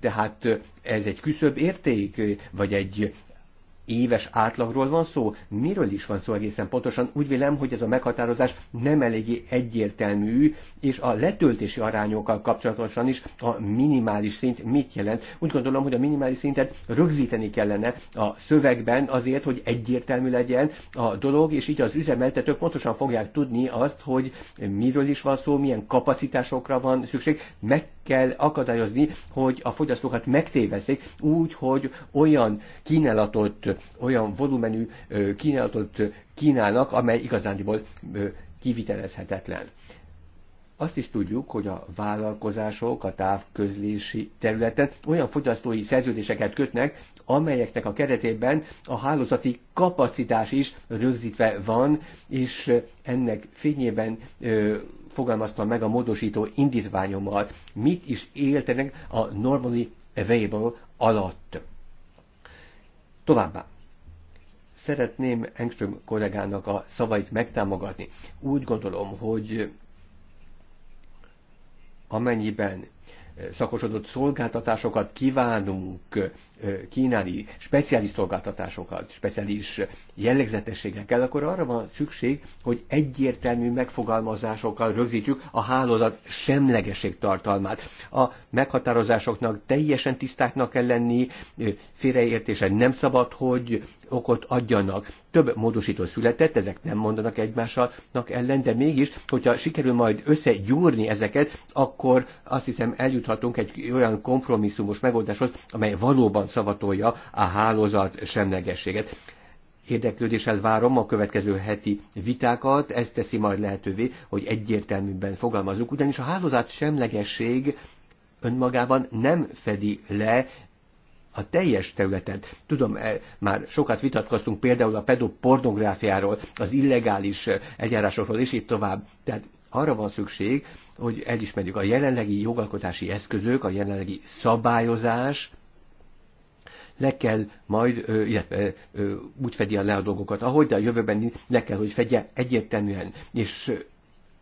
Tehát ez egy küszöbb érték, vagy egy éves átlagról van szó? Miről is van szó egészen pontosan? Úgy vélem, hogy ez a meghatározás nem eléggé egyértelmű, és a letöltési arányokkal kapcsolatosan is a minimális szint mit jelent. Úgy gondolom, hogy a minimális szintet rögzíteni kellene a szövegben azért, hogy egyértelmű legyen a dolog, és így az üzemeltetők pontosan fogják tudni azt, hogy miről is van szó, milyen kapacitásokra van szükség, meg kell akadályozni, hogy a fogyasztókat megtévezzék úgy, hogy olyan kínálatot, olyan volumenű kínálatot kínálnak, amely igazándiból kivitelezhetetlen. Azt is tudjuk, hogy a vállalkozások a távközlési területen olyan fogyasztói szerződéseket kötnek, amelyeknek a keretében a hálózati kapacitás is rögzítve van, és ennek fényében fogalmaztam meg a módosító indítványommal, mit is éltenek a normally available alatt. Továbbá, szeretném Engström kollégának a szavait megtámogatni. Úgy gondolom, hogy amennyiben szakosodott szolgáltatásokat kívánunk kínálni, speciális szolgáltatásokat, speciális jellegzetességekkel, akkor arra van szükség, hogy egyértelmű megfogalmazásokkal rögzítjük a hálózat semlegesség tartalmát. A meghatározásoknak teljesen tisztáknak kell lenni, félreértése nem szabad, hogy okot adjanak. Több módosító született, ezek nem mondanak egymásnak ellen, de mégis, hogyha sikerül majd összegyúrni ezeket, akkor azt hiszem eljut juthatunk egy olyan kompromisszumos megoldáshoz, amely valóban szavatolja a hálózat semlegességet. Érdeklődéssel várom a következő heti vitákat, ez teszi majd lehetővé, hogy egyértelműbben fogalmazunk, ugyanis a hálózat semlegesség önmagában nem fedi le a teljes területet. Tudom, e, már sokat vitatkoztunk például a pedopornográfiáról, az illegális e, eljárásokról, és így tovább. Tehát arra van szükség, hogy elismerjük a jelenlegi jogalkotási eszközök, a jelenlegi szabályozás, le kell majd, illetve úgy fedje le a dolgokat, ahogy, de a jövőben le kell, hogy fedje egyértelműen. És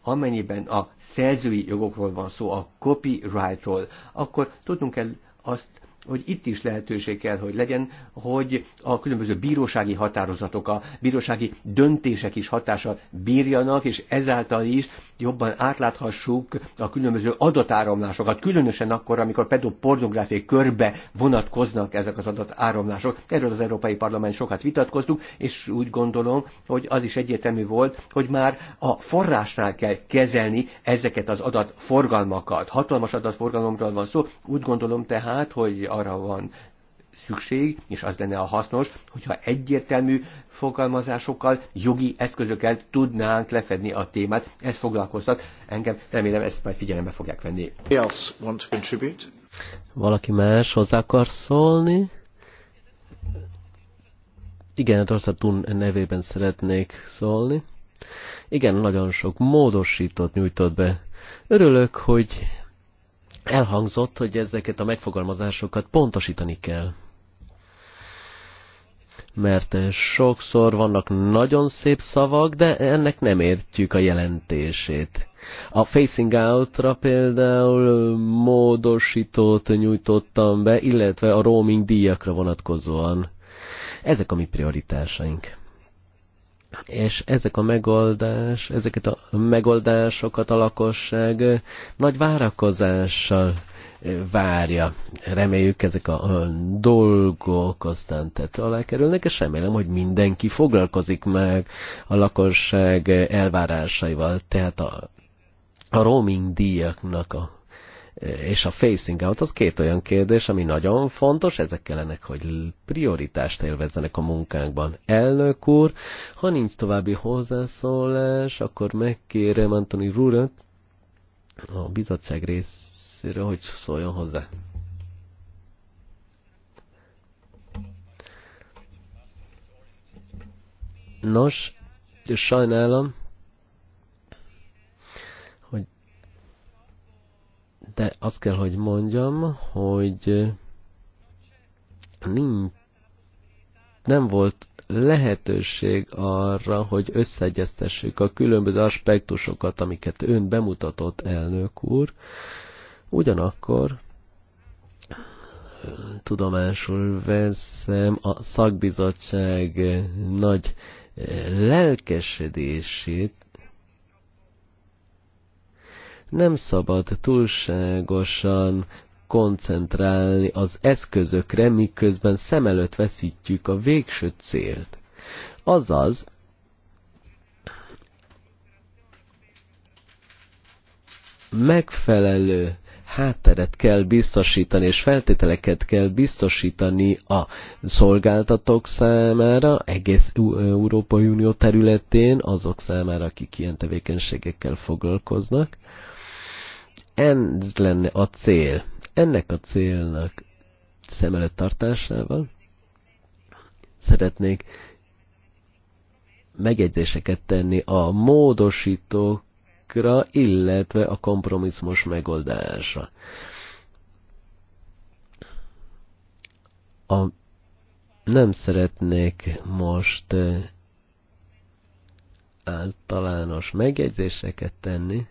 amennyiben a szerzői jogokról van szó, a copyrightról, akkor tudnunk kell azt, hogy itt is lehetőség kell, hogy legyen, hogy a különböző bírósági határozatok, a bírósági döntések is hatással bírjanak, és ezáltal is jobban átláthassuk a különböző adatáramlásokat, különösen akkor, amikor pedopornográfiai körbe vonatkoznak ezek az adatáramlások. Erről az Európai Parlament sokat vitatkoztuk, és úgy gondolom, hogy az is egyértelmű volt, hogy már a forrásnál kell kezelni ezeket az adatforgalmakat. Hatalmas adatforgalomról van szó, úgy gondolom tehát, hogy arra van szükség, és az lenne a hasznos, hogyha egyértelmű fogalmazásokkal, jogi eszközökkel tudnánk lefedni a témát. Ez foglalkoztat engem, remélem ezt majd figyelembe fogják venni. Valaki más hozzá akar szólni? Igen, Rosa Tun nevében szeretnék szólni. Igen, nagyon sok módosított nyújtott be. Örülök, hogy elhangzott, hogy ezeket a megfogalmazásokat pontosítani kell. Mert sokszor vannak nagyon szép szavak, de ennek nem értjük a jelentését. A Facing Out-ra például módosítót nyújtottam be, illetve a roaming díjakra vonatkozóan. Ezek a mi prioritásaink és ezek a megoldás, ezeket a megoldásokat a lakosság nagy várakozással eh, várja. Reméljük ezek a dolgok aztán tett alá kerülnek, és remélem, hogy mindenki foglalkozik meg a lakosság eh, elvárásaival, tehát a, a roaming díjaknak a és a facing out az két olyan kérdés, ami nagyon fontos, ezek kellenek, hogy prioritást élvezzenek a munkánkban. Elnök úr, ha nincs további hozzászólás, akkor megkérem Antoni Rurat a bizottság részéről, hogy szóljon hozzá. Nos, sajnálom, de azt kell, hogy mondjam, hogy nincs, nem volt lehetőség arra, hogy összeegyeztessük a különböző aspektusokat, amiket ön bemutatott, elnök úr. Ugyanakkor tudomásul veszem a szakbizottság nagy lelkesedését, nem szabad túlságosan koncentrálni az eszközökre, miközben szem előtt veszítjük a végső célt. Azaz, megfelelő hátteret kell biztosítani, és feltételeket kell biztosítani a szolgáltatók számára, egész Európai Unió területén, azok számára, akik ilyen tevékenységekkel foglalkoznak ez lenne a cél. Ennek a célnak szem előtt tartásával szeretnék megjegyzéseket tenni a módosítókra, illetve a kompromisszmos megoldásra. A, nem szeretnék most eh, általános megjegyzéseket tenni,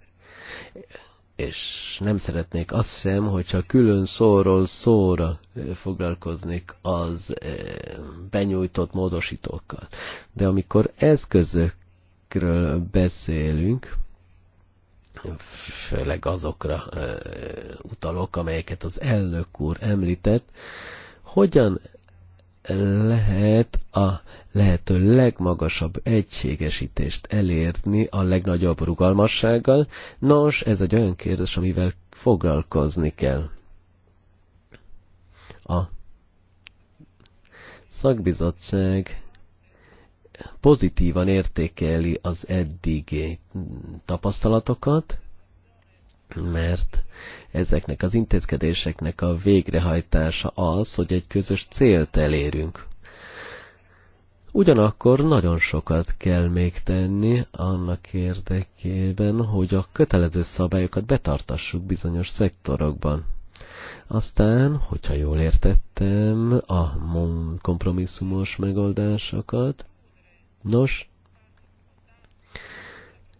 és nem szeretnék azt sem, hogyha külön szóról szóra foglalkoznék az benyújtott módosítókkal. De amikor eszközökről beszélünk, főleg azokra utalok, amelyeket az elnök úr említett, hogyan lehet a lehető legmagasabb egységesítést elérni a legnagyobb rugalmassággal? Nos, ez egy olyan kérdés, amivel foglalkozni kell. A szakbizottság pozitívan értékeli az eddigi tapasztalatokat, mert ezeknek az intézkedéseknek a végrehajtása az, hogy egy közös célt elérünk. Ugyanakkor nagyon sokat kell még tenni annak érdekében, hogy a kötelező szabályokat betartassuk bizonyos szektorokban. Aztán, hogyha jól értettem a kompromisszumos megoldásokat, nos,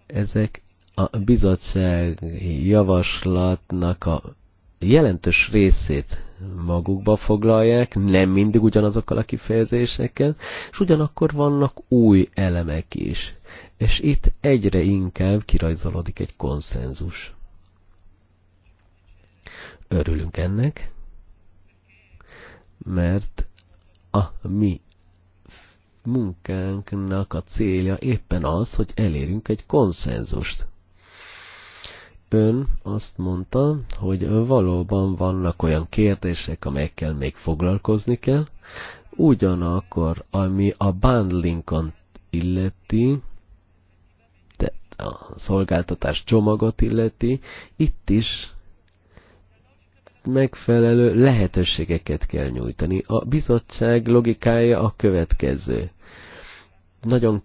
ezek a bizottság javaslatnak a jelentős részét magukba foglalják, nem mindig ugyanazokkal a kifejezésekkel, és ugyanakkor vannak új elemek is. És itt egyre inkább kirajzolódik egy konszenzus. Örülünk ennek, mert a mi munkánknak a célja éppen az, hogy elérjünk egy konszenzust ön azt mondta, hogy valóban vannak olyan kérdések, amelyekkel még foglalkozni kell, ugyanakkor, ami a bandlinkon illeti, tehát a szolgáltatás csomagot illeti, itt is megfelelő lehetőségeket kell nyújtani. A bizottság logikája a következő. Nagyon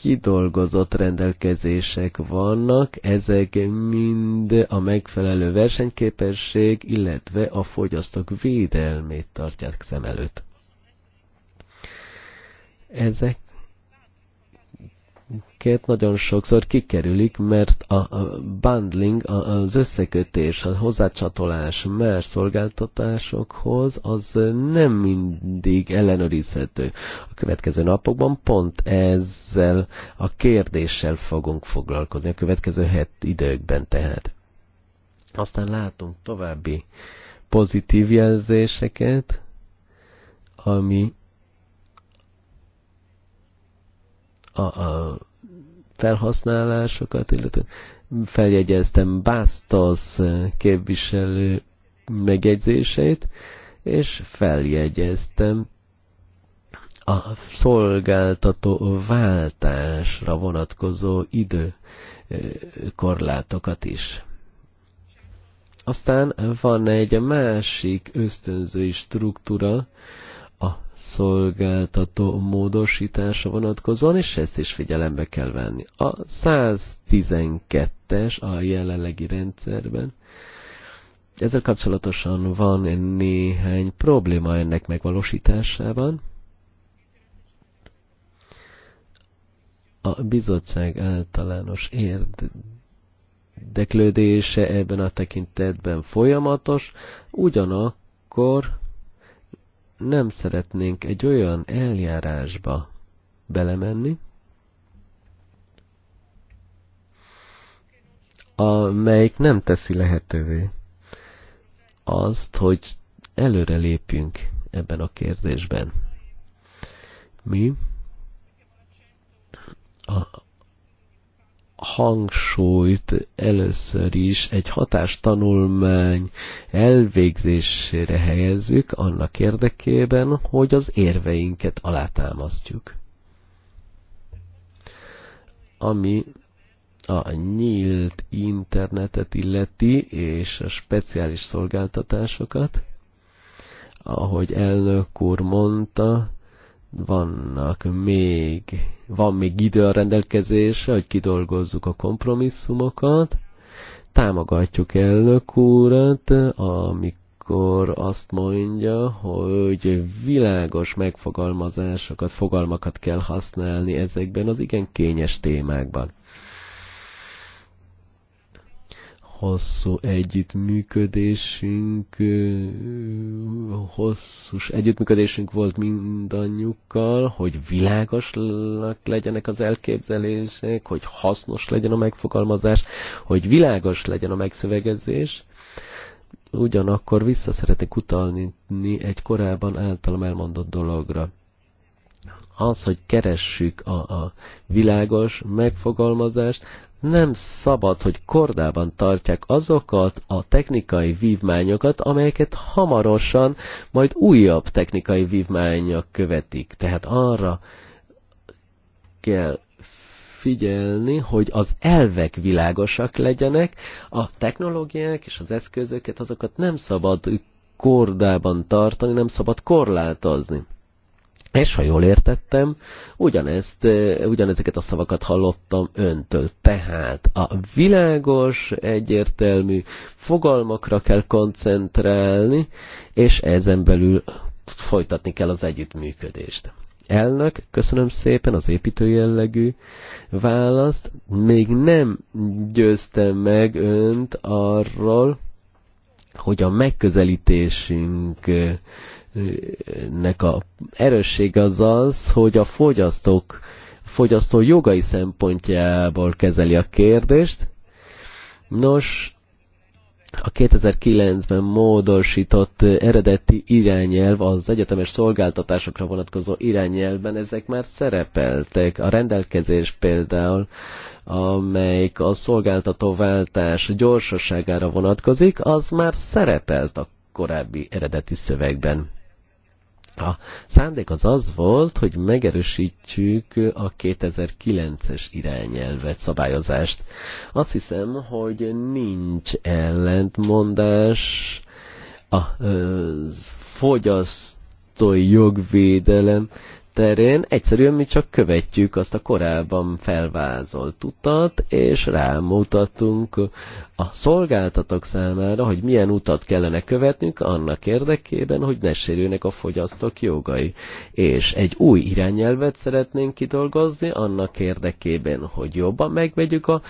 kidolgozott rendelkezések vannak, ezek mind a megfelelő versenyképesség, illetve a fogyasztók védelmét tartják szem előtt. Ezek ezeket nagyon sokszor kikerülik, mert a, bundling, a, az összekötés, a hozzácsatolás más szolgáltatásokhoz az nem mindig ellenőrizhető. A következő napokban pont ezzel a kérdéssel fogunk foglalkozni, a következő het időkben tehát. Aztán látunk további pozitív jelzéseket, ami a, a felhasználásokat, illetve feljegyeztem Bastos képviselő megjegyzéseit, és feljegyeztem a szolgáltató váltásra vonatkozó időkorlátokat is. Aztán van egy másik ösztönzői struktúra, szolgáltató módosítása vonatkozóan, és ezt is figyelembe kell venni. A 112-es a jelenlegi rendszerben. Ezzel kapcsolatosan van néhány probléma ennek megvalósításában. A bizottság általános érdeklődése ebben a tekintetben folyamatos, ugyanakkor nem szeretnénk egy olyan eljárásba belemenni, amelyik nem teszi lehetővé azt, hogy előre lépjünk ebben a kérdésben. Mi a hangsúlyt először is egy hatástanulmány elvégzésére helyezzük annak érdekében, hogy az érveinket alátámasztjuk. Ami a nyílt internetet illeti, és a speciális szolgáltatásokat, ahogy elnök úr mondta, vannak még, van még idő a rendelkezésre, hogy kidolgozzuk a kompromisszumokat. Támogatjuk elnök úrat, amikor azt mondja, hogy világos megfogalmazásokat, fogalmakat kell használni ezekben az igen kényes témákban. hosszú együttműködésünk, hosszús együttműködésünk volt mindannyiukkal, hogy világos legyenek az elképzelések, hogy hasznos legyen a megfogalmazás, hogy világos legyen a megszövegezés. Ugyanakkor vissza szeretek utalni egy korábban általam elmondott dologra az, hogy keressük a, a világos megfogalmazást, nem szabad, hogy kordában tartják azokat a technikai vívmányokat, amelyeket hamarosan majd újabb technikai vívmányok követik. Tehát arra kell figyelni, hogy az elvek világosak legyenek, a technológiák és az eszközöket azokat nem szabad kordában tartani, nem szabad korlátozni. És ha jól értettem, ugyanezt, eh, ugyanezeket a szavakat hallottam öntől. Tehát a világos, egyértelmű fogalmakra kell koncentrálni, és ezen belül folytatni kell az együttműködést. Elnök, köszönöm szépen az építő jellegű választ. Még nem győztem meg önt arról, hogy a megközelítésünk eh, nek a erőssége az az, hogy a fogyasztók fogyasztó jogai szempontjából kezeli a kérdést. Nos, a 2009-ben módosított eredeti irányelv, az egyetemes szolgáltatásokra vonatkozó irányelvben ezek már szerepeltek. A rendelkezés például, amelyik a szolgáltatóváltás gyorsaságára vonatkozik, az már szerepelt a korábbi eredeti szövegben. A szándék az az volt, hogy megerősítjük a 2009-es irányelvet, szabályozást. Azt hiszem, hogy nincs ellentmondás a fogyasztói jogvédelem terén egyszerűen mi csak követjük azt a korábban felvázolt utat, és rámutatunk a szolgáltatók számára, hogy milyen utat kellene követnünk annak érdekében, hogy ne sérülnek a fogyasztók jogai. És egy új irányelvet szeretnénk kidolgozni annak érdekében, hogy jobban megvegyük a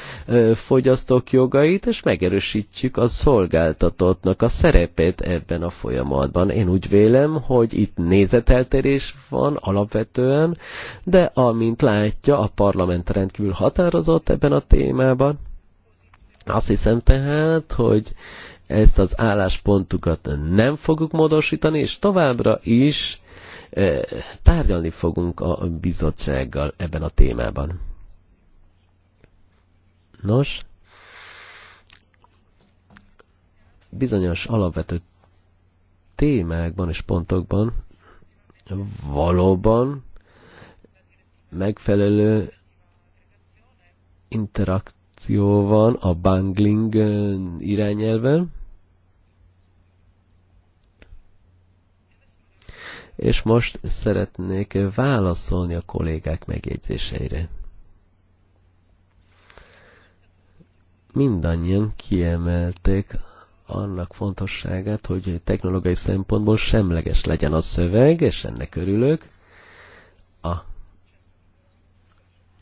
fogyasztók jogait, és megerősítjük a szolgáltatottnak a szerepét ebben a folyamatban. Én úgy vélem, hogy itt nézeteltérés van, alap alapvetően, de amint látja, a parlament rendkívül határozott ebben a témában. Azt hiszem tehát, hogy ezt az álláspontukat nem fogjuk módosítani, és továbbra is e, tárgyalni fogunk a bizottsággal ebben a témában. Nos, bizonyos alapvető témákban és pontokban valóban megfelelő interakció van a bangling irányelvel, és most szeretnék válaszolni a kollégák megjegyzéseire. Mindannyian kiemelték annak fontosságát, hogy technológiai szempontból semleges legyen a szöveg, és ennek örülök. A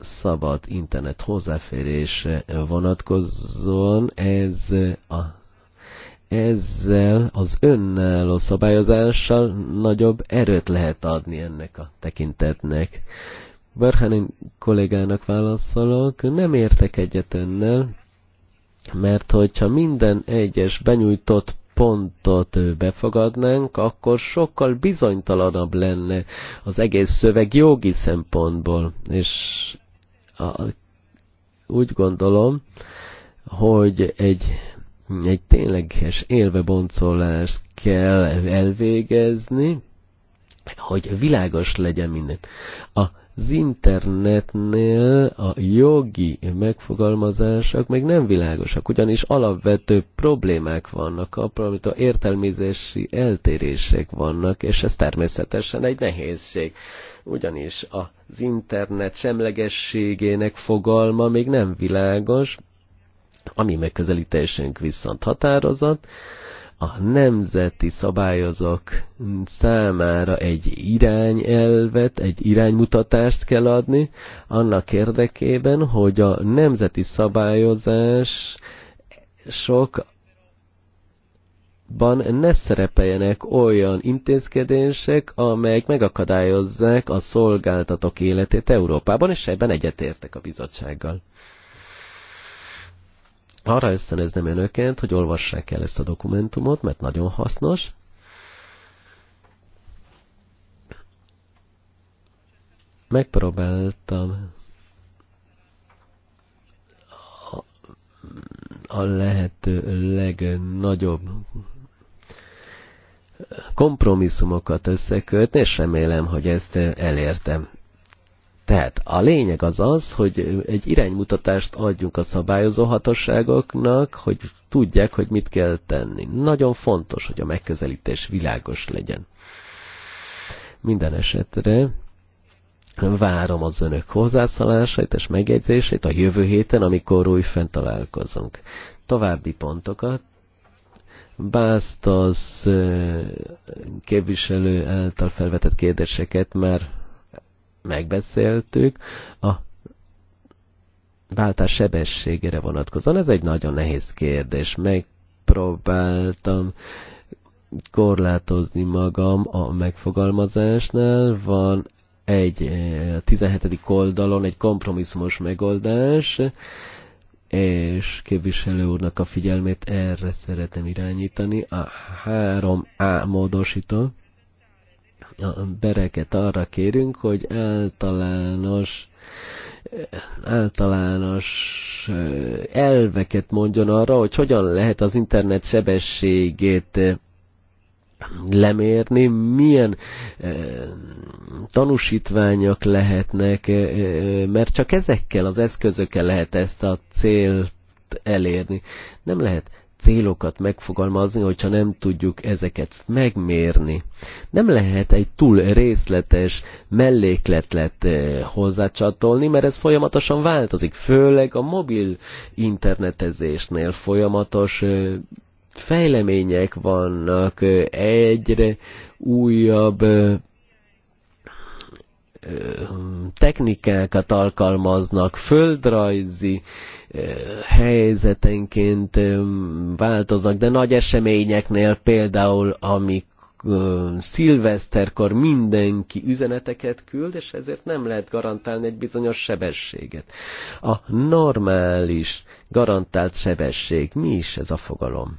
szabad internet hozzáférése vonatkozóan ez a ezzel az önálló szabályozással nagyobb erőt lehet adni ennek a tekintetnek. Berhanin kollégának válaszolok, nem értek egyet önnel, mert hogyha minden egyes benyújtott pontot befogadnánk, akkor sokkal bizonytalanabb lenne az egész szöveg jogi szempontból. És a, úgy gondolom, hogy egy, egy tényleges élveboncolást kell elvégezni, hogy világos legyen minden. A az internetnél a jogi megfogalmazások még nem világosak, ugyanis alapvető problémák vannak, amit a értelmezési eltérések vannak, és ez természetesen egy nehézség. Ugyanis az internet semlegességének fogalma még nem világos, ami megközelítésünk viszont határozott, a nemzeti szabályozók számára egy irányelvet, egy iránymutatást kell adni, annak érdekében, hogy a nemzeti szabályozás sok ban ne szerepeljenek olyan intézkedések, amelyek megakadályozzák a szolgáltatók életét Európában, és ebben egyetértek a bizottsággal arra ösztönözném önöket, hogy olvassák el ezt a dokumentumot, mert nagyon hasznos. Megpróbáltam a lehető legnagyobb kompromisszumokat összekötni, és remélem, hogy ezt elértem. Tehát a lényeg az az, hogy egy iránymutatást adjunk a szabályozó hatóságoknak, hogy tudják, hogy mit kell tenni. Nagyon fontos, hogy a megközelítés világos legyen. Minden esetre várom az önök hozzászólásait és megjegyzését a jövő héten, amikor újfent találkozunk. További pontokat Bászt az eh, képviselő által felvetett kérdéseket már megbeszéltük a váltás sebességére vonatkozóan. Ez egy nagyon nehéz kérdés. Megpróbáltam korlátozni magam a megfogalmazásnál. Van egy 17. Eh, oldalon egy kompromisszumos megoldás, és képviselő úrnak a figyelmét erre szeretem irányítani, a 3A módosítom embereket arra kérünk, hogy általános általános eh, elveket mondjon arra, hogy hogyan lehet az internet sebességét eh, lemérni, milyen e, eh, tanúsítványok lehetnek, e, mert csak ezekkel az eszközökkel lehet ezt a célt elérni. Nem lehet célokat megfogalmazni, hogyha nem tudjuk ezeket megmérni. Nem lehet egy túl részletes mellékletlet eh, hozzácsatolni, mert ez folyamatosan változik, főleg a mobil internetezésnél folyamatos eh, fejlemények vannak, eh, egyre újabb technikákat alkalmaznak, földrajzi helyzetenként változnak, de nagy eseményeknél például, amik szilveszterkor mindenki üzeneteket küld, és ezért nem lehet garantálni egy bizonyos sebességet. A normális, garantált sebesség, mi is ez a fogalom?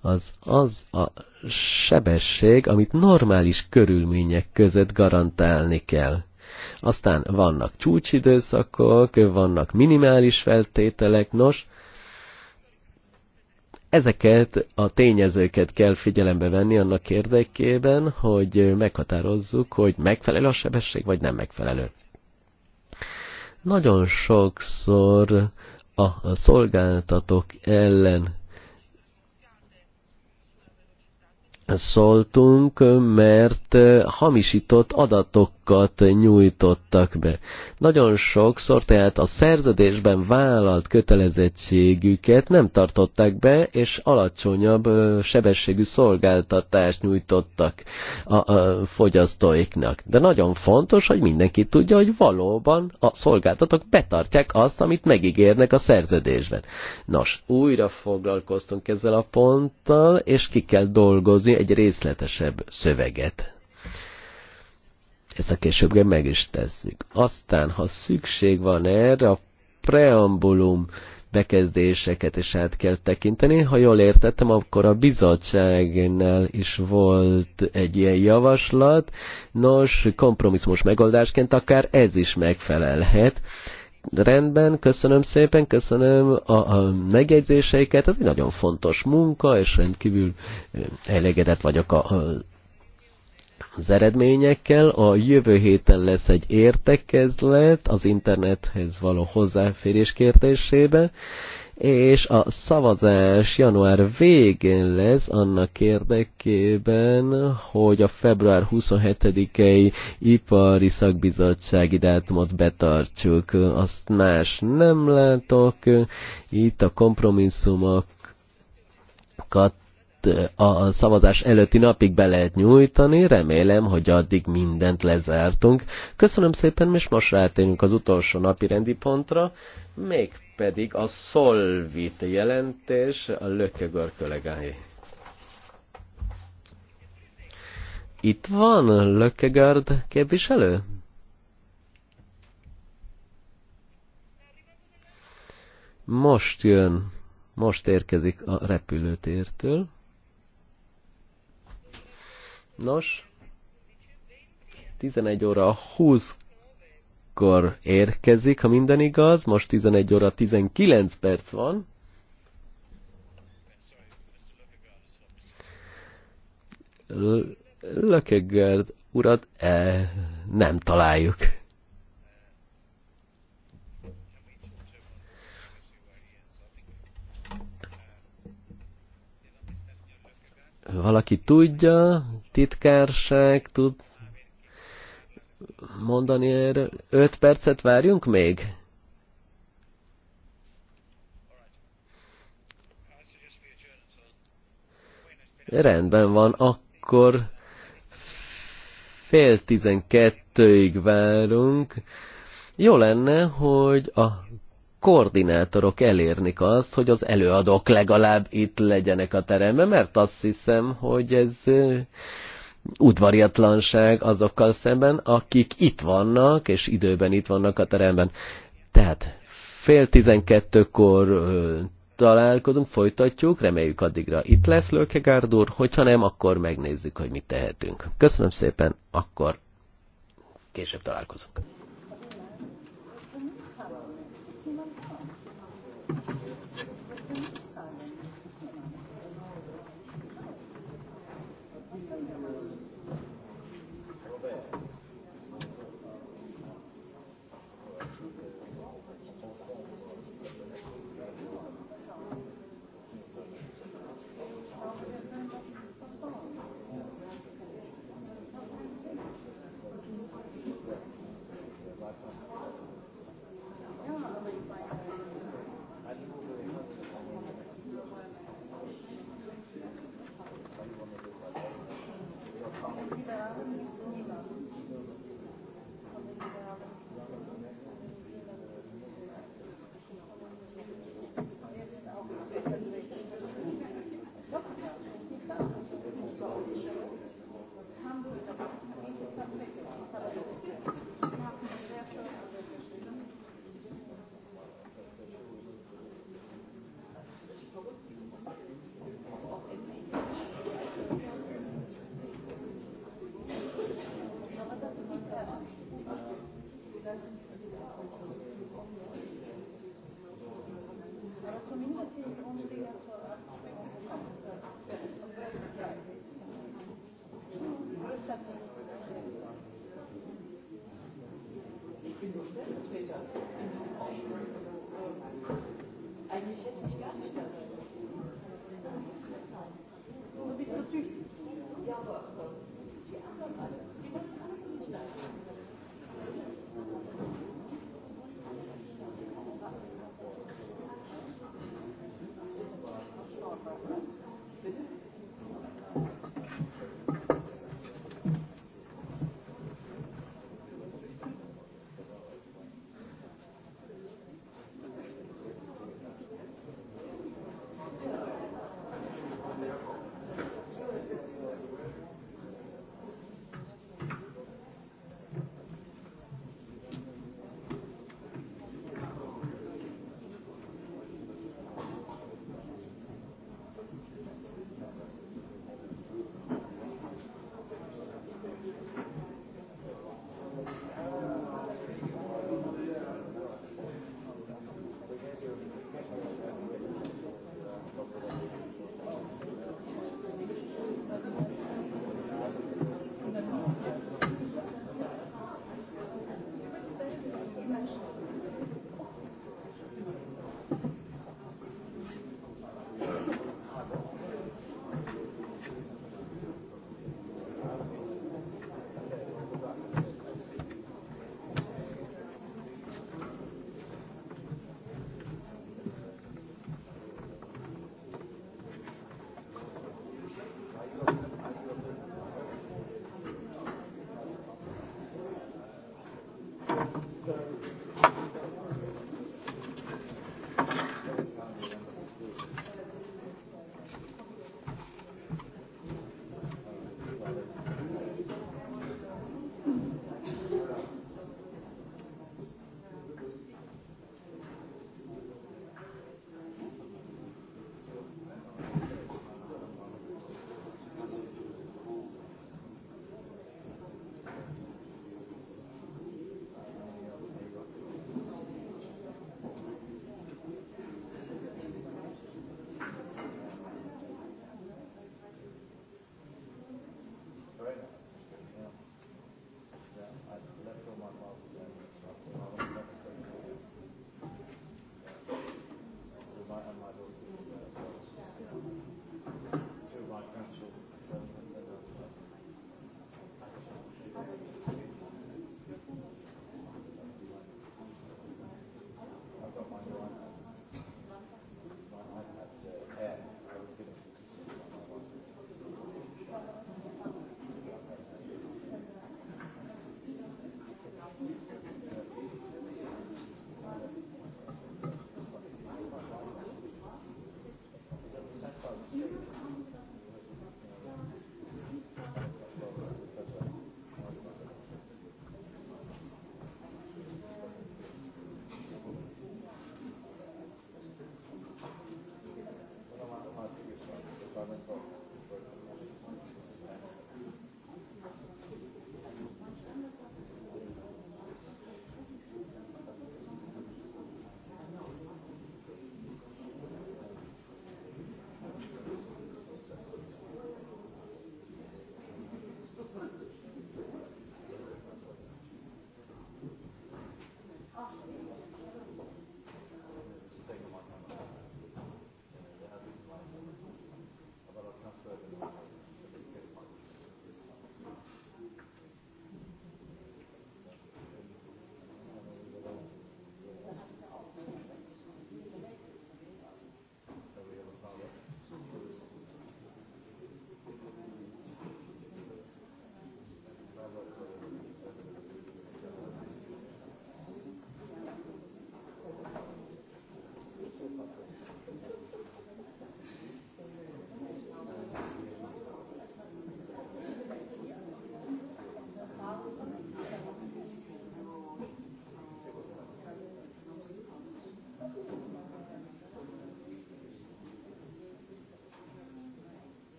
az az a sebesség, amit normális körülmények között garantálni kell. Aztán vannak csúcsidőszakok, vannak minimális feltételek, nos, ezeket a tényezőket kell figyelembe venni annak érdekében, hogy meghatározzuk, hogy megfelelő a sebesség, vagy nem megfelelő. Nagyon sokszor a szolgáltatók ellen szóltunk, mert hamisított adatokat nyújtottak be. Nagyon sokszor tehát a szerződésben vállalt kötelezettségüket nem tartották be, és alacsonyabb sebességű szolgáltatást nyújtottak a, fogyasztóiknak. De nagyon fontos, hogy mindenki tudja, hogy valóban a szolgáltatók betartják azt, amit megígérnek a szerződésben. Nos, újra foglalkoztunk ezzel a ponttal, és ki kell dolgozni egy részletesebb szöveget. Ezt a később meg is tesszük. Aztán, ha szükség van erre, a preambulum bekezdéseket is át kell tekinteni. Ha jól értettem, akkor a bizottságnál is volt egy ilyen javaslat. Nos, kompromisszumos megoldásként akár ez is megfelelhet. Rendben, köszönöm szépen, köszönöm a, a megjegyzéseiket, ez egy nagyon fontos munka, és rendkívül eh, elégedett vagyok a, a az eredményekkel. A jövő héten lesz egy értekezlet az internethez való hozzáférés kérdésében, és a szavazás január végén lesz annak érdekében, hogy a február 27-i ipari szakbizottsági dátumot betartsuk. Azt más nem látok, itt a kompromisszumokat a szavazás előtti napig be lehet nyújtani. Remélem, hogy addig mindent lezártunk. Köszönöm szépen, és most rátérünk az utolsó napi rendi pontra, még pedig a szolvit jelentés a Lökegör kollégái. Itt van Lökegard képviselő? Most jön, most érkezik a repülőtértől. Nos, 11 óra 20 kor érkezik, ha minden igaz. Most 11 óra 19 perc van. Lökegerd urat e, nem találjuk. Valaki tudja, titkárság tud, mondani erről? Öt percet várjunk még? Rendben van, akkor fél tizenkettőig várunk. Jó lenne, hogy a koordinátorok elérnik azt, hogy az előadók legalább itt legyenek a teremben, mert azt hiszem, hogy ez udvariatlanság azokkal szemben, akik itt vannak, és időben itt vannak a teremben. Tehát fél tizenkettőkor találkozunk, folytatjuk, reméljük addigra itt lesz Lőkegárd úr, hogyha nem, akkor megnézzük, hogy mit tehetünk. Köszönöm szépen, akkor később találkozunk.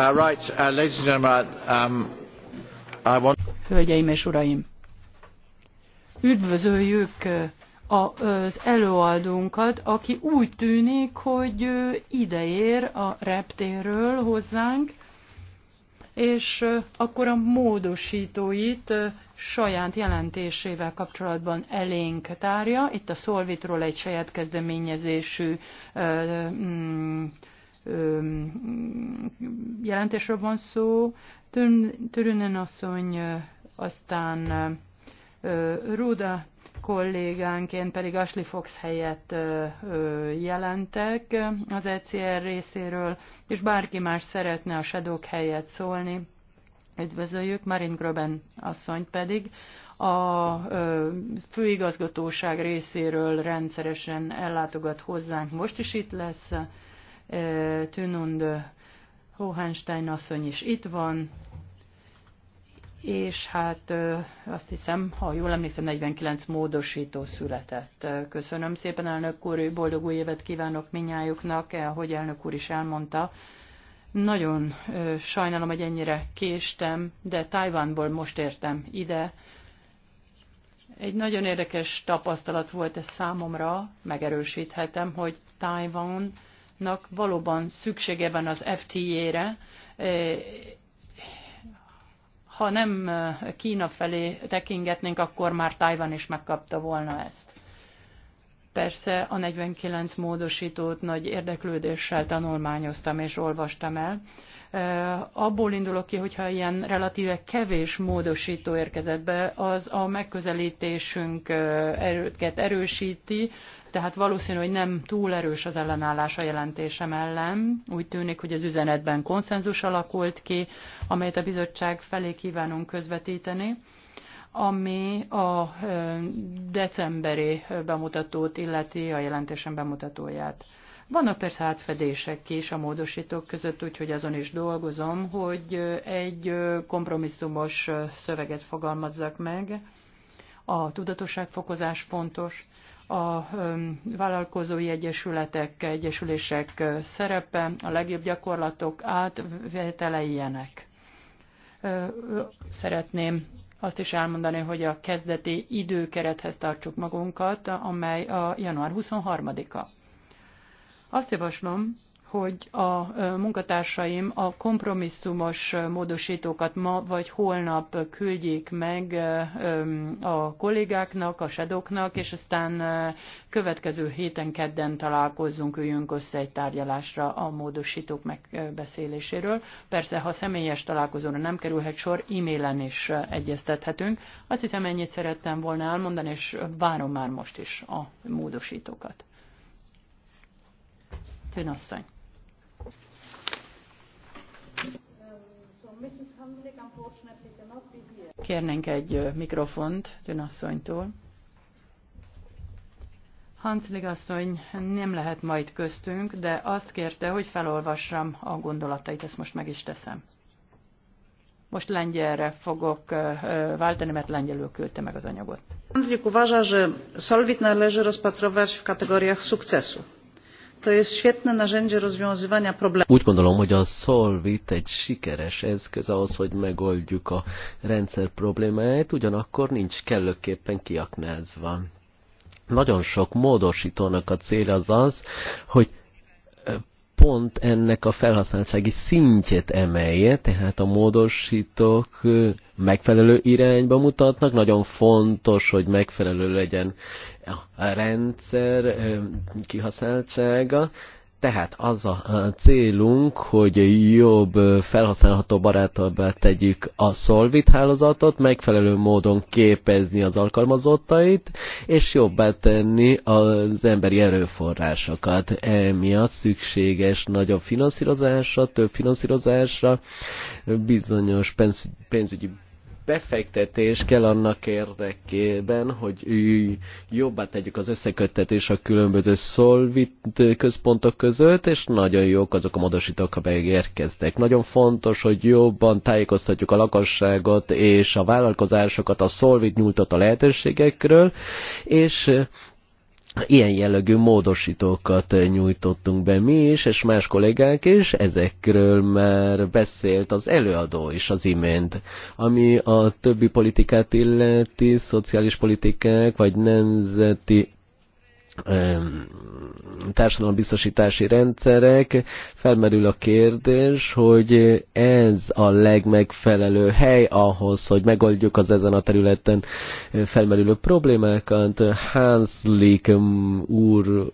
Uh, uh, um, Hölgyeim és uraim! Üdvözöljük uh, az előadónkat, aki úgy tűnik, hogy ideér a reptéről hozzánk, és akkor a módosítóit saját jelentésével kapcsolatban elénk tárja. Itt a Szolvitról egy saját kezdeményezésű mm, jelentésről van szó. Törünen asszony, aztán Ruda kollégánként pedig Ashley Fox helyett jelentek az ECR részéről, és bárki más szeretne a Shadow helyett szólni. Üdvözöljük, Marin Groben asszony pedig a főigazgatóság részéről rendszeresen ellátogat hozzánk. Most is itt lesz, Tönund Hohenstein asszony is itt van, és hát azt hiszem, ha jól emlékszem, 49 módosító született. Köszönöm szépen, elnök úr, boldog új évet kívánok minnyájuknak, eh, ahogy elnök úr is elmondta. Nagyon sajnálom, hogy ennyire késtem, de Tajvánból most értem ide. Egy nagyon érdekes tapasztalat volt ez számomra, megerősíthetem, hogy Tajván nak valóban szüksége van az FTA-re, ha nem Kína felé tekingetnénk, akkor már Tajvan is megkapta volna ezt. Persze a 49 módosítót nagy érdeklődéssel tanulmányoztam és olvastam el. Abból indulok ki, hogyha ilyen relatíve kevés módosító érkezett be, az a megközelítésünk erőket erősíti, tehát valószínű, hogy nem túl erős az ellenállás a jelentésem ellen. Úgy tűnik, hogy az üzenetben konszenzus alakult ki, amelyet a bizottság felé kívánunk közvetíteni ami a decemberi bemutatót illeti a jelentésen bemutatóját. Vannak persze átfedések is a módosítók között, úgyhogy azon is dolgozom, hogy egy kompromisszumos szöveget fogalmazzak meg. A tudatosságfokozás fontos, a vállalkozói egyesületek, egyesülések szerepe, a legjobb gyakorlatok ilyenek. Szeretném azt is elmondani, hogy a kezdeti időkerethez tartsuk magunkat, amely a január 23-a. Azt javaslom, hogy a munkatársaim a kompromisszumos módosítókat ma vagy holnap küldjék meg a kollégáknak, a sedoknak, és aztán következő héten kedden találkozzunk, üljünk össze egy tárgyalásra a módosítók megbeszéléséről. Persze, ha személyes találkozóra nem kerülhet sor, e-mailen is egyeztethetünk. Azt hiszem, ennyit szerettem volna elmondani, és várom már most is a módosítókat. Tűnasszony. Kérnénk egy mikrofont Dünasszonytól. Hans asszony nem lehet majd köztünk, de azt kérte, hogy felolvassam a gondolatait, ezt most meg is teszem. Most lengyelre fogok váltani, mert lengyelül küldte meg az anyagot. Lig uważa, że Solvit należy rozpatrować w kategoriach sukcesu úgy gondolom, hogy a Solvit egy sikeres eszköz ahhoz, hogy megoldjuk a rendszer problémáját, ugyanakkor nincs kellőképpen kiaknázva. Nagyon sok módosítónak a cél az az, hogy pont ennek a felhasználtsági szintjét emelje, tehát a módosítók megfelelő irányba mutatnak, nagyon fontos, hogy megfelelő legyen a rendszer kihasználtsága, tehát az a célunk, hogy jobb, felhasználható barátabbá tegyük a Solvit hálózatot, megfelelő módon képezni az alkalmazottait, és jobbá tenni az emberi erőforrásokat. Emiatt szükséges nagyobb finanszírozásra, több finanszírozásra, bizonyos pénzügyi befektetés kell annak érdekében, hogy jobbá tegyük az összeköttetés a különböző szolvit központok között, és nagyon jók azok a módosítók, ha érkeztek. Nagyon fontos, hogy jobban tájékoztatjuk a lakosságot és a vállalkozásokat a szolvit nyújtott a lehetőségekről, és Ilyen jellegű módosítókat nyújtottunk be mi is, és más kollégák is, ezekről már beszélt az előadó is az imént. Ami a többi politikát illeti, szociális politikák, vagy nemzeti társadalombiztosítási rendszerek, felmerül a kérdés, hogy ez a legmegfelelő hely ahhoz, hogy megoldjuk az ezen a területen felmerülő problémákat. Lick úr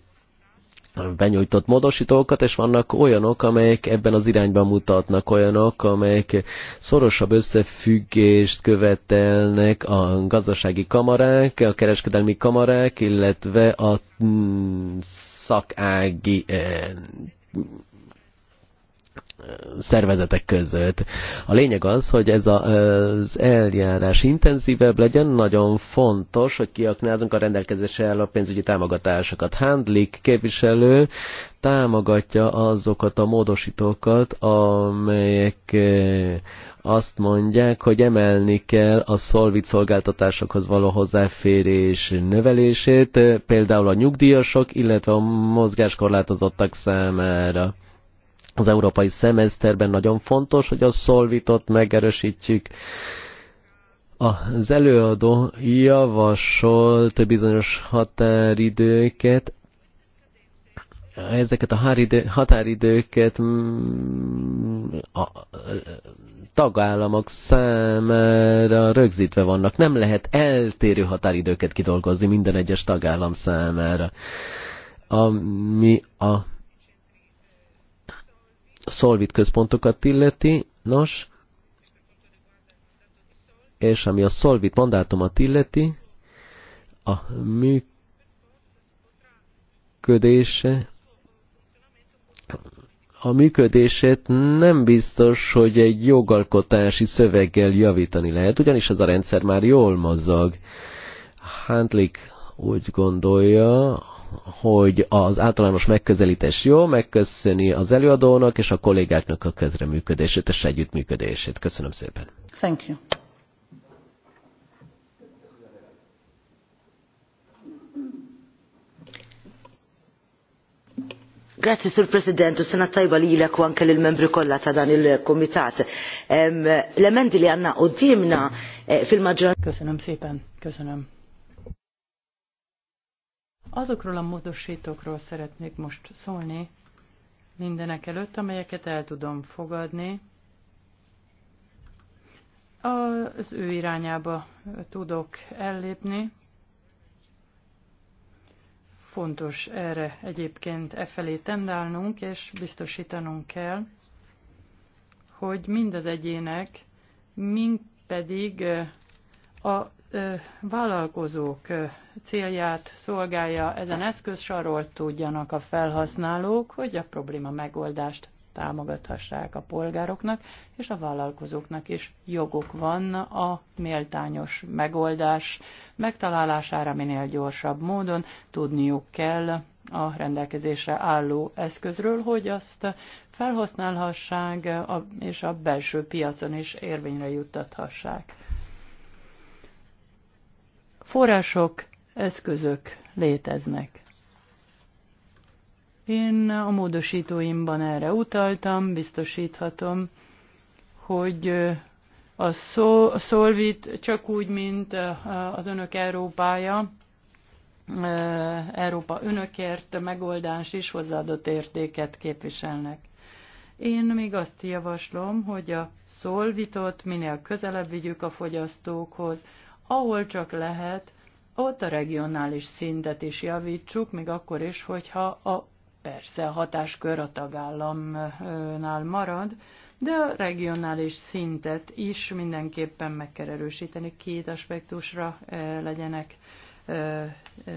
benyújtott módosítókat, és vannak olyanok, amelyek ebben az irányban mutatnak, olyanok, amelyek szorosabb összefüggést követelnek a gazdasági kamarák, a kereskedelmi kamarák, illetve a mm, szakági eh, szervezetek között. A lényeg az, hogy ez a, az eljárás intenzívebb legyen, nagyon fontos, hogy kiaknázunk a rendelkezésre álló pénzügyi támogatásokat. Handlik képviselő támogatja azokat a módosítókat, amelyek azt mondják, hogy emelni kell a szolvit szolgáltatásokhoz való hozzáférés növelését, például a nyugdíjasok, illetve a mozgáskorlátozottak számára az európai szemeszterben nagyon fontos, hogy a szolvitot megerősítsük. Az előadó javasolt bizonyos határidőket, ezeket a határidőket mm, a tagállamok számára rögzítve vannak. Nem lehet eltérő határidőket kidolgozni minden egyes tagállam számára. Ami a szolvit központokat illeti, nos, és ami a szolvit mandátumat illeti, a működése, a működését nem biztos, hogy egy jogalkotási szöveggel javítani lehet, ugyanis ez a rendszer már jól mozog. Handlik úgy gondolja, hogy az általános megközelítés jó, megköszöni az előadónak és a kollégáknak a közreműködését és együttműködését. Köszönöm szépen. Thank you. Grazie signor Presidente. Sono a Taiba li ilek u anke l-membri kollha ta' dan le komitat L-emendi li għanna u Köszönöm szépen, köszönöm. Azokról a módosítókról szeretnék most szólni mindenek előtt, amelyeket el tudom fogadni. Az ő irányába tudok ellépni. Fontos erre egyébként e felé tendálnunk, és biztosítanunk kell, hogy mind az egyének, mind pedig a vállalkozók célját szolgálja ezen eszköz, arról tudjanak a felhasználók, hogy a probléma megoldást támogathassák a polgároknak, és a vállalkozóknak is jogok van a méltányos megoldás megtalálására minél gyorsabb módon. Tudniuk kell a rendelkezésre álló eszközről, hogy azt felhasználhassák és a belső piacon is érvényre juttathassák források, eszközök léteznek. Én a módosítóimban erre utaltam, biztosíthatom, hogy a, Szolvit csak úgy, mint az önök Európája, Európa önökért megoldás is hozzáadott értéket képviselnek. Én még azt javaslom, hogy a szolvitot minél közelebb vigyük a fogyasztókhoz, ahol csak lehet, ott a regionális szintet is javítsuk, még akkor is, hogyha a persze a hatáskör a tagállamnál marad, de a regionális szintet is mindenképpen meg kell erősíteni, két aspektusra eh, legyenek, eh,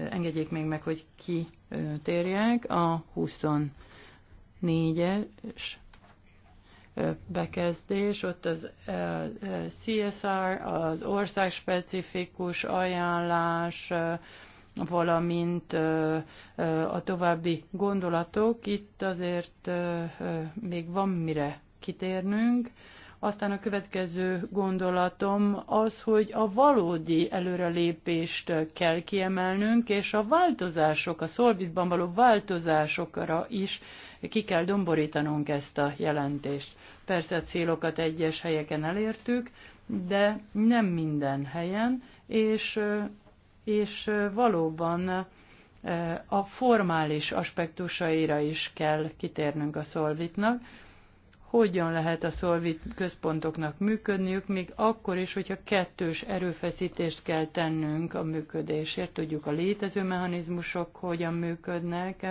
engedjék még meg, hogy ki térjek, a 24-es bekezdés, ott az CSR, az országspecifikus ajánlás, valamint a további gondolatok. Itt azért még van mire kitérnünk. Aztán a következő gondolatom az, hogy a valódi előrelépést kell kiemelnünk, és a változások, a szolvitban való változásokra is ki kell domborítanunk ezt a jelentést. Persze a célokat egyes helyeken elértük, de nem minden helyen, és, és valóban e, a formális aspektusaira is kell kitérnünk a szolvitnak, hogyan lehet a szolvit központoknak működniük, még akkor is, hogyha kettős erőfeszítést kell tennünk a működésért. Tudjuk a létező mechanizmusok hogyan működnek,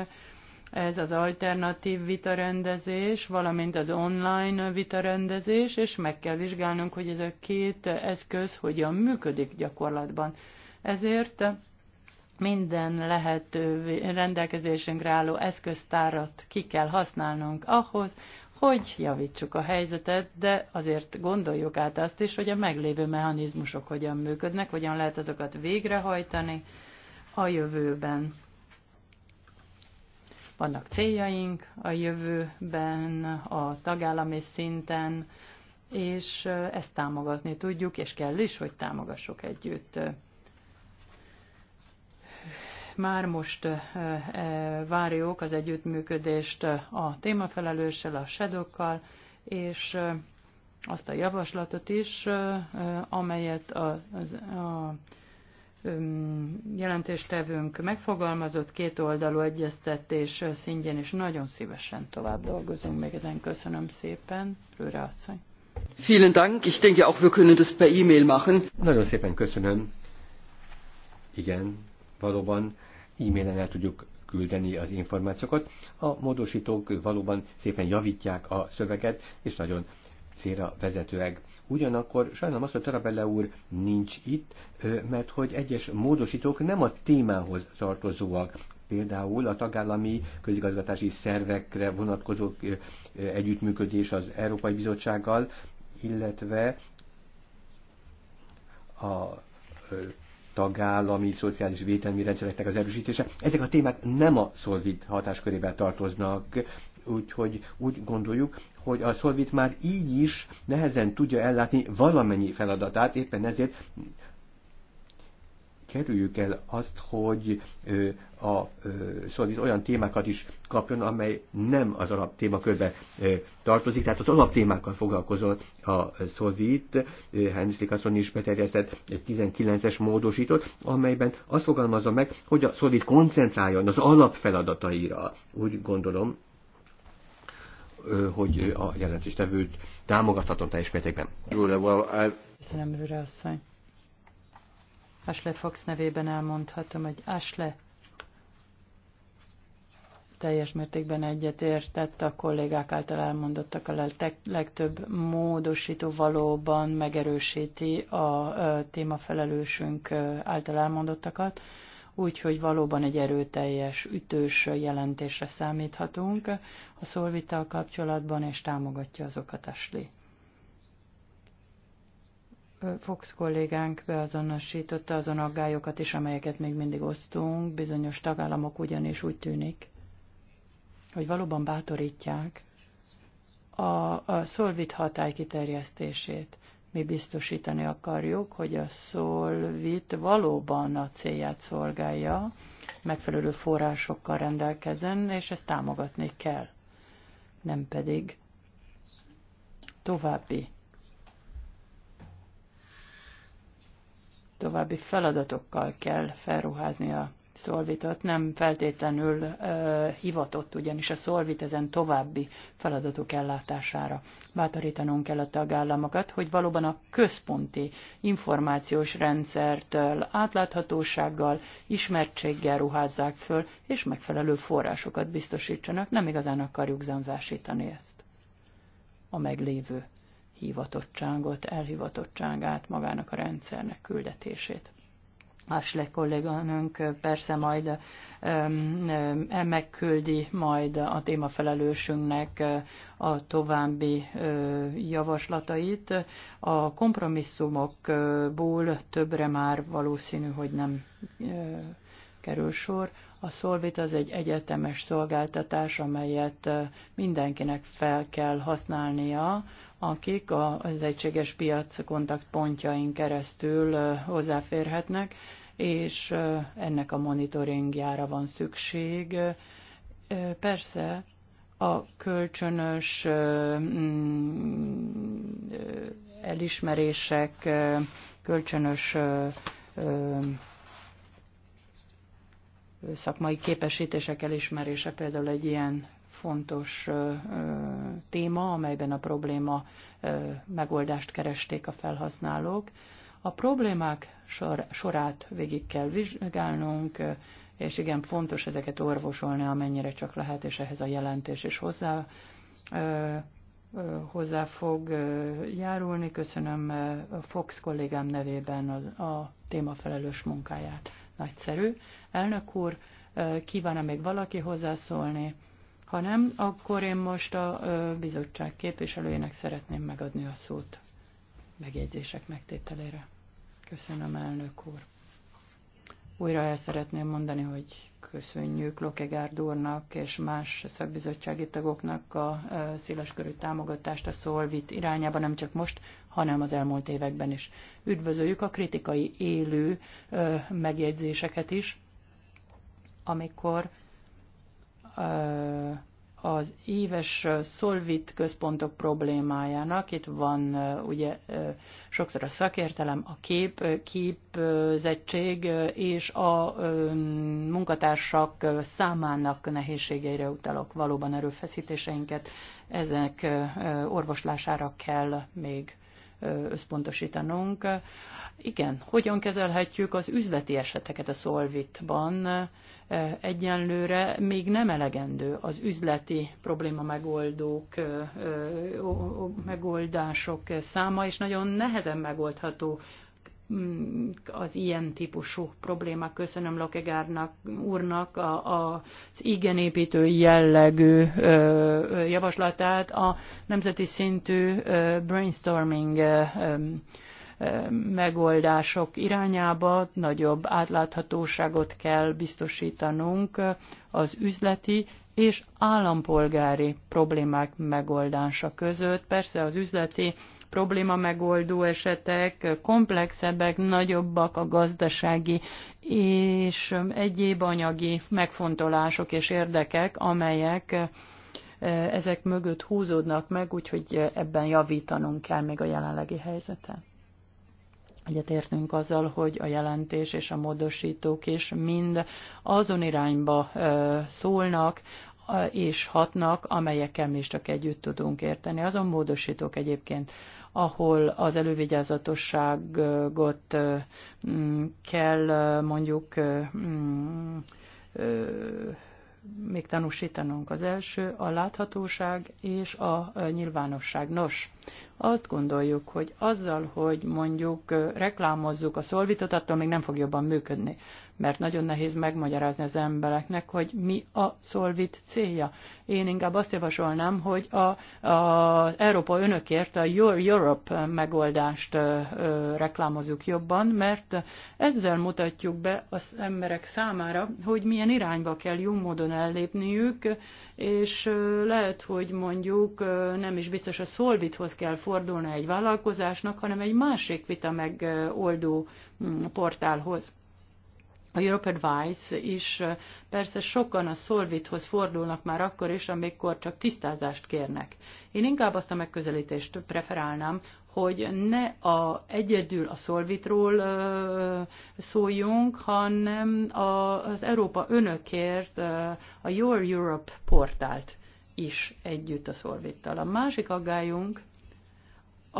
ez az alternatív vitarendezés, valamint az online vitarendezés, és meg kell vizsgálnunk, hogy ez a két eszköz hogyan működik gyakorlatban. Ezért minden lehet rendelkezésünkre álló eszköztárat ki kell használnunk ahhoz, hogy javítsuk a helyzetet, de azért gondoljuk át azt is, hogy a meglévő mechanizmusok hogyan működnek, hogyan lehet azokat végrehajtani a jövőben. Vannak céljaink a jövőben, a tagállami szinten, és ezt támogatni tudjuk, és kell is, hogy támogassuk együtt. Már most e, várjuk az együttműködést a témafelelőssel, a sedokkal, és azt a javaslatot is, amelyet az, az, jelentéstevőnk megfogalmazott két oldalú egyeztetés szintjén, és nagyon szívesen tovább dolgozunk még ezen. Köszönöm szépen, Rőre asszony. Vielen Dank, ich denke auch wir können das per E-Mail machen. Nagyon szépen köszönöm. Igen, valóban e-mailen el tudjuk küldeni az információkat. A módosítók valóban szépen javítják a szöveget, és nagyon célra vezetőek Ugyanakkor sajnálom azt, hogy Tarabella úr nincs itt, mert hogy egyes módosítók nem a témához tartozóak. Például a tagállami közigazgatási szervekre vonatkozó együttműködés az Európai Bizottsággal, illetve a tagállami szociális védelmi rendszereknek az erősítése. Ezek a témák nem a szolvid hatáskörébe tartoznak, úgyhogy úgy gondoljuk, hogy a Szolvit már így is nehezen tudja ellátni valamennyi feladatát, éppen ezért kerüljük el azt, hogy a Szolvit olyan témákat is kapjon, amely nem az alap témakörbe tartozik, tehát az alap témákkal foglalkozol a Szolvit, Henslik Likasson is beterjesztett egy 19-es módosítót, amelyben azt fogalmazza meg, hogy a Szolvit koncentráljon az alapfeladataira. Úgy gondolom, hogy a jelentéstevőt támogathatom teljes mértékben. Köszönöm, Rüle asszony. Ashley Fox nevében elmondhatom, hogy Asle teljes mértékben egyetértett a kollégák által elmondottak a legtöbb módosító valóban megerősíti a témafelelősünk által elmondottakat úgyhogy valóban egy erőteljes, ütős jelentésre számíthatunk a szolvittal kapcsolatban, és támogatja azokat Ashley. Fox kollégánk beazonosította azon aggályokat is, amelyeket még mindig osztunk. Bizonyos tagállamok ugyanis úgy tűnik, hogy valóban bátorítják a, a szolvit hatály kiterjesztését mi biztosítani akarjuk, hogy a szolvit valóban a célját szolgálja, megfelelő forrásokkal rendelkezzen, és ezt támogatni kell, nem pedig további további feladatokkal kell felruházni a szolvitot nem feltétlenül ö, hivatott, ugyanis a szolvit ezen további feladatok ellátására. Bátorítanunk kell a tagállamokat, hogy valóban a központi információs rendszertől átláthatósággal, ismertséggel ruházzák föl, és megfelelő forrásokat biztosítsanak. Nem igazán akarjuk zanzásítani ezt. A meglévő hivatottságot, elhivatottságát magának a rendszernek küldetését. Asle kolléganőnk persze majd megküldi majd a témafelelősünknek a további javaslatait. A kompromisszumokból többre már valószínű, hogy nem kerül sor. A Szolvit az egy egyetemes szolgáltatás, amelyet mindenkinek fel kell használnia, akik az egységes piac kontaktpontjain keresztül hozzáférhetnek, és ennek a monitoringjára van szükség. Persze a kölcsönös mm, elismerések, kölcsönös szakmai képesítések elismerése például egy ilyen fontos téma, amelyben a probléma megoldást keresték a felhasználók. A problémák sor, sorát végig kell vizsgálnunk, és igen, fontos ezeket orvosolni, amennyire csak lehet, és ehhez a jelentés is hozzá, ö, ö, hozzá fog ö, járulni. Köszönöm a Fox kollégám nevében a, a témafelelős munkáját. Nagyszerű. Elnök úr, kívánna még valaki hozzászólni? Ha nem, akkor én most a bizottság képviselőjének szeretném megadni a szót megjegyzések megtételére. Köszönöm, elnök úr. Újra el szeretném mondani, hogy köszönjük Lokegárd úrnak és más szakbizottsági tagoknak a e, széleskörű támogatást a Szolvit irányába, nem csak most, hanem az elmúlt években is. Üdvözöljük a kritikai élő e, megjegyzéseket is, amikor e, az éves szolvit központok problémájának. Itt van ugye sokszor a szakértelem, a kép, képzettség és a munkatársak számának nehézségeire utalok. Valóban erőfeszítéseinket ezek orvoslására kell még összpontosítanunk. Igen, hogyan kezelhetjük az üzleti eseteket a Solvitban? Egyenlőre még nem elegendő az üzleti probléma megoldók, megoldások száma, és nagyon nehezen megoldható az ilyen típusú problémák. Köszönöm Lokegárnak úrnak a, a, az igenépítő jellegű ö, javaslatát, a nemzeti szintű ö, brainstorming ö, megoldások irányába nagyobb átláthatóságot kell biztosítanunk az üzleti és állampolgári problémák megoldása között. Persze az üzleti probléma megoldó esetek komplexebbek, nagyobbak a gazdasági és egyéb anyagi megfontolások és érdekek, amelyek eh, ezek mögött húzódnak meg, úgyhogy eh, ebben javítanunk kell még a jelenlegi helyzeten. Egyetértünk azzal, hogy a jelentés és a módosítók is mind azon irányba eh, szólnak, és hatnak, amelyekkel mi is csak együtt tudunk érteni. Azon módosítók egyébként, ahol az elővigyázatosságot mm, kell mondjuk mm, még tanúsítanunk. Az első a láthatóság és a nyilvánosság. Nos, azt gondoljuk, hogy azzal, hogy mondjuk reklámozzuk a szolvitot, attól még nem fog jobban működni mert nagyon nehéz megmagyarázni az embereknek, hogy mi a Szolvit célja. Én inkább azt javasolnám, hogy az Európa önökért a Your Europe megoldást ö, ö, reklámozzuk jobban, mert ezzel mutatjuk be az emberek számára, hogy milyen irányba kell jó módon ellépniük, és lehet, hogy mondjuk nem is biztos a Szolvithoz kell fordulni egy vállalkozásnak, hanem egy másik vita megoldó mm, portálhoz a Europe Advice is persze sokan a Solvithoz fordulnak már akkor is, amikor csak tisztázást kérnek. Én inkább azt a megközelítést preferálnám, hogy ne a, egyedül a Solvitról szóljunk, hanem a, az Európa önökért ö, a Your Europe portált is együtt a Solvittal. A másik aggályunk a,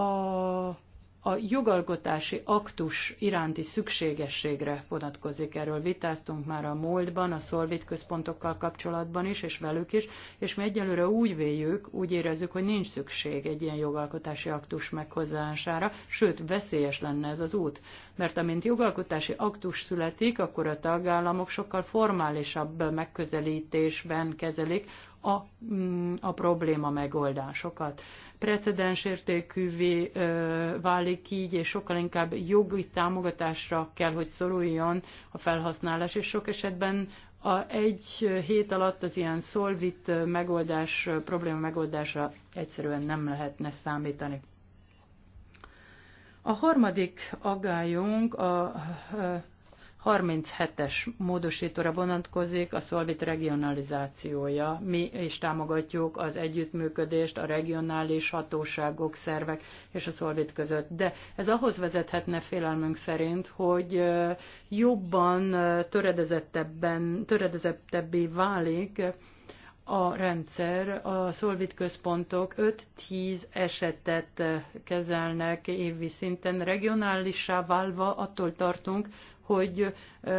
a a jogalkotási aktus iránti szükségességre vonatkozik. Erről vitáztunk már a múltban, a szolvit központokkal kapcsolatban is, és velük is, és mi egyelőre úgy véljük, úgy érezzük, hogy nincs szükség egy ilyen jogalkotási aktus meghozására, sőt, veszélyes lenne ez az út. Mert amint jogalkotási aktus születik, akkor a tagállamok sokkal formálisabb megközelítésben kezelik a, mm, a probléma megoldásokat precedensértékűvé válik így, és sokkal inkább jogi támogatásra kell, hogy szoruljon a felhasználás, és sok esetben a egy hét alatt az ilyen szolvit megoldás, probléma megoldása egyszerűen nem lehetne számítani. A harmadik aggályunk a 37-es módosítóra vonatkozik a Szolvit regionalizációja. Mi is támogatjuk az együttműködést a regionális hatóságok, szervek és a Szolvit között. De ez ahhoz vezethetne félelmünk szerint, hogy jobban töredezettebben, töredezettebbé válik a rendszer, a szolvit központok 5-10 esetet kezelnek évi szinten, regionálissá válva attól tartunk, hogy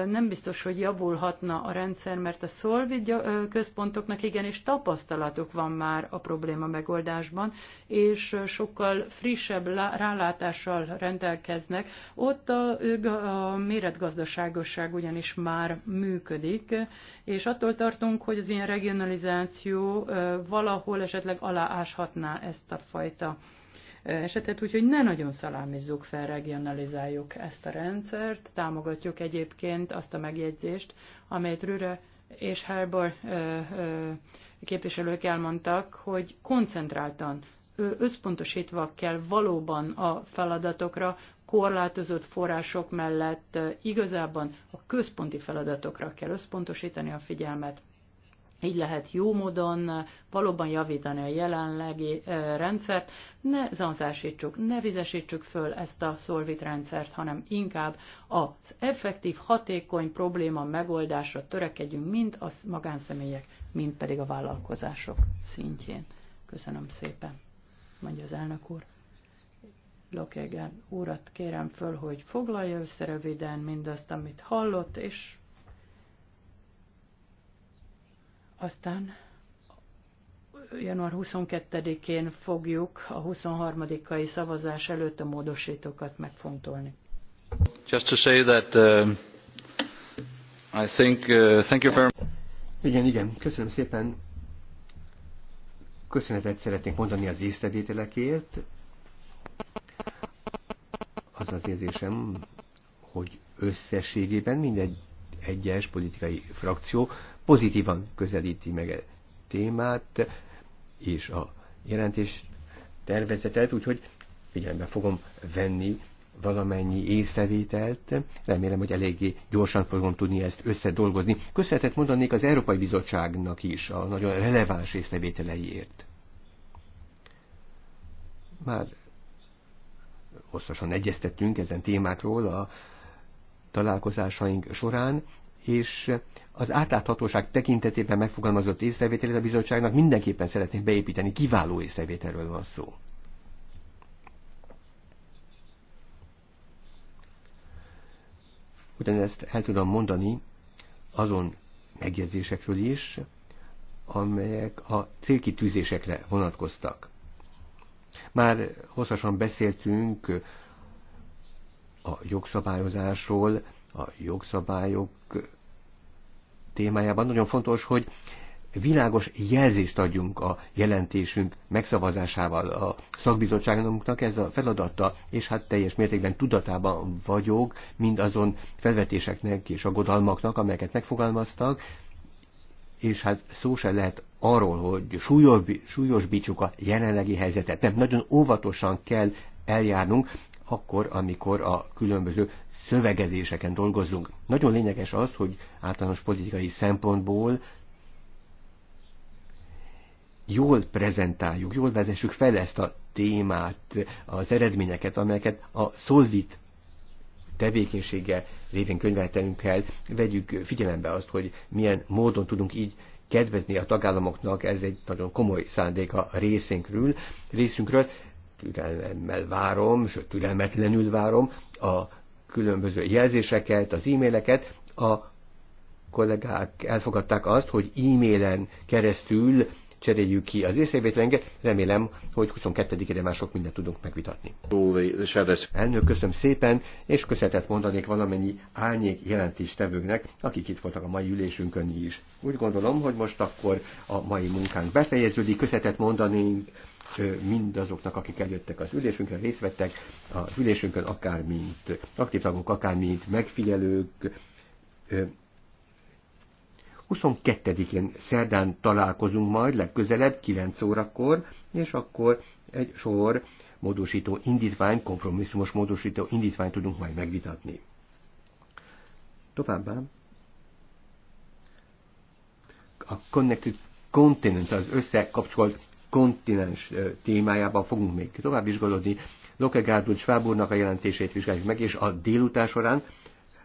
nem biztos, hogy javulhatna a rendszer, mert a szolvid központoknak igenis tapasztalatuk van már a probléma megoldásban, és sokkal frissebb rálátással rendelkeznek. Ott a, a méretgazdaságosság ugyanis már működik, és attól tartunk, hogy az ilyen regionalizáció valahol esetleg alááshatná ezt a fajta esetet, úgyhogy ne nagyon szalámizzuk fel, regionalizáljuk ezt a rendszert. Támogatjuk egyébként azt a megjegyzést, amelyet Rüre és herbor képviselők elmondtak, hogy koncentráltan, összpontosítva kell valóban a feladatokra, korlátozott források mellett igazában a központi feladatokra kell összpontosítani a figyelmet így lehet jó módon valóban javítani a jelenlegi rendszert. Ne zanzásítsuk, ne vizesítsük föl ezt a szolvit rendszert, hanem inkább az effektív, hatékony probléma megoldásra törekedjünk mind a magánszemélyek, mind pedig a vállalkozások szintjén. Köszönöm szépen, mondja az elnök úr. Lokegen úrat kérem föl, hogy foglalja össze röviden mindazt, amit hallott, és Aztán január 22-én fogjuk a 23-ai szavazás előtt a módosítókat megfontolni. Just to say that uh, I think uh, thank you very much. Igen, igen, köszönöm szépen. Köszönetet szeretnék mondani az észrevételekért. Az az érzésem, hogy összességében mindegy egyes politikai frakció pozitívan közelíti meg a e témát és a jelentés tervezetet, úgyhogy figyelembe fogom venni valamennyi észrevételt. Remélem, hogy eléggé gyorsan fogom tudni ezt összedolgozni. Köszönetet mondanék az Európai Bizottságnak is a nagyon releváns észrevételeiért. Már hosszasan egyeztettünk ezen témákról a találkozásaink során, és az átláthatóság tekintetében megfogalmazott észrevételét a bizottságnak mindenképpen szeretnénk beépíteni, kiváló észrevételről van szó. Ugyanezt el tudom mondani azon megjegyzésekről is, amelyek a célkitűzésekre vonatkoztak. Már hosszasan beszéltünk a jogszabályozásról, a jogszabályok témájában nagyon fontos, hogy világos jelzést adjunk a jelentésünk megszavazásával a szakbizottságunknak ez a feladata, és hát teljes mértékben tudatában vagyok mindazon felvetéseknek és aggodalmaknak, amelyeket megfogalmaztak, és hát szó se lehet arról, hogy súlyos, súlyosbítsuk a jelenlegi helyzetet. Nem, nagyon óvatosan kell eljárnunk, akkor, amikor a különböző szövegezéseken dolgozunk. Nagyon lényeges az, hogy általános politikai szempontból jól prezentáljuk, jól vezessük fel ezt a témát, az eredményeket, amelyeket a Solvit tevékenysége révén könyveltenünk el, vegyük figyelembe azt, hogy milyen módon tudunk így kedvezni a tagállamoknak, ez egy nagyon komoly szándék a részünkről, részünkről türelemmel várom, sőt türelmetlenül várom a különböző jelzéseket, az e-maileket. A kollégák elfogadták azt, hogy e-mailen keresztül cseréljük ki az észrevétlenket. Remélem, hogy 22-ére már sok mindent tudunk megvitatni. Elnök, köszönöm szépen, és köszönetet mondanék valamennyi árnyék jelentéstevőknek, akik itt voltak a mai ülésünkön is. Úgy gondolom, hogy most akkor a mai munkánk befejeződik, köszönetet mondanék mindazoknak, akik eljöttek az ülésünkre, részt vettek az ülésünkön, akár mint aktív tagok, akár mint megfigyelők. 22-én szerdán találkozunk majd legközelebb 9 órakor, és akkor egy sor módosító indítvány, kompromisszumos módosító indítványt tudunk majd megvitatni. Továbbá a Connected Continent, az összekapcsolt kontinens témájában fogunk még tovább vizsgálódni. Loke Schwab úrnak a jelentését vizsgáljuk meg, és a délután során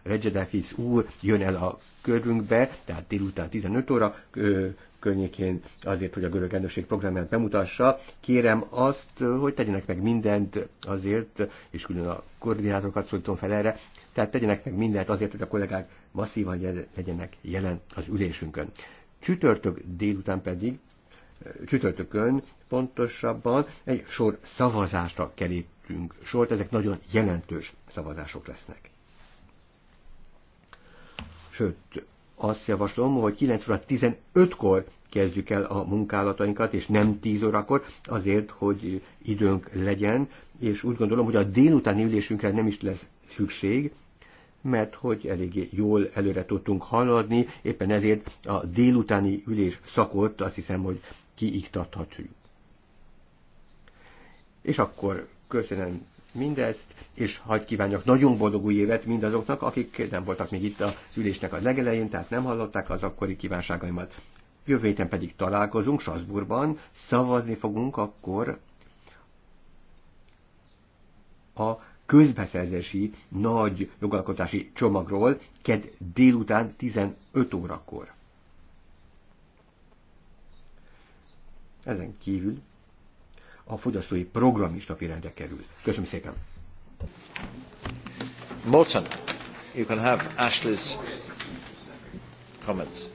Regedekis úr jön el a körünkbe, tehát délután 15 óra környékén azért, hogy a görög elnökség programját bemutassa. Kérem azt, hogy tegyenek meg mindent azért, és külön a koordinátorokat szólítom fel erre, tehát tegyenek meg mindent azért, hogy a kollégák masszívan legyenek jelen az ülésünkön. Csütörtök délután pedig csütörtökön pontosabban egy sor szavazásra kerítünk sort, ezek nagyon jelentős szavazások lesznek. Sőt, azt javaslom, hogy 9 óra 15-kor kezdjük el a munkálatainkat, és nem 10 órakor, azért, hogy időnk legyen, és úgy gondolom, hogy a délutáni ülésünkre nem is lesz szükség, mert hogy eléggé jól előre tudtunk haladni, éppen ezért a délutáni ülés szakot azt hiszem, hogy kiiktathatjuk. És akkor köszönöm mindezt, és hagy kívánjak nagyon boldog új évet mindazoknak, akik nem voltak még itt a ülésnek a legelején, tehát nem hallották az akkori kívánságaimat. Jövő héten pedig találkozunk Strasbourgban, szavazni fogunk akkor a közbeszerzési nagy jogalkotási csomagról ked délután 15 órakor. Ezen kívül a fogyasztói program is napirendre kerül. Köszönöm szépen! Morton, you can have Ashley's comments.